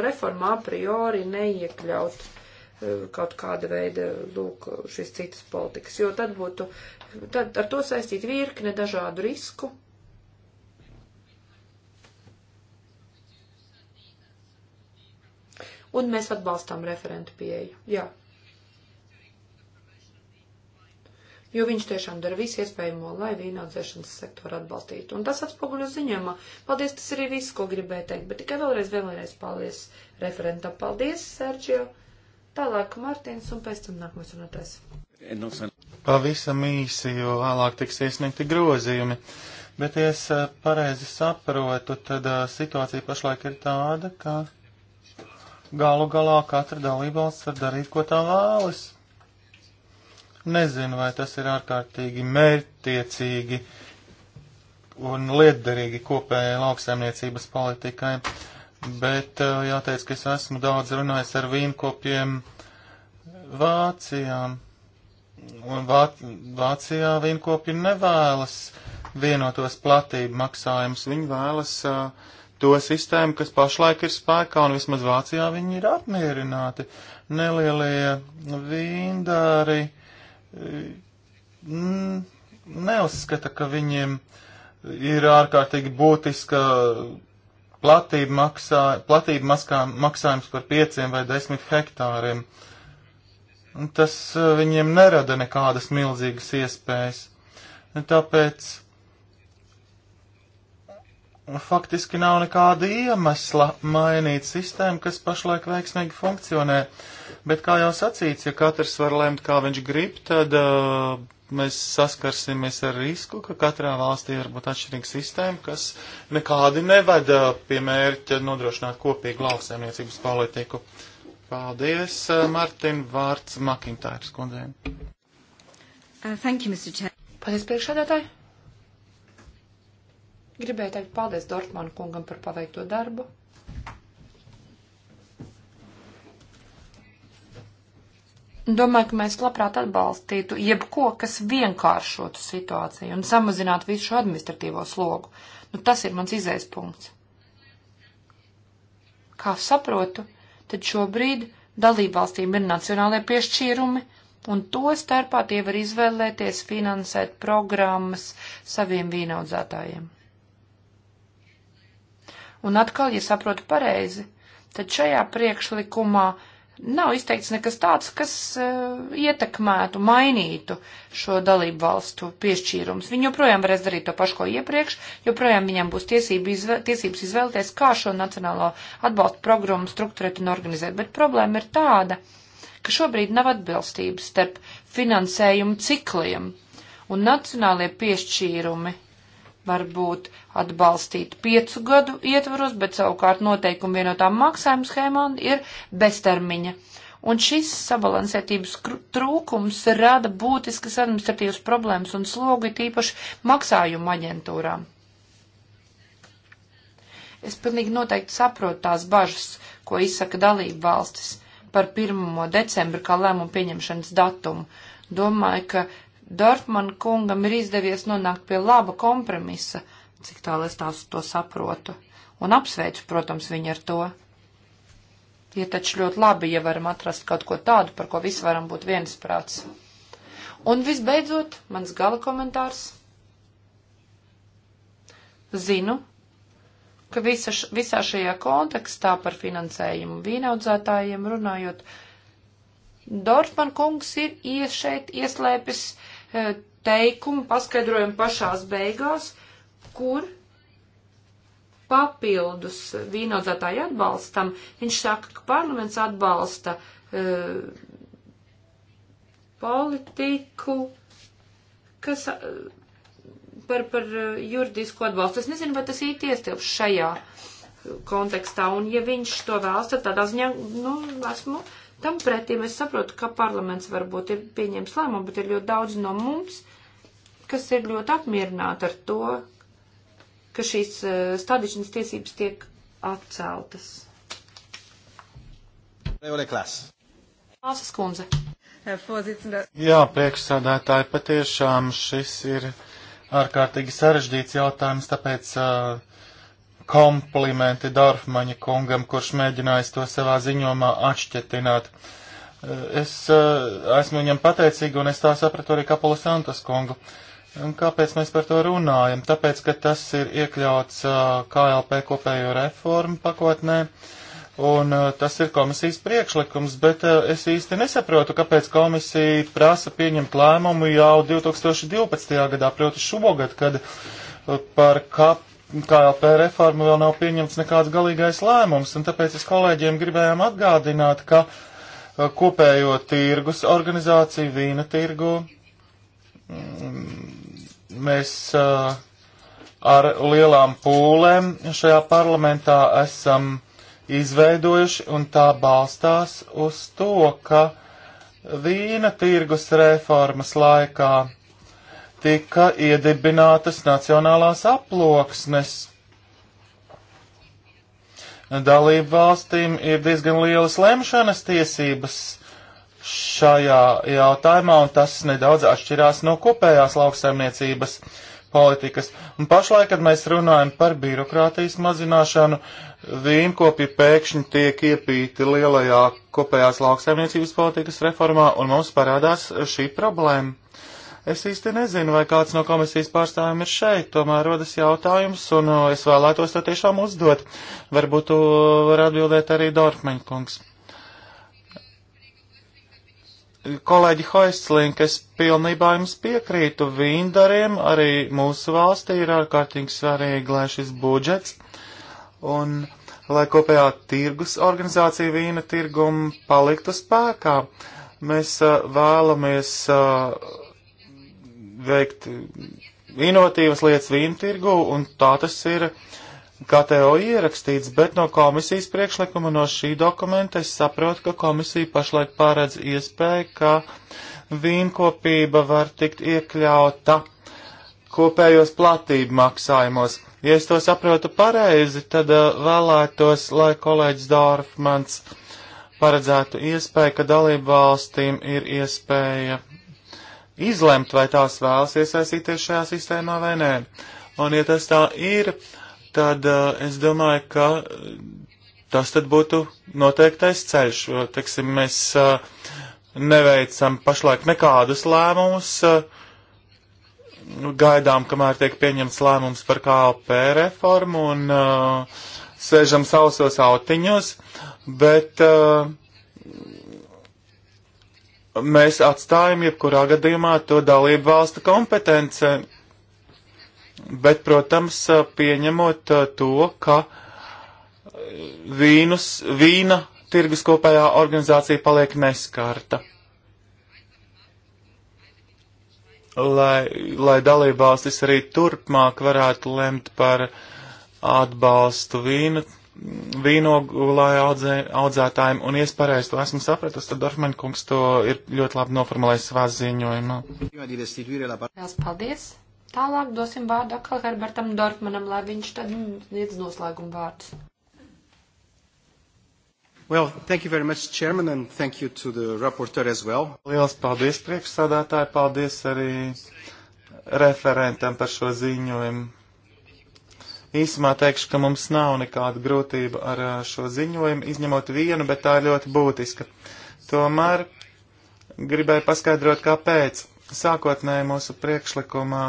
reformā a priori neiekļaut e, kaut kāda veida, lūk, šīs citas politikas, jo tad būtu, tad ar to saistīt virkne dažādu risku. Un mēs atbalstām referentu pieeju. Jā, jo viņš tiešām dara visu iespējamo, lai vīnaudzēšanas sektoru atbalstītu. Un tas atspoguļo ziņojumā. Paldies, tas arī viss, ko gribēju teikt, bet tikai vēlreiz, vēlreiz paldies referentam. Paldies, Sergio. Tālāk Martins un pēc tam nākamais runātājs. Pavisam īsi, jo vēlāk tiks iesniegti grozījumi. Bet, ja es eh, pareizi saprotu, tad eh, situācija pašlaik ir tāda, ka galu galā katra dalībvalsts var darīt, ko tā vēlas Nezinu, vai tas ir ārkārtīgi mērķtiecīgi un lietderīgi kopējai lauksaimniecības politikai, bet eh, jāteic, ka es esmu daudz runājis ar vīnkopiem Vācijā, un Vāc Vācijā vīnkopji nevēlas vienotos platību maksājumus, viņi vēlas uh, to sistēmu, kas pašlaik ir spēkā, un vismaz Vācijā viņi ir apmierināti. Nelielie vīndāri neuzskata, ka viņiem ir ārkārtīgi būtiska platība, maksā, platība maskā, maksājums par pieciem vai desmit hektāriem. Tas e, viņiem nerada nekādas milzīgas iespējas. Tāpēc faktiski nav nekāda iemesla mainīt sistēmu, kas pašlaik veiksmīgi funkcionē. Uh, Bet, kā jau sacīts, ja katrs var lemt, kā viņš grib, tad uh, mēs saskarsimies ar risku, ka katrā valstī var būt atšķirīga sistēma, kas nekādi nevada uh, pie mērķa nodrošināt kopīgu lauksaimniecības politiku. Paldies, uh, Martin, vārds Makintārs kundzēm. Uh, thank you, Mr. Chair. Paldies, priekšādātāji. Gribēju teikt paldies Dortmanu kungam par paveikto darbu. Domāju, ka mēs labprāt atbalstītu jebko, kas vienkāršotu situāciju un samazinātu visu šo administratīvo slogu. Nu, tas ir mans izējas punkts. Kā saprotu, tad šobrīd dalībvalstīm ir nacionālajie piešķīrumi, un to starpā tie var izvēlēties finansēt programmas saviem vīnaudzētājiem. Un atkal, ja saprotu pareizi, tad šajā priekšlikumā nav izteikts nekas tāds, kas uh, ietekmētu, mainītu šo dalību valstu piešķīrums. Viņi joprojām varēs darīt to pašu, ko iepriekš, joprojām viņiem būs tiesība izvē, tiesības izvēlēties, kā šo nacionālo atbalstu programmu strukturēt un organizēt. Bet problēma ir tāda, ka šobrīd nav atbilstības starp finansējumu cikliem un nacionālie piešķīrumi varbūt atbalstīt piecu gadu ietvaros, bet savukārt noteikumi vienotām maksājuma schēmām ir beztermiņa. Un šis sabalansētības trūkums rada būtiskas administratīvas problēmas un slogu tīpaši maksājumu aģentūrām. Es pilnīgi noteikti saprotu tās bažas, ko izsaka dalību valstis par 1. decembru kā lēmumu pieņemšanas datumu. Domāju, ka Dorfman kungam ir izdevies nonākt pie laba kompromisa, cik tālu es tās to saprotu, un apsveicu, protams, viņu ar to. Ir ja taču ļoti labi, ja varam atrast kaut ko tādu, par ko visi varam būt viensprāts. Un visbeidzot, mans gala komentārs. Zinu, ka visa, š, visā šajā kontekstā par finansējumu vīnaudzētājiem runājot, Dorfman kungs ir iešeit ieslēpis uh, E, teikumu, paskaidrojumu pašās beigās, kur papildus vīnodzētāju atbalstam, viņš saka, ka parlaments atbalsta uh, politiku, kas uh, par, par juridisko atbalstu. Es nezinu, vai tas īsti iestilps šajā kontekstā, un ja viņš to vēlas, tad tādā ziņā, nu, esmu Tam pretī mēs saprotu, ka parlaments varbūt ir pieņēmis lēmumu, bet ir ļoti daudz no mums, kas ir ļoti apmierināti ar to, ka šīs eh, stādīšanas tiesības tiek atceltas. Klāsas kundze. Jā, priekšsādātāji, patiešām šis ir ārkārtīgi sarežģīts jautājums, tāpēc uh, komplimenti Dārfmaņa kungam, kurš mēģinājis to savā ziņomā atšķetināt. Es eh, esmu viņam pateicīga un es tā sapratu arī Kapula Santos kungu. Un kāpēc mēs par to runājam? Tāpēc, ka tas ir iekļauts eh, KLP kopējo reformu pakotnē. Un eh, tas ir komisijas priekšlikums, bet es īsti nesaprotu, kāpēc komisija prasa pieņemt lēmumu jau 2012. gadā, proti šogad, kad par kap KLP reformu vēl nav pieņemts nekāds galīgais lēmums, un tāpēc es kolēģiem gribējām atgādināt, ka eh, kopējo tirgus organizāciju vīna tirgu mm, mēs eh, ar lielām pūlēm šajā parlamentā esam izveidojuši, un tā balstās uz to, ka vīna tirgus reformas laikā tika iedibinātas nacionālās aploksnes. Dalību valstīm ir diezgan lielas lemšanas tiesības šajā jautājumā, un tas nedaudz atšķirās no kopējās lauksaimniecības politikas. Un pašlaik, kad mēs runājam par birokrātijas mazināšanu, vīnkopji pēkšņi tiek iepīti lielajā kopējās lauksaimniecības politikas reformā, un mums parādās šī problēma. Es īsti nezinu, vai kāds no komisijas pārstāvjiem ir šeit, tomēr rodas jautājums, un uh, es vēlētos to tiešām uzdot. Varbūt tu uh, var atbildēt arī Dorfmeņkungs. Kolēģi Hoistlink, es pilnībā jums piekrītu vīndariem, arī mūsu valstī ir ārkārtīgi svarīgi, lai šis budžets un lai kopējā tirgus organizācija vīna tirgumu paliktu spēkā. Mēs uh, vēlamies uh, veikt inovatīvas lietas vīnu tirgu, un tā tas ir KTO ierakstīts, bet no komisijas priekšlikuma, no šī dokumenta es saprotu, ka komisija pašlaik pārēdz iespēju, ka vīnkopība var tikt iekļauta kopējos platību maksājumos. Ja es to saprotu pareizi, tad uh, vēlētos, lai kolēģis Dārfmans paredzētu iespēju, ka dalību valstīm ir iespēja izlemt, vai tās vēlas iesaistīties šajā sistēmā vai nē. Un, ja tas tā ir, tad uh, es domāju, ka eh, tas tad būtu noteiktais ceļš. Teksim, mēs uh, neveicam pašlaik nekādus lēmumus, uh, gaidām, kamēr tiek pieņemts lēmums par KLP reformu un uh, sēžam sausos autiņos, bet uh, mēs atstājam jebkurā gadījumā to dalību valstu kompetencē. Bet, protams, pieņemot to, ka vīnus, vīna tirgus kopējā organizācija paliek neskarta. Lai, lai dalībvalstis arī turpmāk varētu lemt par atbalstu vīnu vīnogulāju audzē, audzētājiem, un es pareizi to esmu sapratusi, tad Dorfmankungs to ir ļoti labi noformulējis savā ziņojumā. Lielas paldies! Tālāk dosim vārdu atkal Herbertam Dorfmanam, lai viņš tad mm, sniedz noslēgumu vārdus. Well, thank you very much, Chairman, and thank you to the rapporteur as well. Lielas paldies priekšsādātāji, paldies arī referentam par šo ziņojumu Īsumā teikšu, ka mums nav nekāda grūtība ar šo ziņojumu, izņemot vienu, bet tā ir ļoti būtiska. Tomēr gribēju paskaidrot, kāpēc. Sākotnēji mūsu priekšlikumā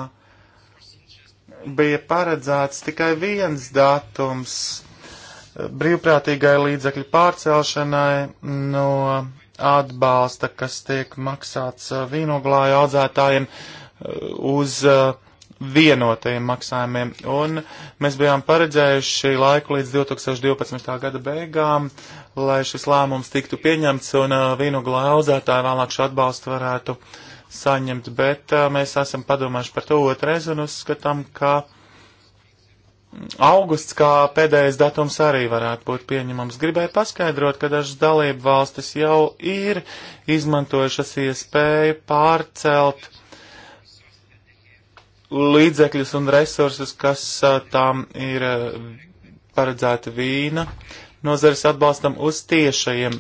bija paredzēts tikai viens datums brīvprātīgai līdzekļu pārcelšanai no atbalsta, kas tiek maksāts vīnoglāju audzētājiem uz uh, vienotajiem maksājumiem, un mēs bijām paredzējuši laiku līdz 2012. gada beigām, lai šis lēmums tiktu pieņemts un uh, vīnogla audzētāji vēlāk šo atbalstu varētu saņemt, bet uh, mēs esam padomājuši par to otrais un uzskatām, ka augusts kā pēdējais datums arī varētu būt pieņemams. Gribēju paskaidrot, ka dažas dalību valstis jau ir izmantojušas iespēju pārcelt līdzekļus un resursus, kas tām ir paredzēti vīna nozares atbalstam uz tiešajiem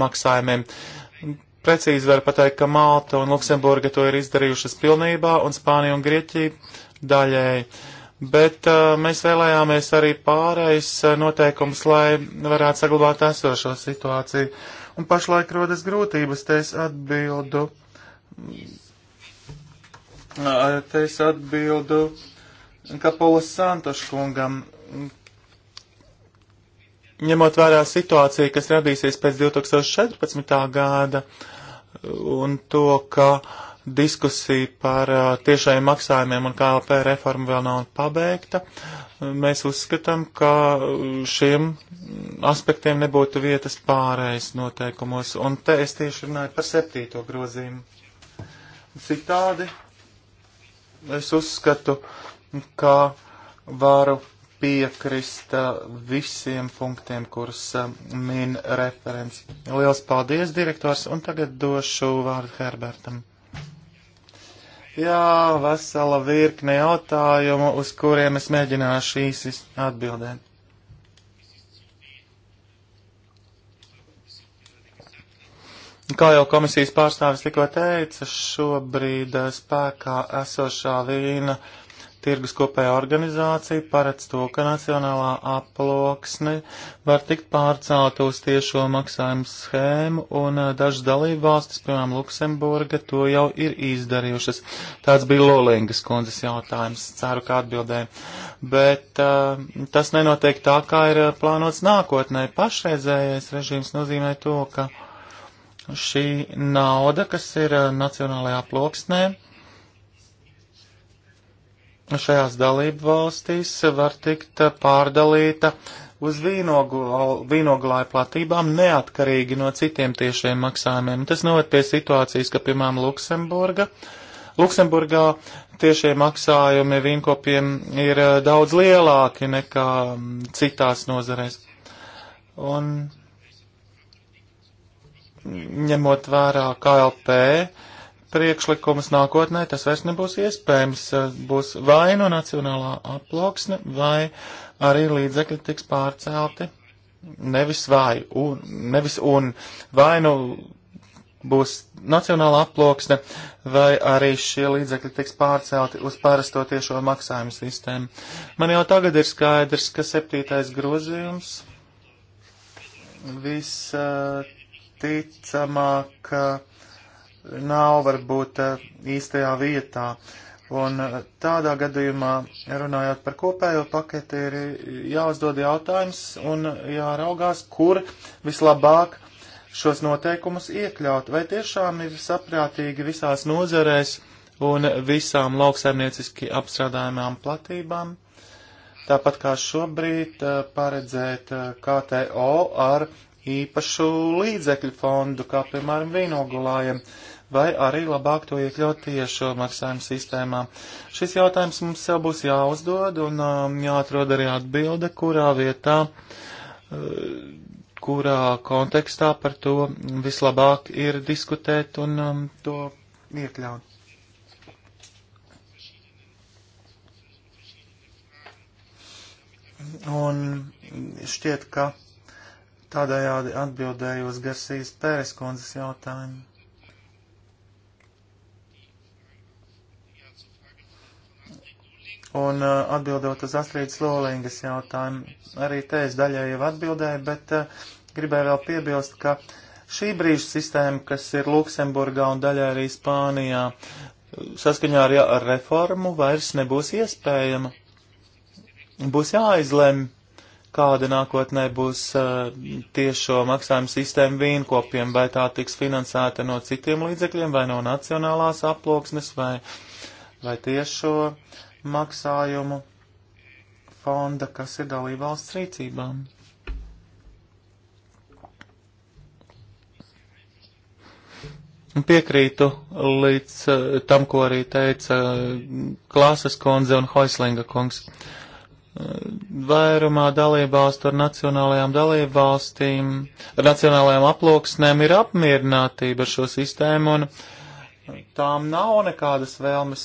maksājumiem. Precīzi var pateikt, ka Malta un Luksemburga to ir izdarījušas pilnībā un Spānija un Grieķija daļēji. Bet uh, mēs vēlējāmies arī pārējais noteikums, lai varētu saglabāt esošo situāciju. Un pašlaik rodas grūtības, te es atbildu Te es atbildu Kapolas Santoškungam. Ņemot vērā situāciju, kas radīsies pēc 2014. gada un to, ka diskusija par tiešajiem maksājumiem un KLP reformu vēl nav pabeigta, mēs uzskatām, ka šiem aspektiem nebūtu vietas pārējais noteikumos. Un te es tieši runāju par septīto grozījumu. Citādi es uzskatu, ka varu piekrist eh, visiem punktiem, kurus eh, min referents. Liels paldies, direktors, un tagad došu vārdu Herbertam. Jā, vesela virkne jautājumu, uz kuriem es mēģināšu īsi atbildēt. Kā jau komisijas pārstāvis tikko teica, šobrīd eh, spēkā esošā vīna tirgus kopējā organizācija paredz to, ka nacionālā aploksne var tikt pārcelt uz tiešo maksājumu schēmu, un eh, dažas dalību valstis, piemēram, Luksemburga, to jau ir izdarījušas. Tāds bija Lolingas kundzes jautājums, ceru, ka atbildēju. Bet uh, tas nenotiek tā, kā ir plānots nākotnē. Pašreizējais režīms nozīmē to, ka. Uh, šī nauda, kas ir eh, nacionālajā ploksnē, šajās dalību valstīs var tikt eh, pārdalīta uz vīnoglāju platībām neatkarīgi no citiem tiešiem maksājumiem. Tas noved pie situācijas, ka, piemēram, Luksemburga, Luksemburgā tiešie maksājumi vīnkopiem ir eh, daudz lielāki nekā mm, citās nozarēs. Un ņemot vērā KLP priekšlikumus nākotnē, tas vairs nebūs iespējams. Būs vai nu no nacionālā aploksne, vai arī līdzekļi tiks pārcelti. Nevis vai, un, nevis un, vai nu būs nacionāla aploksne, vai arī šie līdzekļi tiks pārcelti uz parasto tiešo maksājumu sistēmu. Man jau tagad ir skaidrs, ka septītais grozījums viss uh, visticamāk nav varbūt eh, īstajā vietā. Un eh, tādā gadījumā, runājot par kopējo paketi, ir jāuzdod jautājums un jāraugās, kur vislabāk šos noteikumus iekļaut. Vai tiešām ir saprātīgi visās nozarēs un visām lauksaimnieciski apstrādājumām platībām, tāpat kā šobrīd eh, paredzēt KTO ar īpašu līdzekļu fondu, kā piemēram vīnogulājiem, vai arī labāk to iekļaut tiešo maksājumu sistēmā. Šis jautājums mums jau būs jāuzdod un um, jāatrod arī atbilde, kurā vietā, uh, kurā kontekstā par to vislabāk ir diskutēt un um, to iekļaut. Un šķiet, ka Tādējādi atbildēju uz Garsijas Pēres kundzes jautājumu. Un uh, atbildot uz Astrīdas Lolingas jautājumu, arī te es daļai jau atbildēju, bet uh, gribēju vēl piebilst, ka šī brīža sistēma, kas ir Luksemburgā un daļai arī Spānijā, saskaņā ar, ar reformu vairs nebūs iespējama. Būs jāizlemj kāda nākotnē būs eh, tiešo maksājumu sistēma vīnkopiem, vai tā tiks finansēta no citiem līdzekļiem, vai no nacionālās aploksnes, vai, vai tiešo maksājumu fonda, kas ir dalībvalsts rīcībām. Piekrītu līdz eh, tam, ko arī teica eh, Klāsas kundze un Hoislinga kungs. Uh, vairumā dalībvalstu ar nacionālajām dalībvalstīm, ar nacionālajām aploksnēm ir apmierinātība ar šo sistēmu un tām nav nekādas vēlmes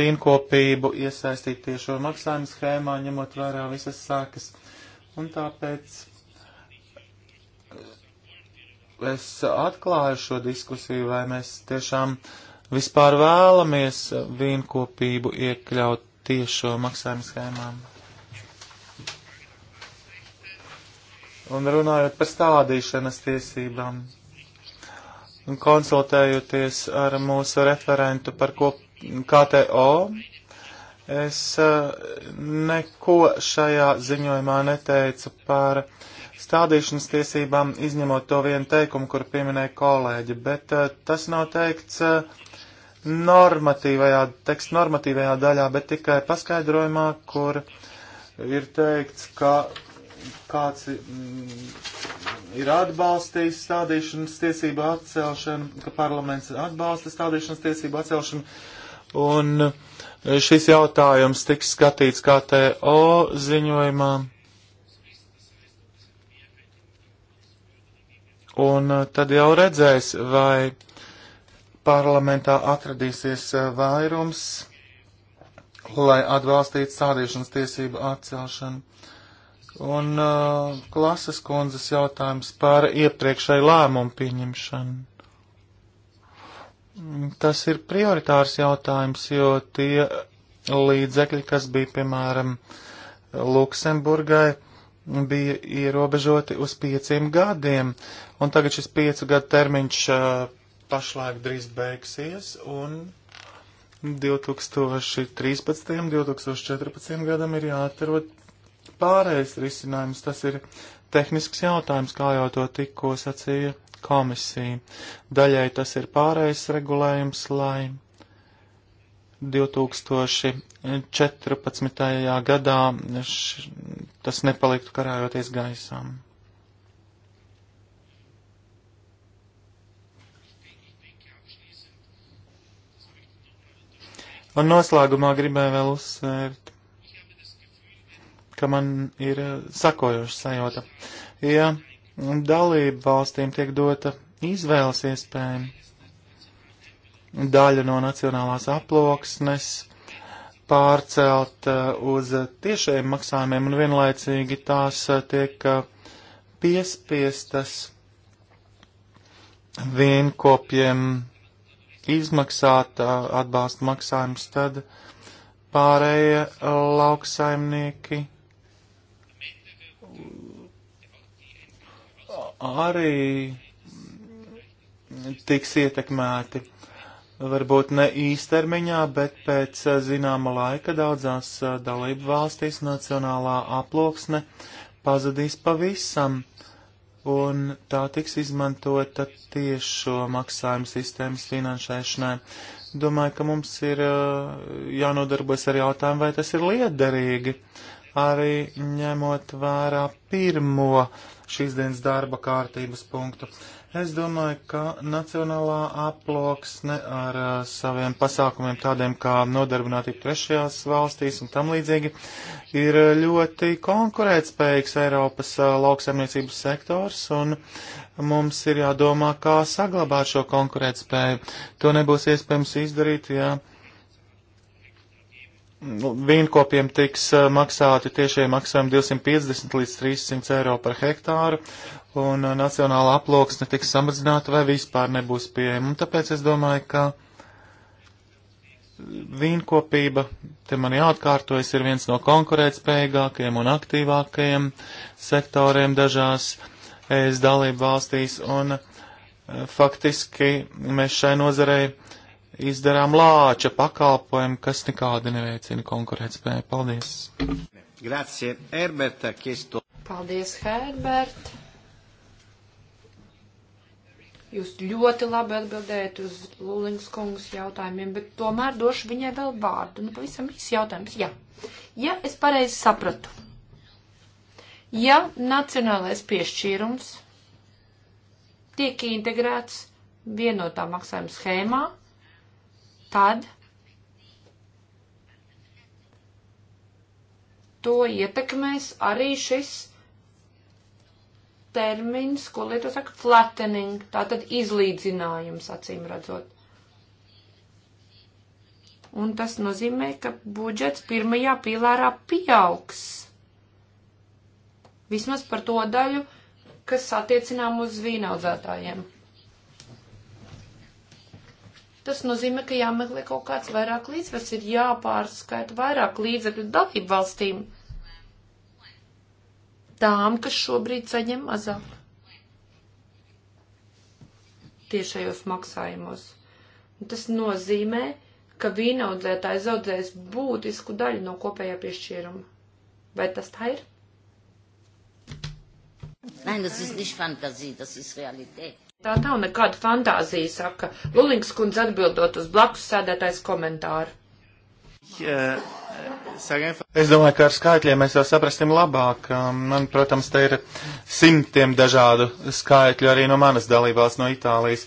vīnkopību iesaistīt tiešo maksājumu schēmā, ņemot vērā visas sākas. Un tāpēc es atklāju šo diskusiju, vai mēs tiešām vispār vēlamies vīnkopību iekļaut tiešo maksājumu schēmām. Un runājot par stādīšanas tiesībām, un konsultējoties ar mūsu referentu par ko KTO, es eh, neko šajā ziņojumā neteicu par stādīšanas tiesībām, izņemot to vienu teikumu, kur pieminēja kolēģi, bet eh, tas nav teikts eh, normatīvajā, tekst normatīvajā daļā, bet tikai paskaidrojumā, kur ir teikts, ka kāds mm, ir atbalstījis stādīšanas tiesību atcelšanu, ka parlaments atbalsta stādīšanas tiesību atcelšanu. Un e, šis jautājums tiks skatīts KTO ziņojumā. Un e, tad jau redzēs, vai parlamentā atradīsies e, vairums, lai atbalstītu stādīšanas tiesību atcelšanu. Un uh, klases kundzes jautājums par iepriekšēju lēmumu pieņemšanu. Tas ir prioritārs jautājums, jo tie līdzekļi, kas bija piemēram Luksemburgai, bija ierobežoti uz pieciem gadiem. Un tagad šis piecu gadu termiņš uh, pašlaik drīz beigsies un 2013. un 2014. gadam ir jāatrod pārējais risinājums, tas ir tehnisks jautājums, kā jau to tikko sacīja komisija. Daļai tas ir pārējais regulējums, lai 2014. gadā š, tas nepaliktu karājoties gaisām. Un noslēgumā gribēju vēl uzsvērt, ka man ir eh, sakojoša sajūta. Ja dalību valstīm tiek dota izvēles iespēja, daļa no nacionālās aploksnes pārcelt eh, uz tiešiem maksājumiem un vienlaicīgi tās eh, tiek piespiestas vienkopiem izmaksāt atbalsta maksājumus, tad pārējie lauksaimnieki arī tiks ietekmēti. Varbūt ne īstermiņā, bet pēc eh, zināma laika daudzās eh, dalību valstīs nacionālā aploksne pazudīs pavisam, un tā tiks izmantota tiešo maksājumu sistēmas finansēšanai. Domāju, ka mums ir eh, jānodarbojas ar jautājumu, vai tas ir liederīgi. Uh, arī ņemot vērā pirmo šīs dienas darba kārtības punktu. Es domāju, ka nacionālā aploksne ar uh, saviem pasākumiem tādiem kā nodarbinātība trešajās valstīs un tam līdzīgi ir ļoti konkurētspējīgs Eiropas uh, lauksaimniecības sektors un mums ir jādomā, kā saglabāt šo konkurētspēju. To nebūs iespējams izdarīt, ja Nu, vīnkopiem tiks eh, maksāti tiešie maksājumi 250 līdz 300 eiro par hektāru, un eh, nacionāla aploksne tiks samazināta vai vispār nebūs pieejama. Tāpēc es domāju, ka vīnkopība, te man jāatkārtojas, ir viens no konkurētspējīgākajiem un aktīvākajiem sektoriem dažās ES dalību valstīs, un eh, faktiski mēs šai nozarei izdarām lāča pakalpojumu, kas nekādi neveicina konkurētspēju. Paldies! Grazie, Herberta, Kisto. Paldies, Herbert! Jūs ļoti labi atbildējat uz Lūlings kungas jautājumiem, bet tomēr došu viņai vēl vārdu. Nu, pavisam viss jautājums. Jā. Ja es pareizi sapratu. Ja nacionālais piešķīrums tiek integrēts vienotā maksājuma schēmā, tad to ietekmēs arī šis termins, ko lietu saka flattening, tātad izlīdzinājums, acīm redzot. Un tas nozīmē, ka budžets pirmajā pīlārā pieaugs. Vismaz par to daļu, kas attiecinām uz vīnaudzētājiem. Tas nozīmē, ka jāmeklē kaut kāds vairāk līdzsvars, ir jāpārskaita vairāk līdzekļu dalību valstīm. Tām, kas šobrīd saņem mazāk tiešajos maksājumos. Un tas nozīmē, ka vīnaudzētājs audzēs būtisku daļu no kopējā piešķīruma. Vai tas tā ir? Nein, das ist nicht Fantasie, das ist Realität. Tā nav nekāda fantāzija, saka Lulings kundze atbildot uz blakus sēdētājs komentāru. Es domāju, ka ar skaitļiem mēs jau saprastam labāk. Um, man, protams, te ir simtiem dažādu skaitļu arī no manas dalībās no Itālijas.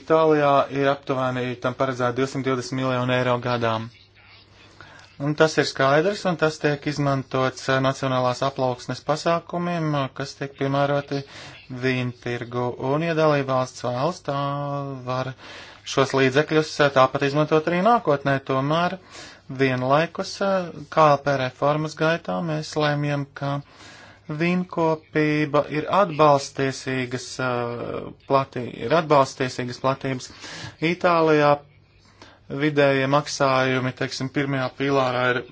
Itālijā ir aptuveni tam paredzēta 220 miljonu eiro gadām. Un tas ir skaidrs, un tas tiek izmantots uh, nacionālās aplauksnes pasākumiem, uh, kas tiek piemēroti vīntirgu, un, ja dalībvalsts vēlas, tā var šos līdzekļus eh, tāpat izmantot arī nākotnē. Tomēr vienlaikus eh, KLP reformas gaitā mēs lēmjam, ka vīnkopība ir atbalstiesīgas, eh, platī, ir atbalstiesīgas platības. Itālijā vidējie maksājumi, teiksim, pirmajā pilārā ir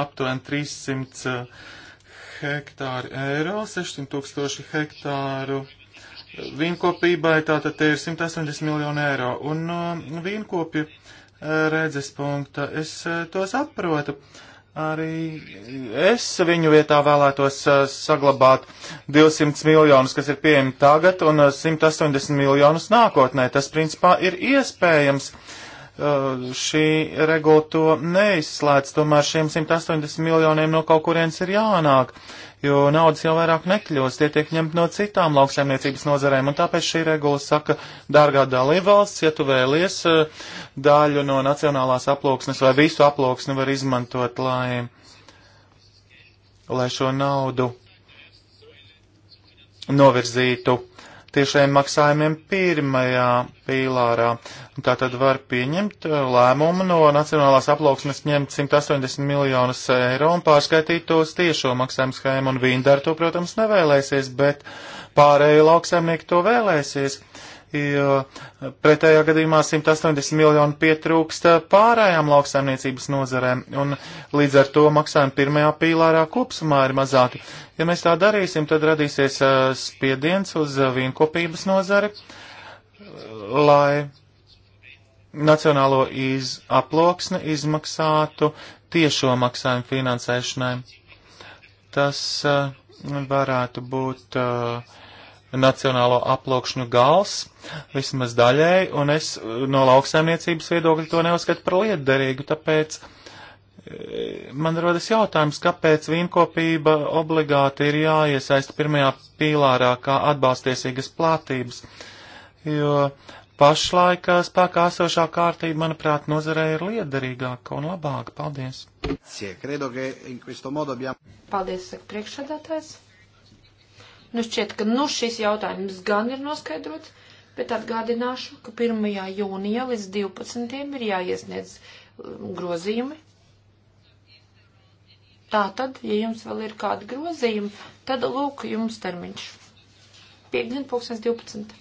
aptuveni 300 hektāri eiro, 600 tūkstoši hektāru vīnkopībai, tātad tie ir 180 miljoni eiro. Un no um, vīnkopju uh, redzes punkta es uh, to saprotu. Arī es viņu vietā vēlētos uh, saglabāt 200 miljonus, kas ir pieejami tagad, un 180 miljonus nākotnē. Tas, principā, ir iespējams. Uh, Uh, šī regula to neizslēdz. Tomēr šiem 180 miljoniem no kaut kurienes ir jānāk, jo naudas jau vairāk nekļūst, tie tiek ņemt no citām lauksaimniecības nozarēm. Un tāpēc šī regula saka, dārgā dalībvalsts, ja tu vēlies uh, daļu no nacionālās aploksnes vai visu aploksni var izmantot, lai, lai šo naudu novirzītu tiešiem maksājumiem pirmajā pīlārā. Tā tad var pieņemt lēmumu no nacionālās aploksnes ņemt 180 miljonus eiro un pārskaitīt tos tiešo maksājumu schēmu, un Vindar to, protams, nevēlēsies, bet pārējie lauksaimnieki to vēlēsies. Uh, jo pretējā gadījumā 180 miljonu pietrūkst pārējām lauksaimniecības nozarēm, un līdz ar to maksājumi pirmajā pīlārā kopsumā ir mazāki. Ja mēs tā darīsim, tad radīsies uh, spiediens uz uh, vīnkopības nozari, lai nacionālo iz aploksni izmaksātu tiešo maksājumu finansēšanai. Tas uh, varētu būt uh, nacionālo aploksņu gals, vismaz daļēji, un es uh, no lauksaimniecības viedokļa to neuzskatu par lietderīgu, tāpēc uh, man rodas jautājums, kāpēc vīnkopība obligāti ir jāiesaista pirmajā pīlārā kā atbalstiesīgas platības, jo pašlaik spēkā esošā kārtība, manuprāt, nozarē ir liederīgāka un labāka. Paldies! Paldies, saka priekšsēdētājs. Nu šķiet, ka nu šis jautājums gan ir noskaidrots, bet atgādināšu, ka 1. jūnijā līdz 12. ir jāiesniedz um, grozījumi. Tātad, ja jums vēl ir kādi grozījumi, tad lūk jums termiņš. Piektdien, 2012.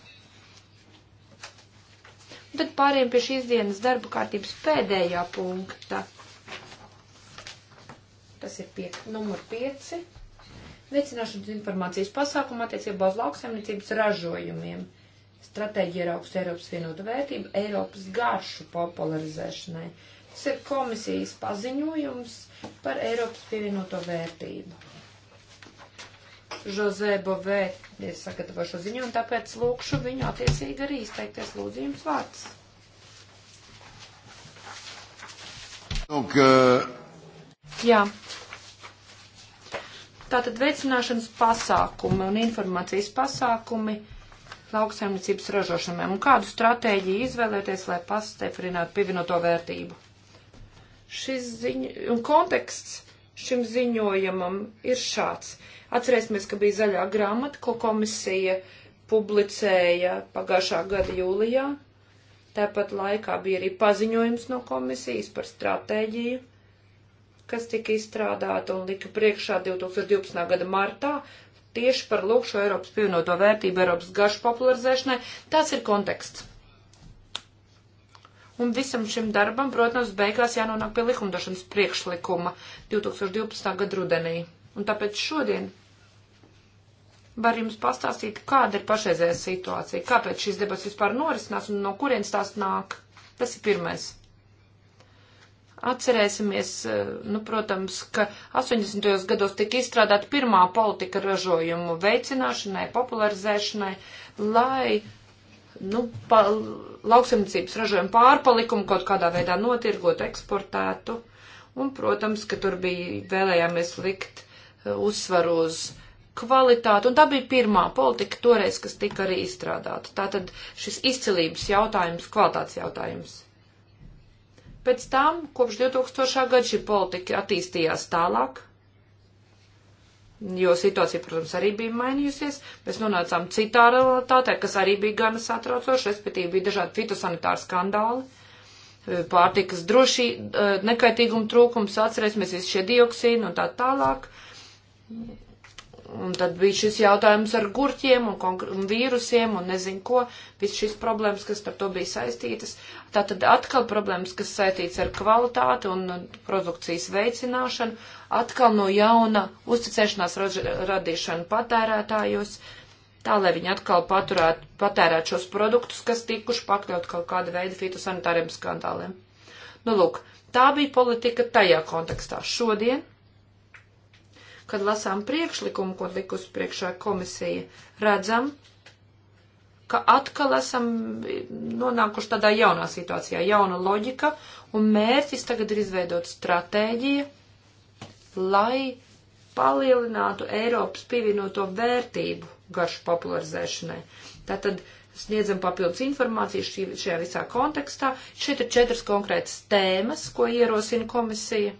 Un tad pāriem pie šīs dienas darba kārtības pēdējā punkta. Tas ir piek, numur 5 veicināšanas informācijas pasākumu attiecībā uz lauksaimniecības ražojumiem, stratēģija ir augsta Eiropas vienota vērtība, Eiropas garšu popularizēšanai. Tas ir komisijas paziņojums par Eiropas pievienoto vērtību. Žozē Bovē ir sagatavo šo ziņu, un tāpēc lūkšu viņu attiecīgi arī izteikties lūdzījums vārds. Donc, euh... Jā, Tātad veicināšanas pasākumi un informācijas pasākumi lauksaimniecības ražošanai un kādu stratēģiju izvēlēties, lai pastiprinātu pievienoto vērtību. Šis ziņ... un konteksts šim ziņojumam ir šāds. Atcerēsimies, ka bija zaļā grāmata, ko komisija publicēja pagājušā gada jūlijā. Tāpat laikā bija arī paziņojums no komisijas par stratēģiju kas tika izstrādāta un lika priekšā 2012. gada martā tieši par lūkšo Eiropas pievienoto vērtību, Eiropas garšu popularizēšanai. Tas ir konteksts. Un visam šim darbam, protams, beigās jānonāk pie likumdošanas priekšlikuma 2012. gada rudenī. Un tāpēc šodien var jums pastāstīt, kāda ir pašreizējā situācija, kāpēc šīs debats vispār norisinās un no kurienes tās nāk. Tas ir pirmais. Atcerēsimies, e, nu, protams, ka 80. gados tika izstrādāta pirmā politika ražojumu veicināšanai, popularizēšanai, lai, nu, pa, lauksimniecības ražojumu pārpalikumu kaut kādā veidā notirgotu, eksportētu. Un, protams, ka tur bija vēlējāmies likt e, uzsvaru uz kvalitāti, un tā bija pirmā politika toreiz, kas tika arī izstrādāta. Tātad šis izcilības jautājums, kvalitātes jautājums. Pēc tam, kopš 2000. gada šī politika attīstījās tālāk, jo situācija, protams, arī bija mainījusies. Mēs nonācām citā realitātē, kas arī bija gan satraucoša, respektīvi bija dažādi fitosanitāri skandāli, pārtikas droši, eh, nekaitīguma trūkums, atcerēsimies visi šie dioksīni un tā tālāk. Un tad bija šis jautājums ar gurķiem un, un vīrusiem un nezinu ko, viss šīs problēmas, kas par to bija saistītas. Tā tad atkal problēmas, kas saistīts ar kvalitāti un produkcijas veicināšanu, atkal no jauna uzticēšanās radīšanu patērētājos, tā lai viņi atkal paturētu, patērētu šos produktus, kas tikuši pakļaut kaut kāda veida fitosanitāriem skandāliem. Nu, lūk, tā bija politika tajā kontekstā šodien kad lasām priekšlikumu, ko likus priekšā komisija, redzam, ka atkal esam nonākuši tādā jaunā situācijā, jauna loģika, un mērķis tagad ir izveidot stratēģiju, lai palielinātu Eiropas pievienoto vērtību garšu popularizēšanai. Tātad sniedzam papildus informāciju šī, šajā visā kontekstā. Šeit ir četras konkrētas tēmas, ko ierosina komisija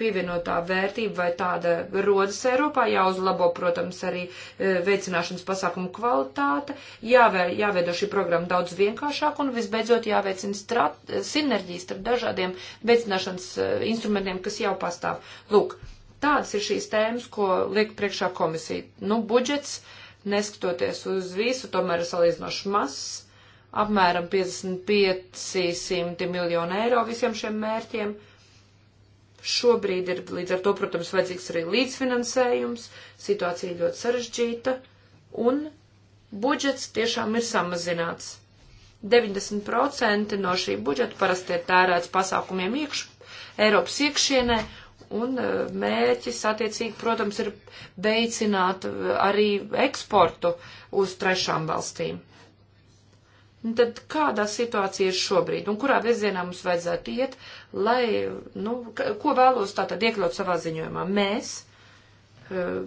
pievienotā vērtība vai tāda rodas Eiropā, jāuzlabo, protams, arī e, veicināšanas pasākumu kvalitāte, jāvēr, jāveido šī programma daudz vienkāršāk un visbeidzot jāveicina strat, sinerģijas starp dažādiem veicināšanas e, instrumentiem, kas jau pastāv. Lūk, tādas ir šīs tēmas, ko liek priekšā komisija. Nu, budžets, neskatoties uz visu, tomēr ir salīdzinoši mazs apmēram 55 miljonu eiro visiem šiem mērķiem. Uh, Šobrīd ir līdz ar to, protams, vajadzīgs arī līdzfinansējums, situācija ļoti sarežģīta un budžets tiešām ir samazināts. 90% no šī budžeta parasti ir tērēts pasākumiem iekš, Eiropas iekšienē, un e, mērķis attiecīgi, protams, ir veicināt e, arī eksportu uz trešām valstīm. Un nu, tad kādā situācija ir šobrīd un kurā virzienā mums vajadzētu iet, lai, nu, ko vēlos tātad iekļaut savā ziņojumā? Mēs, eh,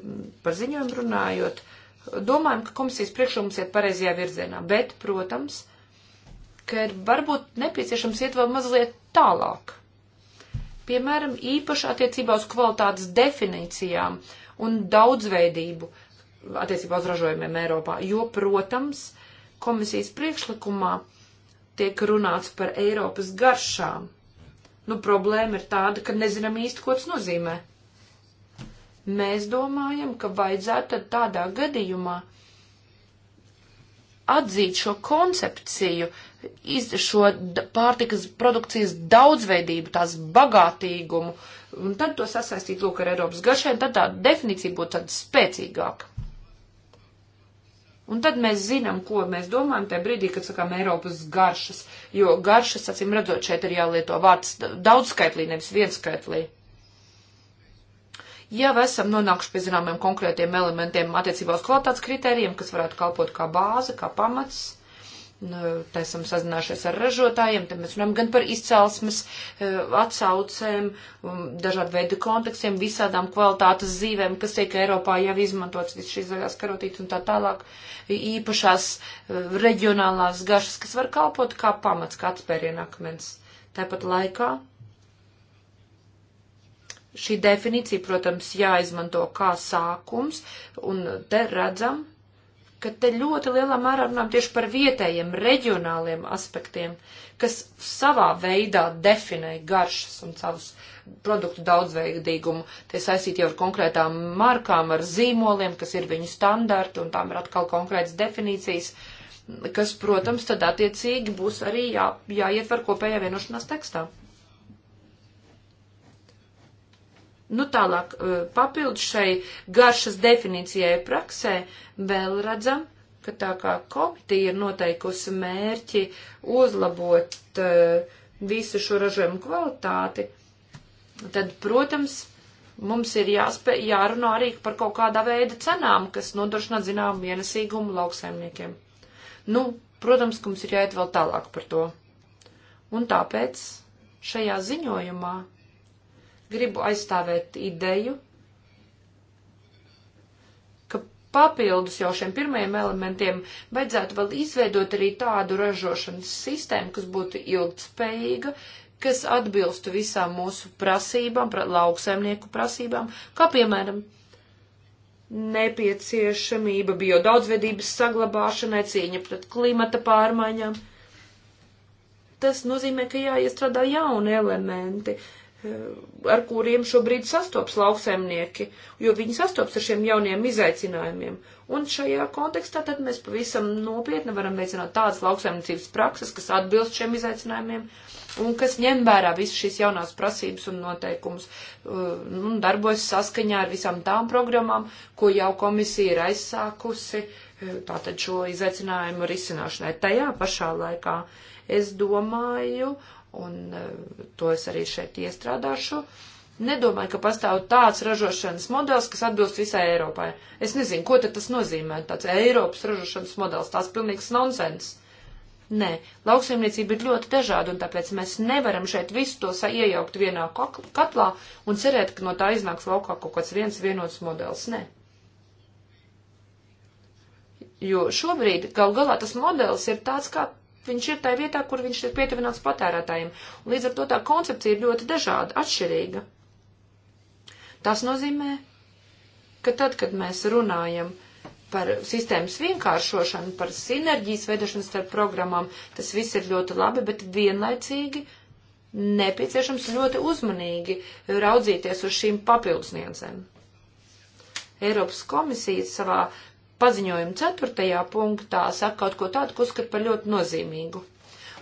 par ziņojumu runājot, domājam, ka komisijas priekšlikums iet pareizajā virzienā, bet, protams, ka ir varbūt nepieciešams iet vēl mazliet tālāk. Piemēram, īpaši attiecībā uz kvalitātes definīcijām un daudzveidību attiecībā uz ražojumiem Eiropā, jo, protams, komisijas priekšlikumā tiek runāts par Eiropas garšām. Nu, problēma ir tāda, ka nezinām īsti, ko tas nozīmē. Mēs domājam, ka vajadzētu tādā gadījumā atzīt šo koncepciju, iz, šo pārtikas produkcijas daudzveidību, tās bagātīgumu, un tad to sasaistīt lūk ar Eiropas garšiem, tad tā definīcija būtu tāda spēcīgāka. Un tad mēs zinām, ko mēs domājam tajā brīdī, kad sakām Eiropas garšas, jo garšas, acīm redzot, šeit ir jālieto vārds daudzskaitlī, nevis vienskaitlī. Jau esam nonākuši pie zināmiem konkrētiem elementiem attiecībā uz kvalitātes kritērijiem, kas varētu kalpot kā bāze, kā pamats Nu, te esam sazinājušies ar ražotājiem, te mēs runājam gan par izcelsmes e, atsaucēm, um, dažādu veidu kontekstiem, visādām kvalitātes zīvēm, kas tiek Eiropā jau izmantots, viss šīs zaļās karotītes un tā tālāk, īpašās e, reģionālās gašas, kas var kalpot kā pamats, kā atspērienakmens. Tāpat laikā šī definīcija, protams, jāizmanto kā sākums, un te redzam, ka te ļoti lielā mērā runājam tieši par vietējiem, reģionāliem aspektiem, kas savā veidā definē garšas un savus produktu daudzveidīgumu. Tie saistīti jau ar konkrētām markām, ar zīmoliem, kas ir viņu standarti, un tām ir atkal konkrētas definīcijas, kas, protams, tad attiecīgi būs arī jā, jāietver kopējā vienošanās tekstā. Nu, tālāk, e, papildus šai garšas definīcijai praksē, vēl redzam, ka tā kā komitija ir noteikusi mērķi uzlabot uh, visu šo ražojumu kvalitāti, tad, protams, mums ir jāspē, jārunā arī par kaut kādā veida cenām, kas nodrošina zinām vienasīgumu lauksaimniekiem. Nu, protams, ka mums ir jāiet vēl tālāk par to. Un tāpēc šajā ziņojumā gribu aizstāvēt ideju, ka papildus jau šiem pirmajiem elementiem vajadzētu vēl izveidot arī tādu ražošanas sistēmu, kas būtu ilgtspējīga, kas atbilstu visām mūsu prasībām, pra, lauksaimnieku prasībām, kā piemēram nepieciešamība biodaudzvedības saglabāšanai, cīņa pret klimata pārmaiņām. Tas nozīmē, ka jāiestrādā jauni elementi, uh, Eh, ar kuriem šobrīd sastopas lauksaimnieki, jo viņi sastopas ar šiem jauniem izaicinājumiem. Un šajā kontekstā tad mēs pavisam nopietni varam veicināt tādas lauksaimniecības prakses, kas atbilst šiem izaicinājumiem un kas ņem vērā visas šīs jaunās prasības un noteikumus eh, un darbojas saskaņā ar visām tām programmām, ko jau komisija ir aizsākusi eh, tātad šo izaicinājumu risināšanai. Tajā pašā laikā es domāju, un e, to es arī šeit iestrādāšu. Nedomāju, ka pastāv tāds ražošanas modelis, kas atbilst visai Eiropai. Es nezinu, ko tad tas nozīmē, tāds Eiropas ražošanas modelis, tās pilnīgs nonsens. Nē, lauksaimniecība ir ļoti dažāda, un tāpēc mēs nevaram šeit visu to iejaukt vienā katlā un cerēt, ka no tā iznāks laukā kaut kāds viens vienots modelis. Nē. Jo šobrīd gal galā tas modelis ir tāds, kā viņš ir tajā vietā, kur viņš ir pietuvināts patērētājiem. Un līdz ar to tā koncepcija ir ļoti dažāda, atšķirīga. Tas nozīmē, ka tad, kad mēs runājam par sistēmas vienkāršošanu, par sinerģijas veidošanu starp programmām, tas viss ir ļoti labi, bet vienlaicīgi nepieciešams ļoti uzmanīgi raudzīties uz šīm papildus niansēm. Eiropas komisija savā paziņojuma ceturtajā punktā saka kaut ko tādu, ko uzskat par ļoti nozīmīgu.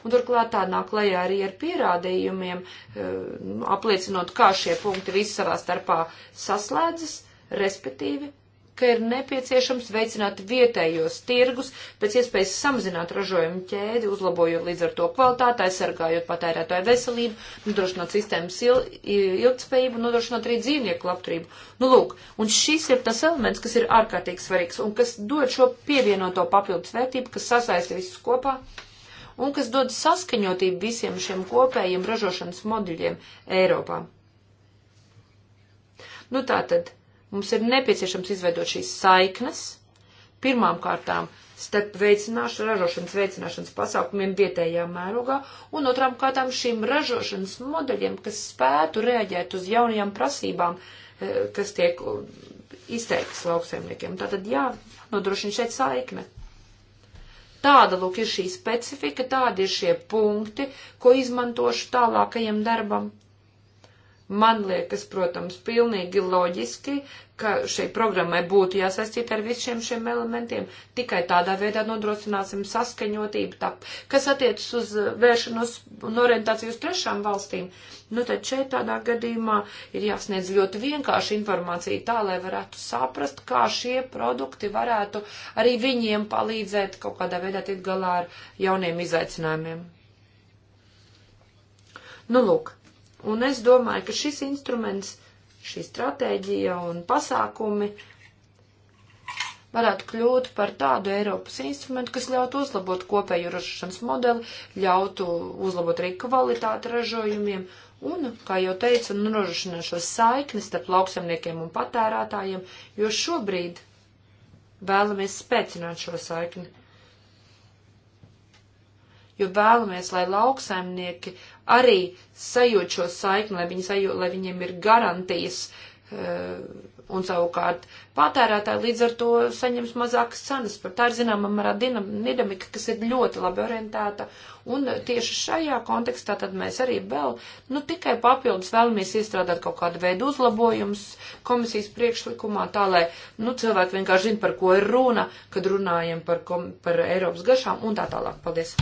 Un turklāt tā nāk klajā arī ar pierādījumiem, eh, nu, apliecinot, kā šie punkti visi savā starpā saslēdzas, respektīvi ka ir nepieciešams veicināt vietējos tirgus, pēc iespējas samazināt ražojumu ķēdi, uzlabojot līdz ar to kvalitāti, aizsargājot patērētāju veselību, nodrošināt sistēmas il ilgtspējību, nodrošināt arī dzīvnieku labturību. Nu, lūk, un šis ir tas elements, kas ir ārkārtīgi svarīgs un kas dod šo pievienoto papildus vērtību, kas sasaista visus kopā un kas dod saskaņotību visiem šiem kopējiem ražošanas moduļiem Eiropā. Nu, tā tad Mums ir nepieciešams izveidot šīs saiknes, pirmām kārtām starp veicināšanu, ražošanas veicināšanas pasākumiem vietējā mērogā, un otrām kārtām šīm ražošanas modeļiem, kas spētu reaģēt uz jaunajām prasībām, eh, kas tiek izteiktas lauksaimniekiem. Tātad jā, nodrošina šeit saikne. Tāda, lūk, ir šī specifika, tādi ir šie punkti, ko izmantošu tālākajam darbam. Man liekas, protams, pilnīgi loģiski, ka šai programmai būtu jāsaistīt ar visiem šiem elementiem. Tikai tādā veidā nodrošināsim saskaņotību. Tā, kas attiecas uz vēršanos un orientāciju uz trešām valstīm, nu tad šeit tādā gadījumā ir jāsniedz ļoti vienkārši informācija tā, lai varētu saprast, kā šie produkti varētu arī viņiem palīdzēt kaut kādā veidā tikt galā ar jauniem izaicinājumiem. Nu, lūk. Un es domāju, ka šis instruments, šī stratēģija un pasākumi varētu kļūt par tādu Eiropas instrumentu, kas ļautu uzlabot kopēju ražošanas modeli, ļautu uzlabot arī kvalitāti ražojumiem un, kā jau teicu, norošināt šo saikni starp lauksemniekiem un patērētājiem, jo šobrīd vēlamies spēcināt šo saikni jo vēlamies, lai lauksaimnieki arī sajūt šo saikni, lai, viņi sajūt, lai viņiem ir garantijas eh, un savukārt patērētāji līdz ar to saņems mazākas cenas. Par tā ir zināmā mērā dinamika, kas ir ļoti labi orientēta. Un tieši šajā kontekstā tad mēs arī vēl, nu tikai papildus vēlamies iestrādāt kaut kādu veidu uzlabojumus komisijas priekšlikumā, tā lai, nu, cilvēki vienkārši zina, par ko ir runa, kad runājam par, par Eiropas gašām un tā tālāk. Paldies!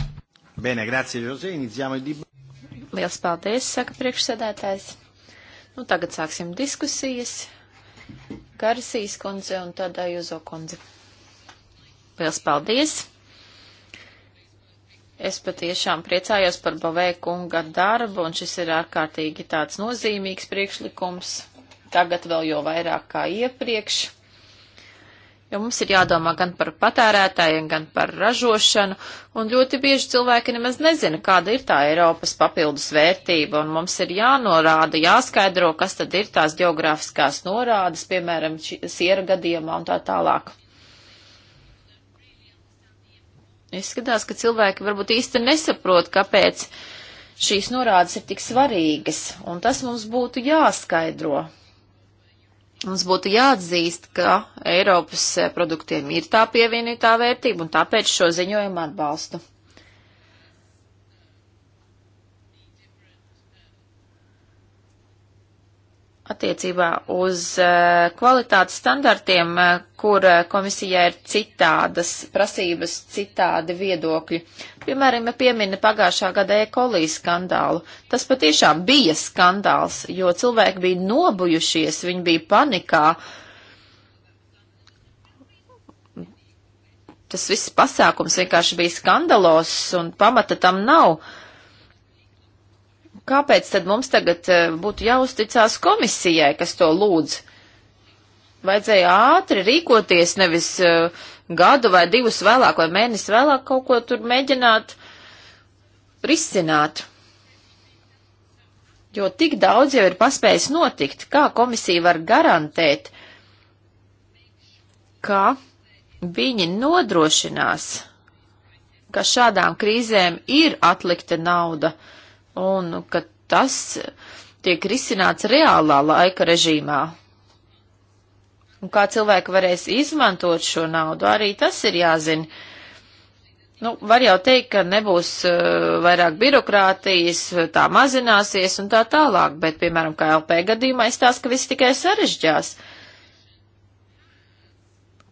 Bene, grazie, Jose. Iniziamo il dibattito. Liels paldies, saka priekšsēdētājs. Nu, tagad sāksim diskusijas. Garsīs kundze un tādā Juzo kundze. Liels paldies! Es patiešām priecājos par Bavē kunga darbu, un šis ir ārkārtīgi tāds nozīmīgs priekšlikums. Tagad vēl jau vairāk kā iepriekš jo mums ir jādomā gan par patērētājiem, gan par ražošanu, un ļoti bieži cilvēki nemaz nezina, kāda ir tā Eiropas papildus vērtība, un mums ir jānorāda, jāskaidro, kas tad ir tās geogrāfiskās norādes, piemēram, siera gadījumā un tā tālāk. Izskatās, ka cilvēki varbūt īsti nesaprot, kāpēc šīs norādes ir tik svarīgas, un tas mums būtu jāskaidro. Mums būtu jāatzīst, ka Eiropas eh, produktiem ir tā pievienotā vērtība, un tāpēc šo ziņojumu atbalstu. attiecībā uz eh, kvalitātes standartiem, eh, kur eh, komisijai ir citādas prasības, citādi viedokļi. Piemēram, ja piemina pagājušā gada e-kolī skandālu, tas patiešām bija skandāls, jo cilvēki bija nobujušies, viņi bija panikā. Tas viss pasākums vienkārši bija skandalos un pamata tam nav. Uh, Kāpēc tad mums tagad eh, būtu jāuzticās komisijai, kas to lūdz? Vajadzēja ātri rīkoties, nevis uh, gadu vai divus vēlāk vai mēnesi vēlāk kaut ko tur mēģināt risināt. Jo tik daudz jau ir paspējis notikt, kā komisija var garantēt, ka viņi nodrošinās, ka šādām krīzēm ir atlikta nauda. Uh, un ka tas tiek risināts reālā laika režīmā. Un kā cilvēki varēs izmantot šo naudu, arī tas ir jāzina. Nu, var jau teikt, ka nebūs uh, vairāk birokrātijas, tā mazināsies un tā tālāk, bet, piemēram, kā LP gadījumā izstāsta, ka viss tikai sarežģās.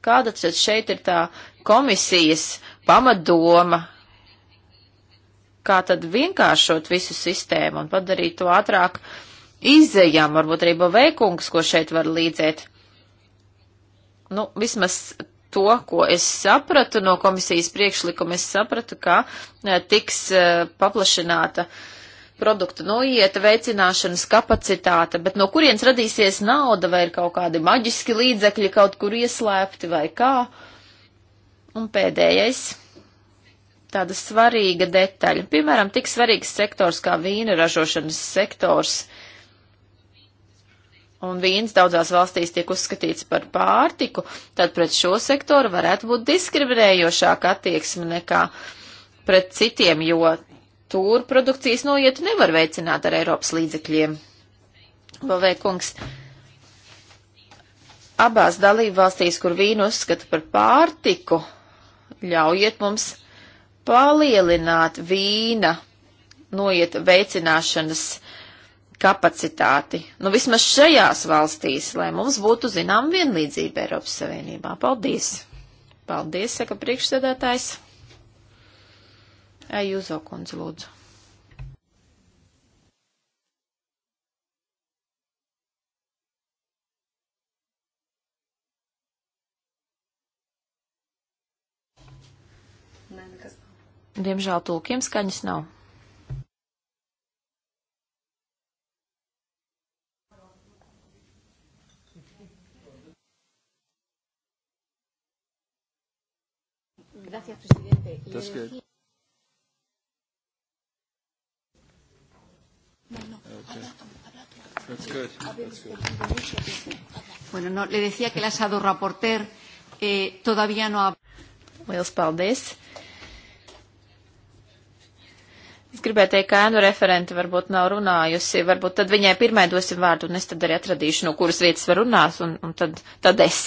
Kāda tad šeit ir tā komisijas pamatdoma, kā tad vienkāršot visu sistēmu un padarīt to ātrāk izējām, varbūt arī Baveikungs, ko šeit var līdzēt. Nu, vismaz to, ko es sapratu no komisijas priekšlikuma, es sapratu, ka e, tiks e, paplašināta produktu noieta veicināšanas kapacitāte, bet no kurienes radīsies nauda, vai ir kaut kādi maģiski līdzekļi kaut kur ieslēpti vai kā. Un pēdējais tāda svarīga detaļa. Piemēram, tik svarīgs sektors kā vīna ražošanas sektors. Un vīns daudzās valstīs tiek uzskatīts par pārtiku, tad pret šo sektoru varētu būt diskriminējošāka attieksme nekā pret citiem, jo tur produkcijas noietu nevar veicināt ar Eiropas līdzekļiem. Vēl veikungs. Abās dalību valstīs, kur vīnu uzskata par pārtiku, ļaujiet mums palielināt vīna noiet veicināšanas kapacitāti. Nu, vismaz šajās valstīs, lai mums būtu zinām vienlīdzība Eiropas Savienībā. Paldies! Paldies, saka priekšsēdētājs. Ejūzo kundze, lūdzu. Diemžēl tulkiem skaņas nav. Gracias, presidente. That's good. That's good. That's good. Bueno, no, le decía que la shadow rapporteur eh, todavía no ha... Liels paldies. Uh, Es gribēju teikt, ka ēnu referente varbūt nav runājusi, varbūt tad viņai pirmai dosim vārdu, un es tad arī atradīšu, no kuras vietas var runāt, un, un tad, tad es.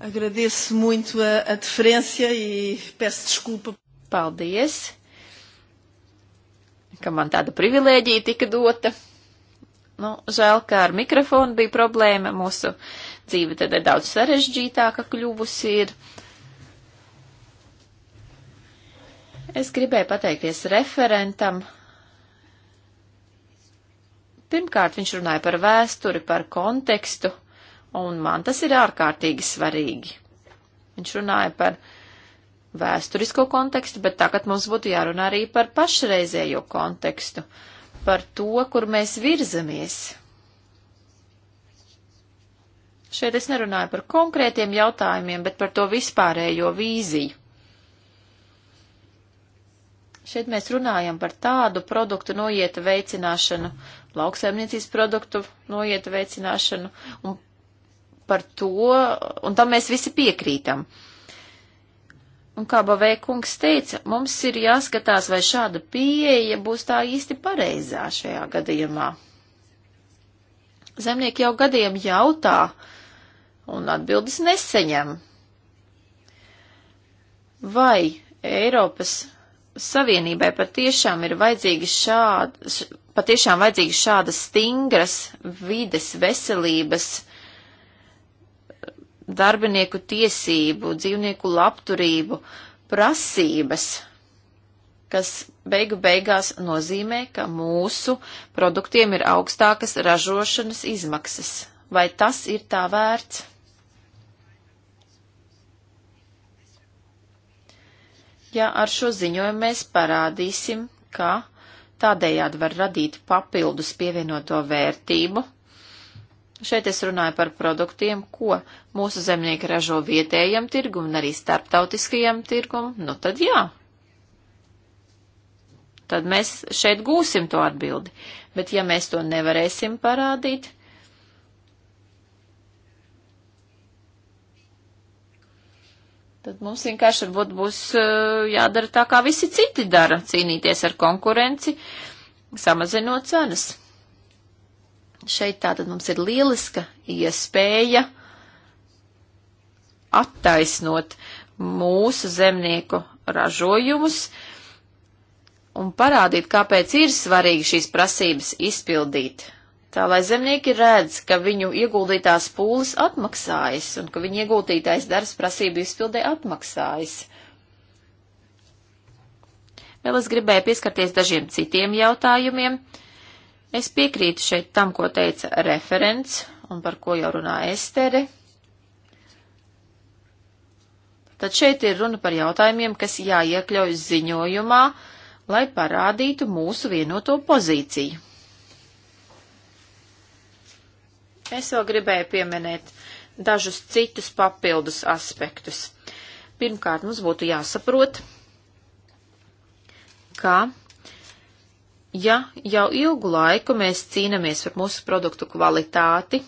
Agradeço muito a, a deferência e peço desculpa. Paldies, ka man tāda privilēģija tika dota. Nu, žēl, ka ar mikrofonu bija problēma. Mūsu dzīve tad ir daudz sarežģītāka kļuvusi. Ir Es gribēju pateikties referentam. Pirmkārt, viņš runāja par vēsturi, par kontekstu, un man tas ir ārkārtīgi svarīgi. Viņš runāja par vēsturisko kontekstu, bet tagad mums būtu jārunā arī par pašreizējo kontekstu, par to, kur mēs virzamies. Šeit es nerunāju par konkrētiem jautājumiem, bet par to vispārējo vīziju. Šeit mēs runājam par tādu produktu noietu veicināšanu, lauksaimniecības produktu noietu veicināšanu, un par to, un tam mēs visi piekrītam. Un kā Bavēkungs teica, mums ir jāskatās, vai šāda pieeja būs tā īsti pareizā šajā gadījumā. Zemnieki jau gadiem jautā, un atbildes neseņem. Vai Eiropas Savienībai patiešām ir vajadzīgi šādas, patiešām vajadzīgas šādas stingras vides veselības darbinieku tiesību, dzīvnieku labturību prasības, kas beigu beigās nozīmē, ka mūsu produktiem ir augstākas ražošanas izmaksas. Vai tas ir tā vērts? ja ar šo ziņojumu mēs parādīsim, ka tādējādi var radīt papildus pievienoto vērtību. Šeit es runāju par produktiem, ko mūsu zemnieki ražo vietējam tirgum un arī starptautiskajam tirgum, nu tad jā. Tad mēs šeit gūsim to atbildi, bet ja mēs to nevarēsim parādīt, Tad mums vienkārši varbūt būs eh, jādara tā, kā visi citi dara - cīnīties ar konkurenci, samazinot cenas. Šeit tātad mums ir lieliska iespēja attaisnot mūsu zemnieku ražojumus un parādīt, kāpēc ir svarīgi šīs prasības izpildīt tā lai zemnieki redz, ka viņu ieguldītās pūles atmaksājas un ka viņu ieguldītais darbs prasību izpildē atmaksājas. Vēl es gribēju pieskarties dažiem citiem jautājumiem. Es piekrītu šeit tam, ko teica referents un par ko jau runā Estere. Tad šeit ir runa par jautājumiem, kas jāiekļauj ziņojumā, lai parādītu mūsu vienoto pozīciju. Es vēl gribēju pieminēt dažus citus papildus aspektus. Pirmkārt, mums būtu jāsaprot, ka, ja jau ilgu laiku mēs cīnāmies par mūsu produktu kvalitāti,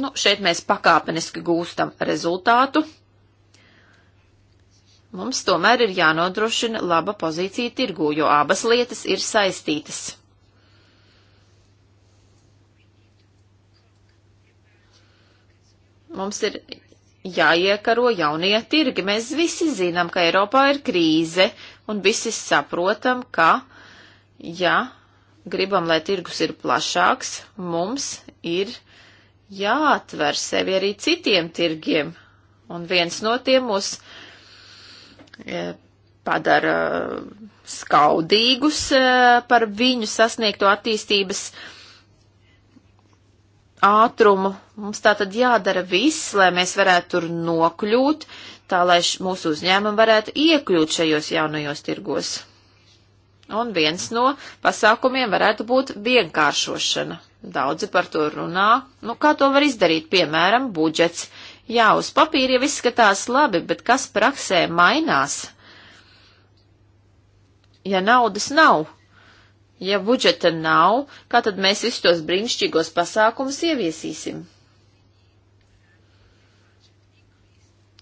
nu, šeit mēs pakāpeniski gūstam rezultātu, mums tomēr ir jānodrošina laba pozīcija tirgū, jo abas lietas ir saistītas. mums ir jāiekaro jaunie tirgi. Mēs visi zinām, ka Eiropā ir krīze, un visi saprotam, ka, ja gribam, lai tirgus ir plašāks, mums ir jāatver sevi arī citiem tirgiem, un viens no tiem mūs e, padara skaudīgus e, par viņu sasniegto attīstības ātrumu. Mums tā tad jādara viss, lai mēs varētu tur nokļūt, tā lai mūsu uzņēmumi varētu iekļūt šajos jaunajos tirgos. Un viens no pasākumiem varētu būt vienkāršošana. Daudzi par to runā. Nu, kā to var izdarīt? Piemēram, budžets. Jā, uz papīra jau izskatās labi, bet kas praksē mainās? Ja naudas nav, Ja budžeta nav, kā tad mēs visus tos brīnišķīgos pasākumus ieviesīsim?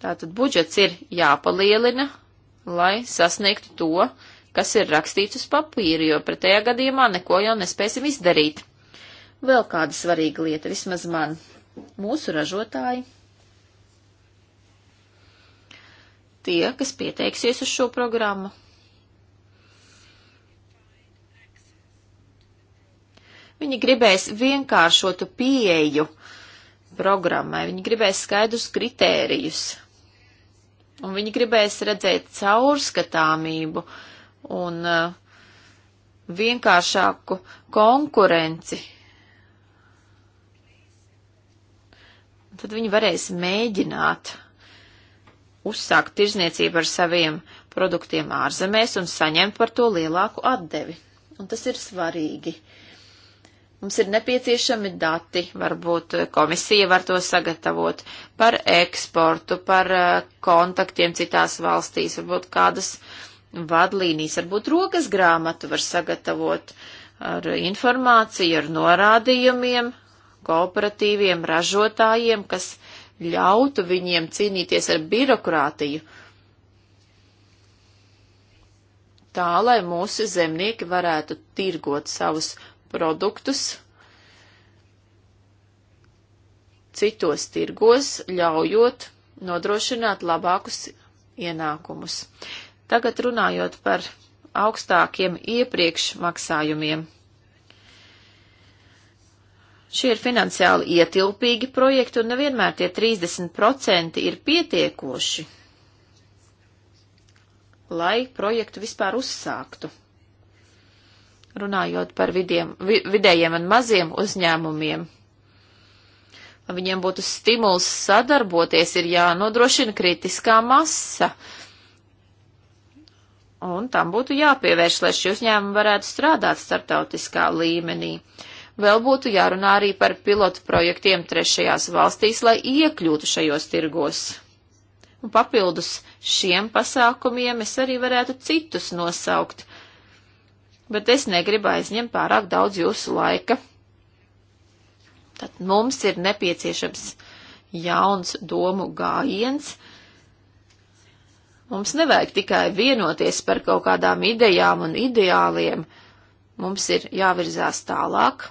Tātad budžets ir jāpalielina, lai sasniegtu to, kas ir rakstīts uz papīra, jo pretējā gadījumā neko jau nespēsim izdarīt. Vēl kāda svarīga lieta, vismaz man, mūsu ražotāji. Tie, kas pieteiksies uz šo programmu, Viņi gribēs vienkāršotu pieeju programmai, viņi gribēs skaidrus kritērijus, un viņi gribēs redzēt caurskatāmību un uh, vienkāršāku konkurenci. Tad viņi varēs mēģināt uzsākt tirzniecību ar saviem produktiem ārzemēs un saņemt par to lielāku atdevi. Un tas ir svarīgi. Mums ir nepieciešami dati, varbūt komisija var to sagatavot par eksportu, par eh, kontaktiem citās valstīs, varbūt kādas vadlīnijas, varbūt rokas grāmatu var sagatavot ar informāciju, ar norādījumiem, kooperatīviem ražotājiem, kas ļautu viņiem cīnīties ar birokrātiju. Tā, lai mūsu zemnieki varētu tirgot savus produktus citos tirgos, ļaujot nodrošināt labākus ienākumus. Tagad runājot par augstākiem iepriekšmaksājumiem. Šie ir finansiāli ietilpīgi projekti, un nevienmēr tie 30% ir pietiekoši, lai projektu vispār uzsāktu runājot par vidiem, vi, vidējiem un maziem uzņēmumiem. Lai viņiem būtu stimuls sadarboties, ir jānodrošina kritiskā masa. Un tam būtu jāpievērš, lai šie uzņēmumi varētu strādāt starptautiskā līmenī. Vēl būtu jārunā arī par pilotu projektiem trešajās valstīs, lai iekļūtu šajos tirgos. Un papildus šiem pasākumiem es arī varētu citus nosaukt bet es negribu aizņemt pārāk daudz jūsu laika. Tad mums ir nepieciešams jauns domu gājiens. Mums nevajag tikai vienoties par kaut kādām idejām un ideāliem. Mums ir jāvirzās tālāk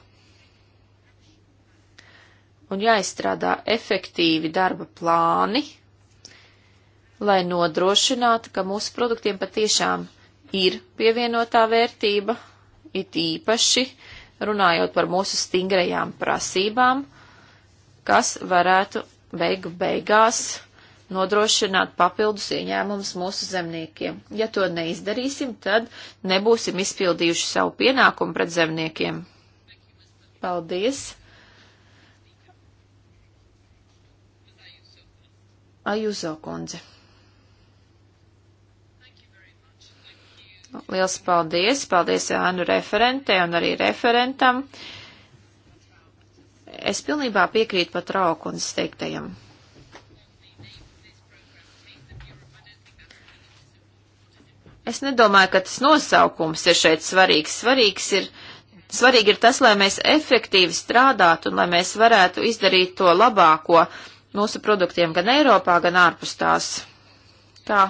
un jāizstrādā efektīvi darba plāni, lai nodrošinātu, ka mūsu produktiem patiešām ir ir pievienotā vērtība, it īpaši runājot par mūsu stingrajām prasībām, kas varētu beigu beigās nodrošināt papildus ieņēmumus mūsu zemniekiem. Ja to neizdarīsim, tad nebūsim izpildījuši savu pienākumu pret zemniekiem. Paldies! Ajuzo kundze. Liels paldies! Paldies Jānu referentē un arī referentam. Es pilnībā piekrītu pat Rauku un steiktajam. Es nedomāju, ka tas nosaukums ir šeit svarīgs. Svarīgs ir, svarīgi ir tas, lai mēs efektīvi strādātu un lai mēs varētu izdarīt to labāko mūsu produktiem gan Eiropā, gan ārpus tās. Tā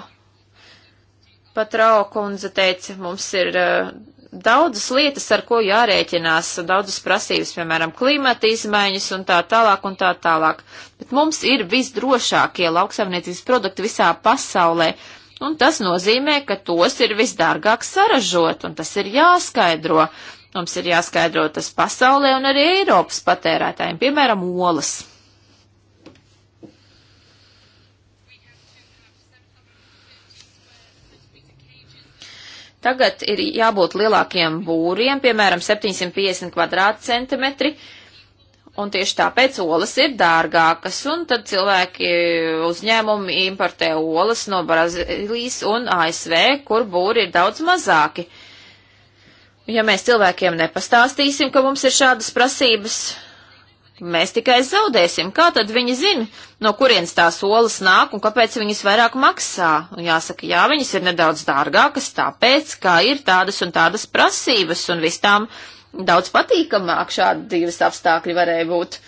Pat Raukundze teica, mums ir uh, daudzas lietas, ar ko jārēķinās, daudzas prasības, piemēram, klimata izmaiņas un tā tālāk un tā tālāk. Bet mums ir visdrošākie lauksaimniecības produkti visā pasaulē, un tas nozīmē, ka tos ir visdārgāk saražot, un tas ir jāskaidro. Mums ir jāskaidro tas pasaulē un arī Eiropas patērētājiem, piemēram, olas. Tagad ir jābūt lielākiem būriem, piemēram, 750 kvadrātcentimetri, un tieši tāpēc olas ir dārgākas, un tad cilvēki uzņēmumi importē olas no Brazīlijas un ASV, kur būri ir daudz mazāki. Ja mēs cilvēkiem nepastāstīsim, ka mums ir šādas prasības, mēs tikai zaudēsim. Kā tad viņi zina, no kurienes tās olas nāk un kāpēc viņas vairāk maksā? Un jāsaka, jā, viņas ir nedaudz dārgākas, tāpēc, kā ir tādas un tādas prasības, un vistām daudz patīkamāk šādi dzīves apstākļi varēja būt.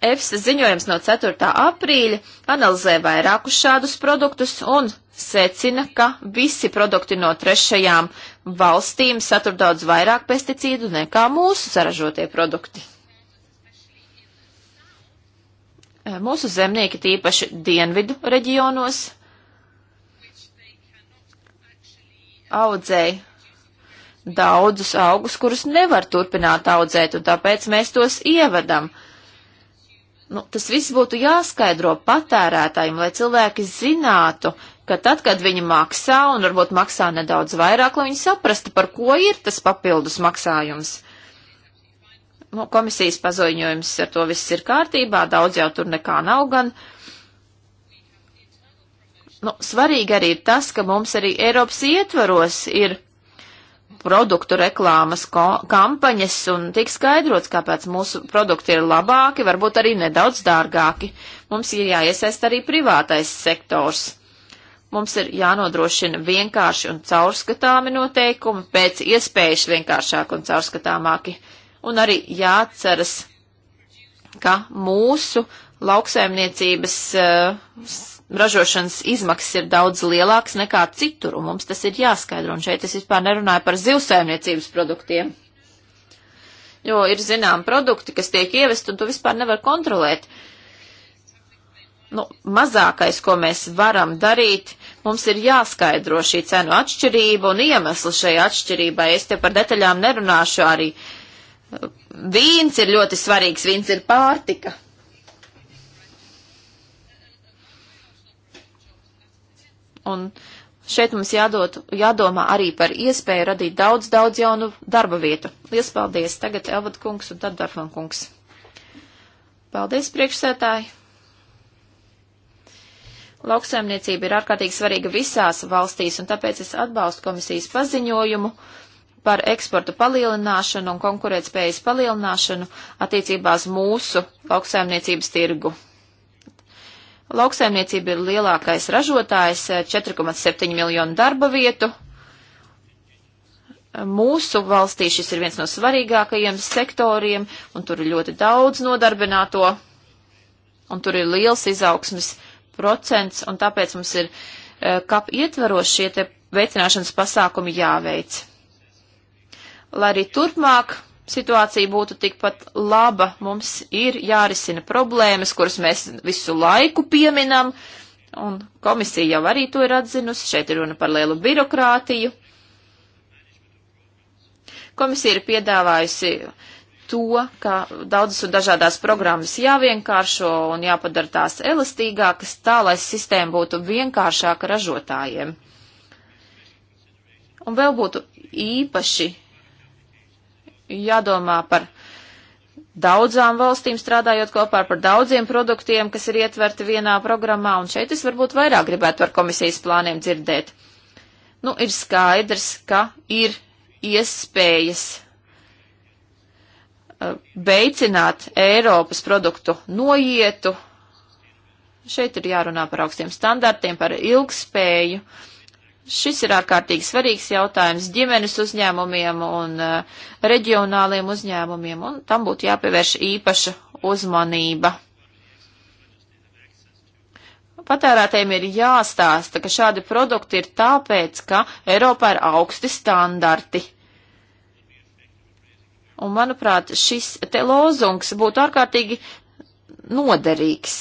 EFSA ziņojums no 4. aprīļa analizē vairākus šādus produktus un secina, ka visi produkti no trešajām valstīm satur daudz vairāk pesticīdu nekā mūsu saražotie produkti. Eh, mūsu zemnieki tīpaši dienvidu reģionos audzēja daudzus augus, kurus nevar turpināt audzēt, un tāpēc mēs tos ievedam. Nu, tas viss būtu jāskaidro patērētājiem, lai cilvēki zinātu, uh, ka tad, kad viņi maksā, un varbūt maksā nedaudz vairāk, lai viņi saprastu, par ko ir tas papildus maksājums. Nu, komisijas paziņojums ar to viss ir kārtībā, daudz jau tur nekā nav gan. Nu, svarīgi arī ir tas, ka mums arī Eiropas ietvaros ir produktu reklāmas kampaņas un tiek skaidrots, kāpēc mūsu produkti ir labāki, varbūt arī nedaudz dārgāki. Mums ir jāiesaist arī privātais sektors. Mums ir jānodrošina vienkārši un caurskatāmi noteikumi, pēc iespējas vienkāršāk un caurskatāmāki, un arī jāatceras, ka mūsu lauksaimniecības uh, ražošanas izmaksas ir daudz lielākas nekā citur, un mums tas ir jāskaidro, un šeit es vispār nerunāju par zivsaimniecības produktiem jo ir zinām produkti, kas tiek ievest, un tu vispār nevar kontrolēt. Nu, mazākais, ko mēs varam darīt, Mums ir jāskaidro šī cenu atšķirība un iemesli šai atšķirībai. Es te par detaļām nerunāšu arī. Uh, vīns ir ļoti svarīgs, vīns ir pārtika. Un šeit mums jādod, jādomā arī par iespēju radīt daudz, daudz jaunu darba vietu. Liels paldies! Tagad Elvad kungs un tad Darfan kungs. Paldies, priekšsētāji! Lauksaimniecība ir ārkārtīgi svarīga visās valstīs, un tāpēc es atbalstu komisijas paziņojumu par eksporta palielināšanu un konkurētspējas palielināšanu attiecībās mūsu lauksaimniecības tirgu. Lauksaimniecība ir lielākais ražotājs, 4,7 eh, miljonu darba vietu. Mūsu valstī šis ir viens no svarīgākajiem sektoriem, un tur ir ļoti daudz nodarbināto, un tur ir liels izaugsmes procents, un tāpēc mums ir eh, kap ietveros šie te veicināšanas pasākumi jāveic. Lai arī turpmāk situācija būtu tikpat laba, mums ir jārisina problēmas, kuras mēs visu laiku pieminam, un komisija jau arī to ir atzinusi, šeit ir runa par lielu birokrātiju. Komisija ir piedāvājusi uh, to, ka daudzas un dažādās programmas jāvienkāršo un jāpadara tās elastīgākas tā, lai sistēma būtu vienkāršāka ražotājiem. Un vēl būtu īpaši jādomā par daudzām valstīm strādājot kopā par daudziem produktiem, kas ir ietverti vienā programmā, un šeit es varbūt vairāk gribētu par komisijas plāniem dzirdēt. Nu, ir skaidrs, ka ir iespējas Eh, veicināt Eiropas produktu noietu. Šeit ir jārunā par augstiem standartiem, par ilgspēju. Šis ir ārkārtīgi svarīgs jautājums ģimenes uzņēmumiem un eh, reģionāliem uzņēmumiem, un tam būtu jāpievērš īpaša uzmanība. Patērētējiem ir jāstāsta, ka šādi produkti ir tāpēc, ka Eiropā ir augsti standarti Un, manuprāt, šis te lozungs būtu ārkārtīgi noderīgs.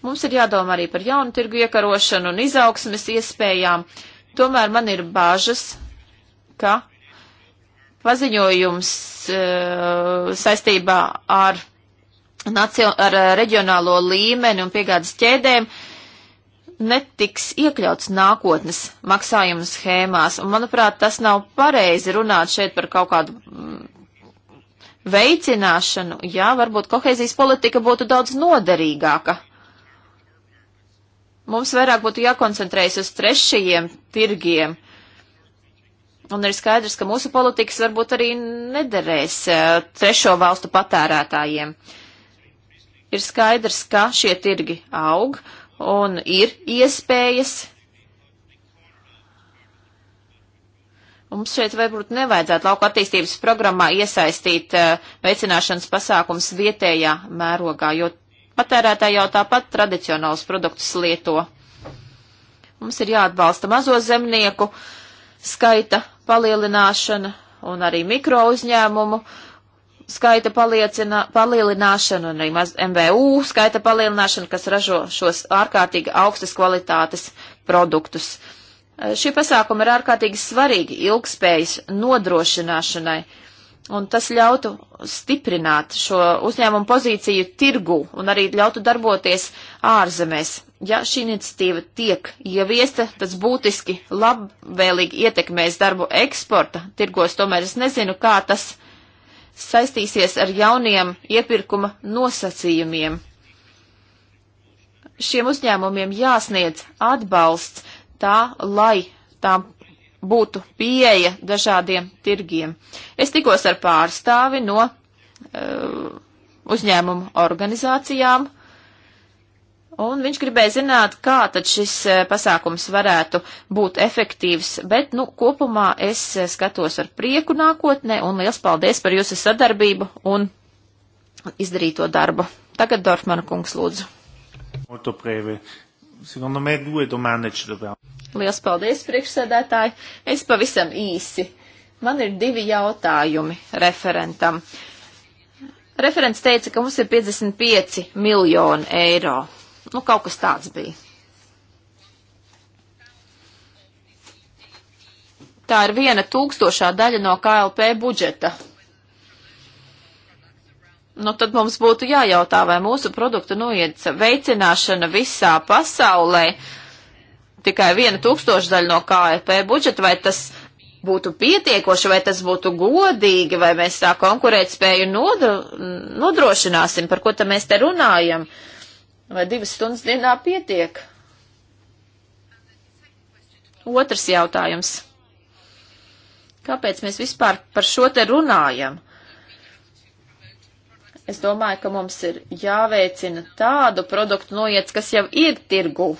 Mums ir jādomā arī par jaunu tirgu iekarošanu un izaugsmes iespējām. Tomēr man ir bāžas, ka paziņojums e, saistībā ar, nacion, ar eh, reģionālo līmeni un piegādes ķēdēm uh, netiks iekļauts nākotnes maksājumu schēmās, un manuprāt, tas nav pareizi runāt šeit par kaut kādu mm, veicināšanu. Jā, varbūt kohēzijas politika būtu daudz noderīgāka. Mums vairāk būtu jākoncentrējas uz trešajiem tirgiem. Un ir skaidrs, ka mūsu politikas varbūt arī nederēs e, trešo valstu patērētājiem. Ir skaidrs, ka šie tirgi aug, uh, un ir iespējas. Mums šeit varbūt nevajadzētu lauka attīstības programmā iesaistīt eh, veicināšanas pasākums vietējā mērogā, jo patērētāji jau tāpat tradicionālus produktus lieto. Mums ir jāatbalsta mazo zemnieku skaita palielināšana un arī mikro uzņēmumu uh, skaita palielināšanu un arī MVU skaita palielināšanu, kas ražo šos ārkārtīgi augstas kvalitātes produktus. Eh, šie pasākumi ir ārkārtīgi svarīgi ilgspējas nodrošināšanai, un tas ļautu stiprināt šo uzņēmumu pozīciju tirgu un arī ļautu darboties ārzemēs. Ja šī iniciatīva tiek ieviesta, tas būtiski labvēlīgi ietekmēs darbu eksporta tirgos, tomēr es nezinu, kā tas uh, saistīsies ar jauniem iepirkuma nosacījumiem. Šiem uzņēmumiem jāsniedz atbalsts tā, lai tām būtu pieeja dažādiem tirgiem. Es tikos ar pārstāvi no uh, uzņēmumu organizācijām, uh, Un viņš gribēja zināt, kā tad šis e, pasākums varētu būt efektīvs, bet, nu, kopumā es e, skatos ar prieku nākotnē un liels paldies par jūsu sadarbību un izdarīto darbu. Tagad Dorfmana kungs lūdzu. Liels paldies, priekšsēdētāji. Es pavisam īsi. Man ir divi jautājumi referentam. Referents teica, ka mums ir 55 miljoni eiro Nu, kaut kas tāds bija. Tā ir viena tūkstošā daļa no KLP budžeta. Nu, tad mums būtu jājautā, vai mūsu produktu noiet nu, veicināšana visā pasaulē tikai viena tūkstošdaļa no KLP budžeta, vai tas būtu pietiekoši, vai tas būtu godīgi, vai mēs tā konkurētspēju nodrošināsim, par ko tad mēs te runājam. Uh, Vai divas stundas dienā pietiek? Otrs jautājums. Kāpēc mēs vispār par šo te runājam? Es domāju, ka mums ir jāveicina tādu produktu noiets, kas jau ir tirgu.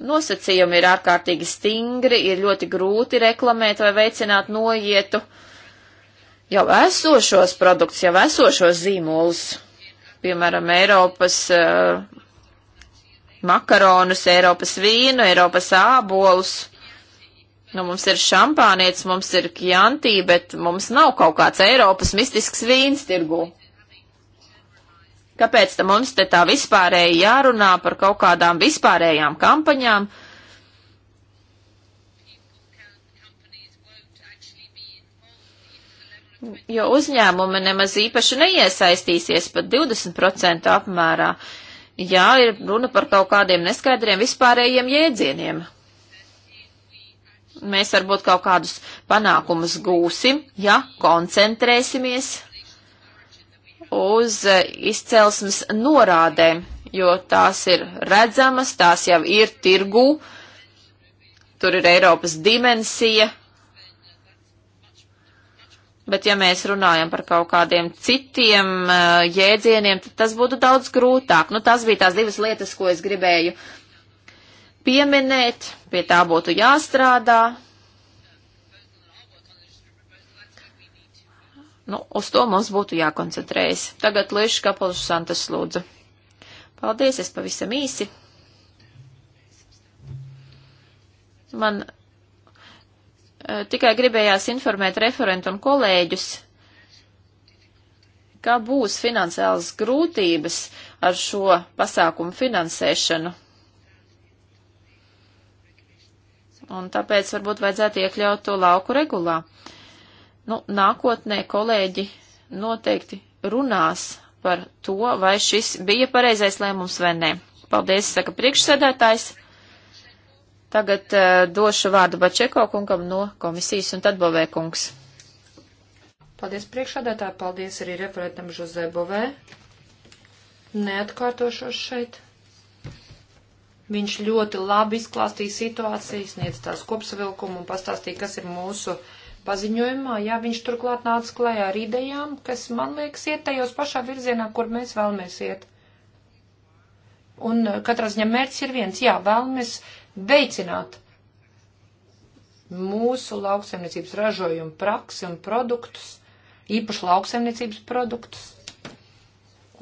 Nosacījumi ir ārkārtīgi stingri, ir ļoti grūti reklamēt vai veicināt noietu jau esošos produktus, jau esošos zīmolus piemēram, Eiropas uh, makaronus, Eiropas vīnu, Eiropas ābolus. Nu, mums ir šampānietis, mums ir kjantī, bet mums nav kaut kāds Eiropas mistisks vīns tirgu. Kāpēc mums te tā vispārēji jārunā par kaut kādām vispārējām kampaņām? Uh, jo uzņēmumi nemaz īpaši neiesaistīsies pat 20% apmērā, ja ir runa par kaut kādiem neskaidriem vispārējiem jēdzieniem. Mēs varbūt kaut kādus panākumus gūsim, ja koncentrēsimies uz eh, izcelsmes norādēm, jo tās ir redzamas, tās jau ir tirgū, tur ir Eiropas dimensija, Bet ja mēs runājam par kaut kādiem citiem uh, jēdzieniem, tad tas būtu daudz grūtāk. Nu, tas bija tās divas lietas, ko es gribēju pieminēt, pie tā būtu jāstrādā. Nu, uz to mums būtu jākoncentrējas. Tagad Liešu Kapelšu Santas lūdzu. Paldies, es pavisam īsi. Man Eh, tikai gribējās informēt referentu un kolēģus, kā būs finansiālas grūtības ar šo pasākumu finansēšanu. Un tāpēc varbūt vajadzētu iekļaut to lauku regulā. Nu, nākotnē kolēģi noteikti runās par to, vai šis bija pareizais lēmums vai nē. Paldies, saka priekšsēdētājs. Tagad uh, došu vārdu Bačeko kungam no komisijas un tad Bovē kungs. Paldies priekšādātā, paldies arī referentam Žozē Bovē. Neatkārtošos šeit. Viņš ļoti labi izklāstīja situāciju, sniedz tās kopsavilkumu un pastāstīja, kas ir mūsu paziņojumā. Jā, viņš turklāt nāca klajā ar idejām, kas, man liekas, iet tajos pašā virzienā, kur mēs vēlamies iet. Un eh, katrā ziņā mērķis ir viens. Jā, vēlamies veicināt mūsu lauksaimniecības ražojumu praksi un produktus, īpaši lauksaimniecības produktus.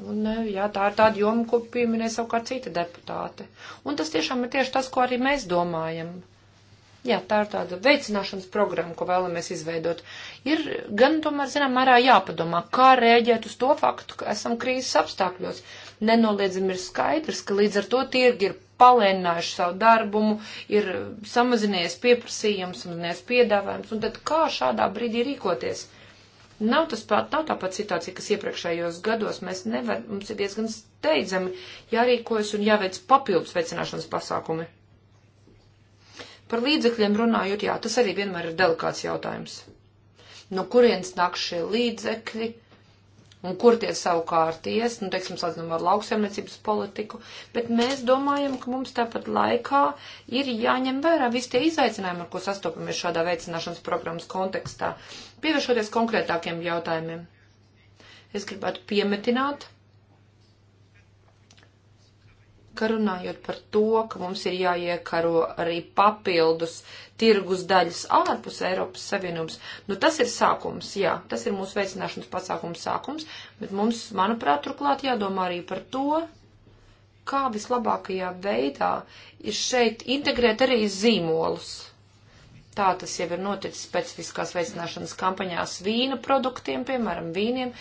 Un, eh, jā, tā ir tāda joma, ko pieminē savukārt cita deputāte. Un tas tiešām ir tieši tas, ko arī mēs domājam. Jā, tā ir tāda veicināšanas programma, ko vēlamies izveidot. Ir gan tomēr, zinām, mērā jāpadomā, kā rēģēt uz to faktu, ka esam krīzes apstākļos nenoliedzami ir skaidrs, ka līdz ar to tirgi ir palēninājuši savu darbumu, ir samazinājies pieprasījums, samazinājies piedāvājums, un tad kā šādā brīdī rīkoties? Nav tas pat, nav tā pati situācija, kas iepriekšējos gados mēs nevar, mums ir diezgan steidzami jārīkojas un jāveic papildus veicināšanas pasākumi. Par līdzekļiem runājot, jā, tas arī vienmēr ir delikāts jautājums. No kurienes nāk šie līdzekļi? un kur tie savukārt ies, nu, teiksim, salīdzinām ar lauksaimniecības politiku, bet mēs domājam, ka mums tāpat laikā ir jāņem vērā visi tie izaicinājumi, ar ko sastopamies šādā veicināšanas programmas kontekstā, pievēršoties konkrētākiem jautājumiem. Es gribētu piemetināt, ka runājot par to, ka mums ir jāiekaro arī papildus tirgus daļas ārpus Eiropas Savienības, nu tas ir sākums, jā, tas ir mūsu veicināšanas pasākums sākums, bet mums, manuprāt, turklāt jādomā arī par to, kā vislabākajā veidā ir šeit integrēt arī zīmolus Tā tas jau ir noticis specifiskās veicināšanas kampaņās vīna produktiem, piemēram, vīniem,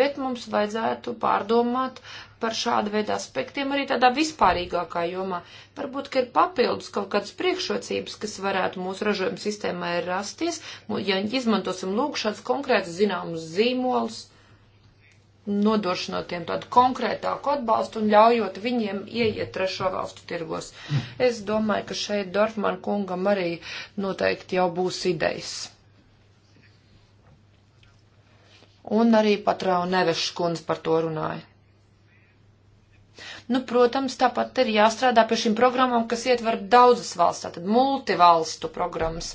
bet mums vajadzētu pārdomāt par šādu veidu aspektiem arī tādā vispārīgākā jomā. Varbūt, ka ir papildus kaut kādas priekšrocības, kas varētu mūsu ražojuma sistēmai rasties, ja izmantosim lūk šāds konkrēts zināmus zīmolus, nodrošinot tiem tādu konkrētāku atbalstu un ļaujot viņiem ieiet trešo valstu tirgos. Es domāju, ka šeit Dorfman kungam arī noteikti jau būs idejas. Un arī patrāva Nevešs kundze par to runāja. Nu, protams, tāpat ir jāstrādā pie šīm programmām, kas ietver daudzas valsts, tātad multivalstu programmas.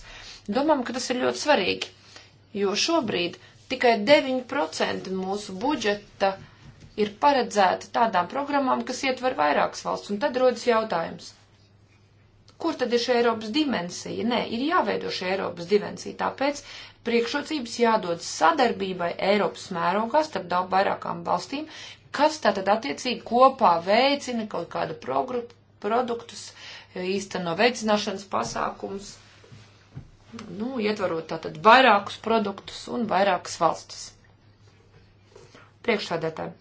Domājam, ka tas ir ļoti svarīgi, jo šobrīd Tikai 9% mūsu budžeta ir paredzēta tādām programmām, kas ietver vairākas valsts, un tad rodas jautājums. Kur tad ir šī Eiropas dimensija? Nē, ir jāveido šī Eiropas dimensija, tāpēc priekšrocības jādod sadarbībai Eiropas mērogā starp daudz vairākām valstīm, kas tātad attiecīgi kopā veicina kaut kādu progru, produktus, īsteno veicināšanas pasākumus nu, ietvarot tātad vairākus produktus un vairākas valstis. Priekšsādētāji.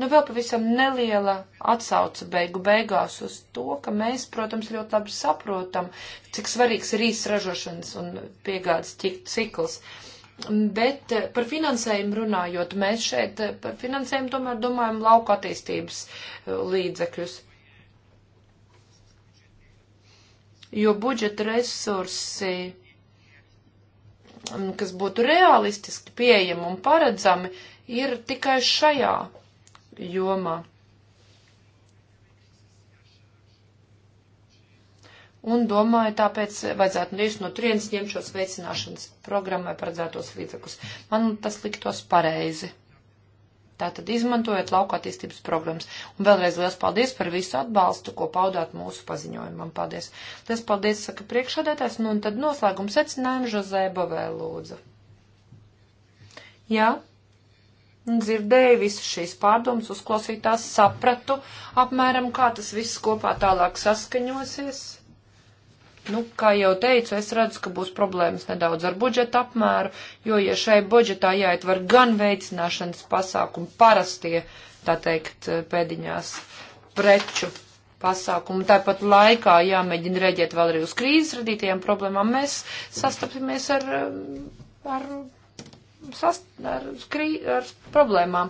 Nu, vēl pavisam neliela atsauca beigu beigās uz to, ka mēs, protams, ļoti labi saprotam, cik svarīgs ir īsts ražošanas un piegādes cikls. Bet eh, par finansējumu runājot, mēs šeit eh, par finansējumu tomēr domājam lauka attīstības eh, līdzekļus. jo budžeta resursi kas būtu realistiski pieejami un paredzami, ir tikai šajā jomā. Un domāju, tāpēc vajadzētu tieši no turienes ņemt šos veicināšanas programmai paredzētos līdzekļus. Man tas liktos pareizi. Tātad izmantojot lauka attīstības programmas. Un vēlreiz liels paldies par visu atbalstu, ko paudāt mūsu paziņojumam. Paldies. Tas paldies, saka priekšādētājs. Nu, un tad noslēgums secinājums Žozē Bavē lūdzu. Jā. Dzirdēju visu šīs pārdomas, uzklausītās, sapratu apmēram, kā tas viss kopā tālāk saskaņosies. Nu, kā jau teicu, es redzu, ka būs problēmas nedaudz ar budžeta apmēru, jo, ja šai budžetā jāietver gan veicināšanas pasākumi parastie, tā teikt, pēdiņās preču pasākumi, tāpat laikā jāmēģina rēģēt vēl arī uz krīzes radītajām problēmām, mēs sastapsimies ar, ar sast, ar, skrī, ar problēmām,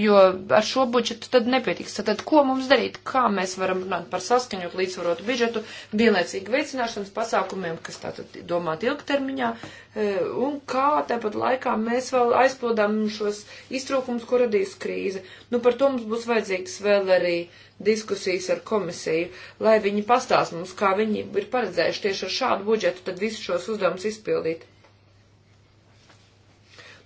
jo ar šo budžetu tad nepietiks. Tad, ko mums darīt? Kā mēs varam runāt par saskaņot līdzsvarotu budžetu, vienlaicīgi veicināšanas pasākumiem, kas tātad domāt ilgtermiņā, e, un kā tāpat laikā mēs vēl aizpildām šos iztrūkums, ko radīs krīze. Nu, par to mums būs vajadzīgs vēl arī diskusijas ar komisiju, lai viņi pastāst mums, kā viņi ir paredzējuši tieši ar šādu budžetu tad visus šos uzdevumus izpildīt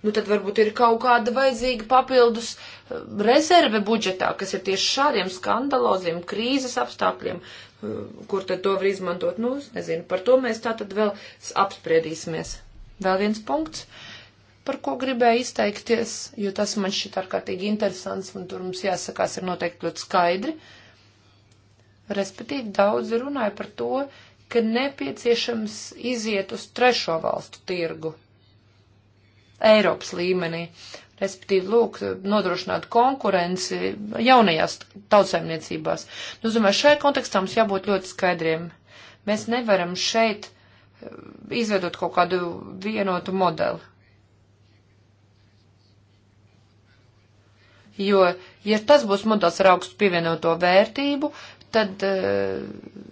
nu tad varbūt ir kaut kāda vajadzīga papildus eh, rezerve budžetā, kas ir tieši šādiem skandaloziem, krīzes apstākļiem, eh, kur tad to var izmantot. Nu, es nezinu, par to mēs tā tad vēl apspriedīsimies. Vēl viens punkts, par ko gribēju izteikties, jo tas man šķiet ārkārtīgi interesants, un tur mums jāsakās ir noteikti ļoti skaidri. Respektīvi, daudzi runāja par to, ka nepieciešams iziet uz trešo valstu tirgu Eiropas līmenī, respektīvi, lūk, nodrošināt konkurenci jaunajās tautsēmniecībās. Nu, domāju, šai kontekstā mums jābūt ļoti skaidriem. Mēs nevaram šeit eh, izveidot kaut kādu vienotu modeli. Jo, ja tas būs modelis ar augstu pievienoto vērtību, tad uh,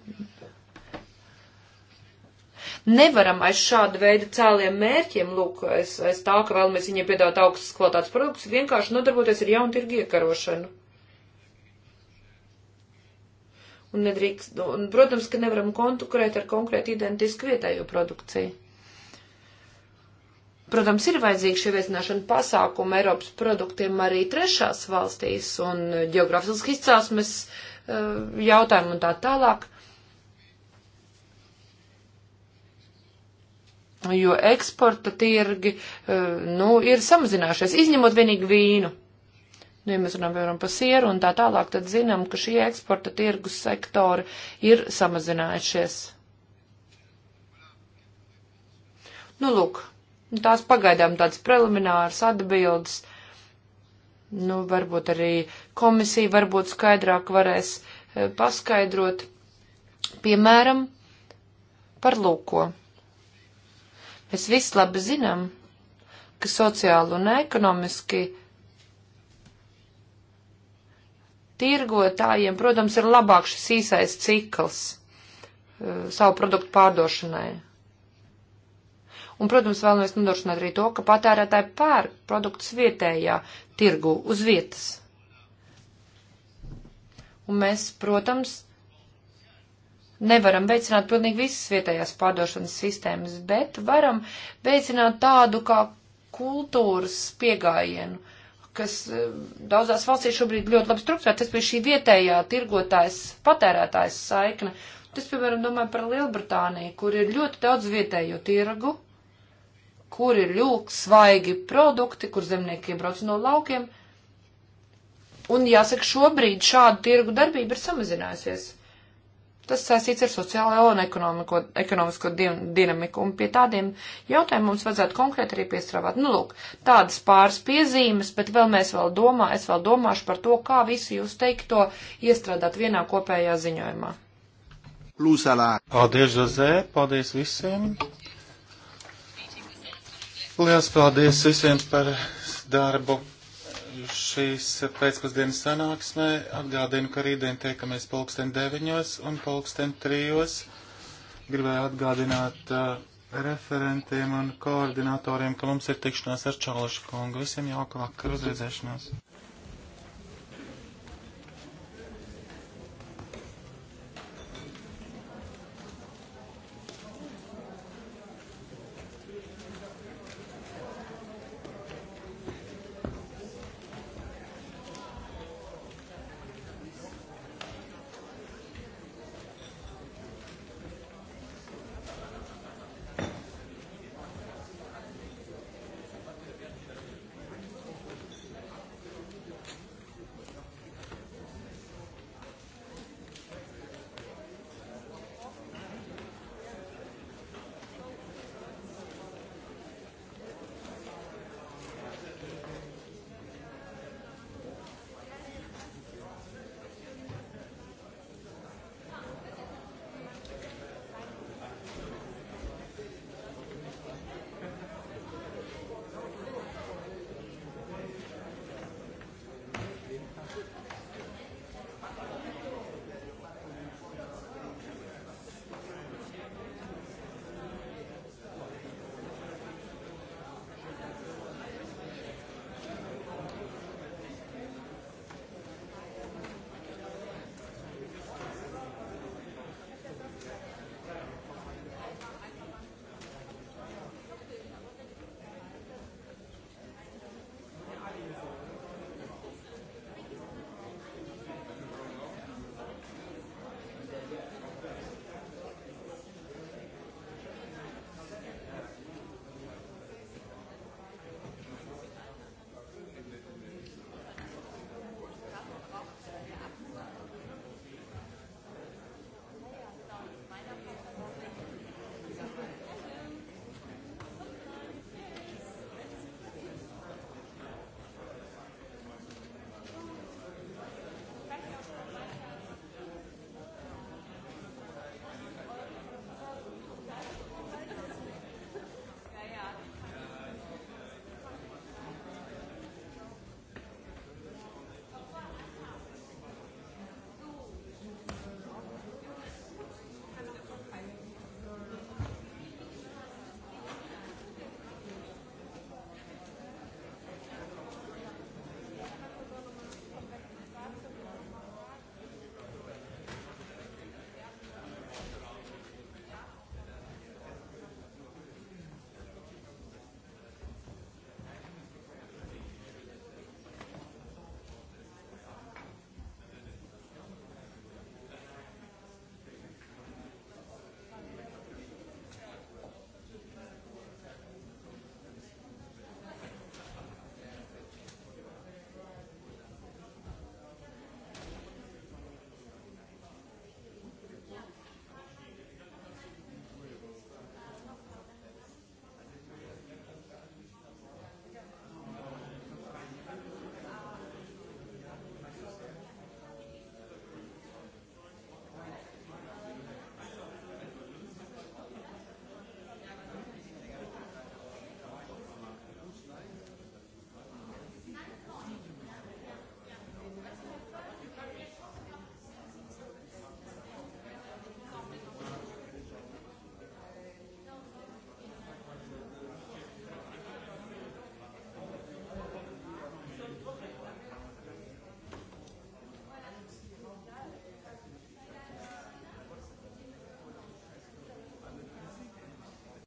nevaram aiz šāda veida cēliem mērķiem, lūk, aiz, aiz tā, ka vēlamies viņiem piedāvāt augstas kvalitātes produktus, vienkārši nodarboties ar jaunu tirgu iekarošanu. Un nedrīkst, nu, un, protams, ka nevaram konkurēt ar konkrēti identisku vietējo produkciju. Protams, ir vajadzīgi šie veicināšana pasākumi Eiropas produktiem arī trešās valstīs un geogrāfiskas izcelsmes uh, jautājumu un tā tālāk. jo eksporta tirgi, eh, nu, ir samazinājušies, izņemot vienīgi vīnu. Nu, ja mēs runājam, piemēram, par sieru un tā tālāk, tad zinām, ka šie eksporta tirgus sektori ir samazinājušies. Nu, lūk, tās pagaidām tādas prelimināras atbildes. Nu, varbūt arī komisija varbūt skaidrāk varēs eh, paskaidrot, piemēram, par lūko. Mēs visi labi zinām, ka sociāli un ekonomiski tirgotājiem, protams, ir labāk šis īsais cikls eh, savu produktu pārdošanai. Un, protams, vēlamies nodrošināt arī to, ka patērētāji pērk produktus vietējā tirgu uz vietas. Un mēs, protams, Nevaram veicināt pilnīgi visas vietējās pārdošanas sistēmas, bet varam veicināt tādu kā kultūras piegājienu, kas eh, daudzās valstīs šobrīd ļoti labi strukturēts. Tas bija šī vietējā tirgotājs, patērētājs saikne. Tas, piemēram, domāju par Lielbritāniju, kur ir ļoti daudz vietējo tirgu, kur ir ļoti svaigi produkti, kur zemnieki iebrauc no laukiem. Un jāsaka, šobrīd šādu tirgu darbība ir samazinājusies. Tas saistīts ar sociālo un ekonomisko dinamiku, un pie tādiem jautājumiem mums vajadzētu konkrēti arī piestrāvāt. Nu, lūk, tādas pāris piezīmes, bet vēl mēs vēl domā, es vēl domāšu par to, kā visu jūs teikto iestrādāt vienā kopējā ziņojumā. Lūsalā. Paldies, Žozē, paldies visiem. Lielas paldies visiem par darbu šīs pēcpusdienas sanāksmē. Atgādinu, ka rītdien tiekamies pulksten deviņos un pulksten trijos. Gribēju atgādināt uh, referentiem un koordinatoriem, ka mums ir tikšanās ar Čālašu kungu. Visiem jauka vakara, uz redzēšanos!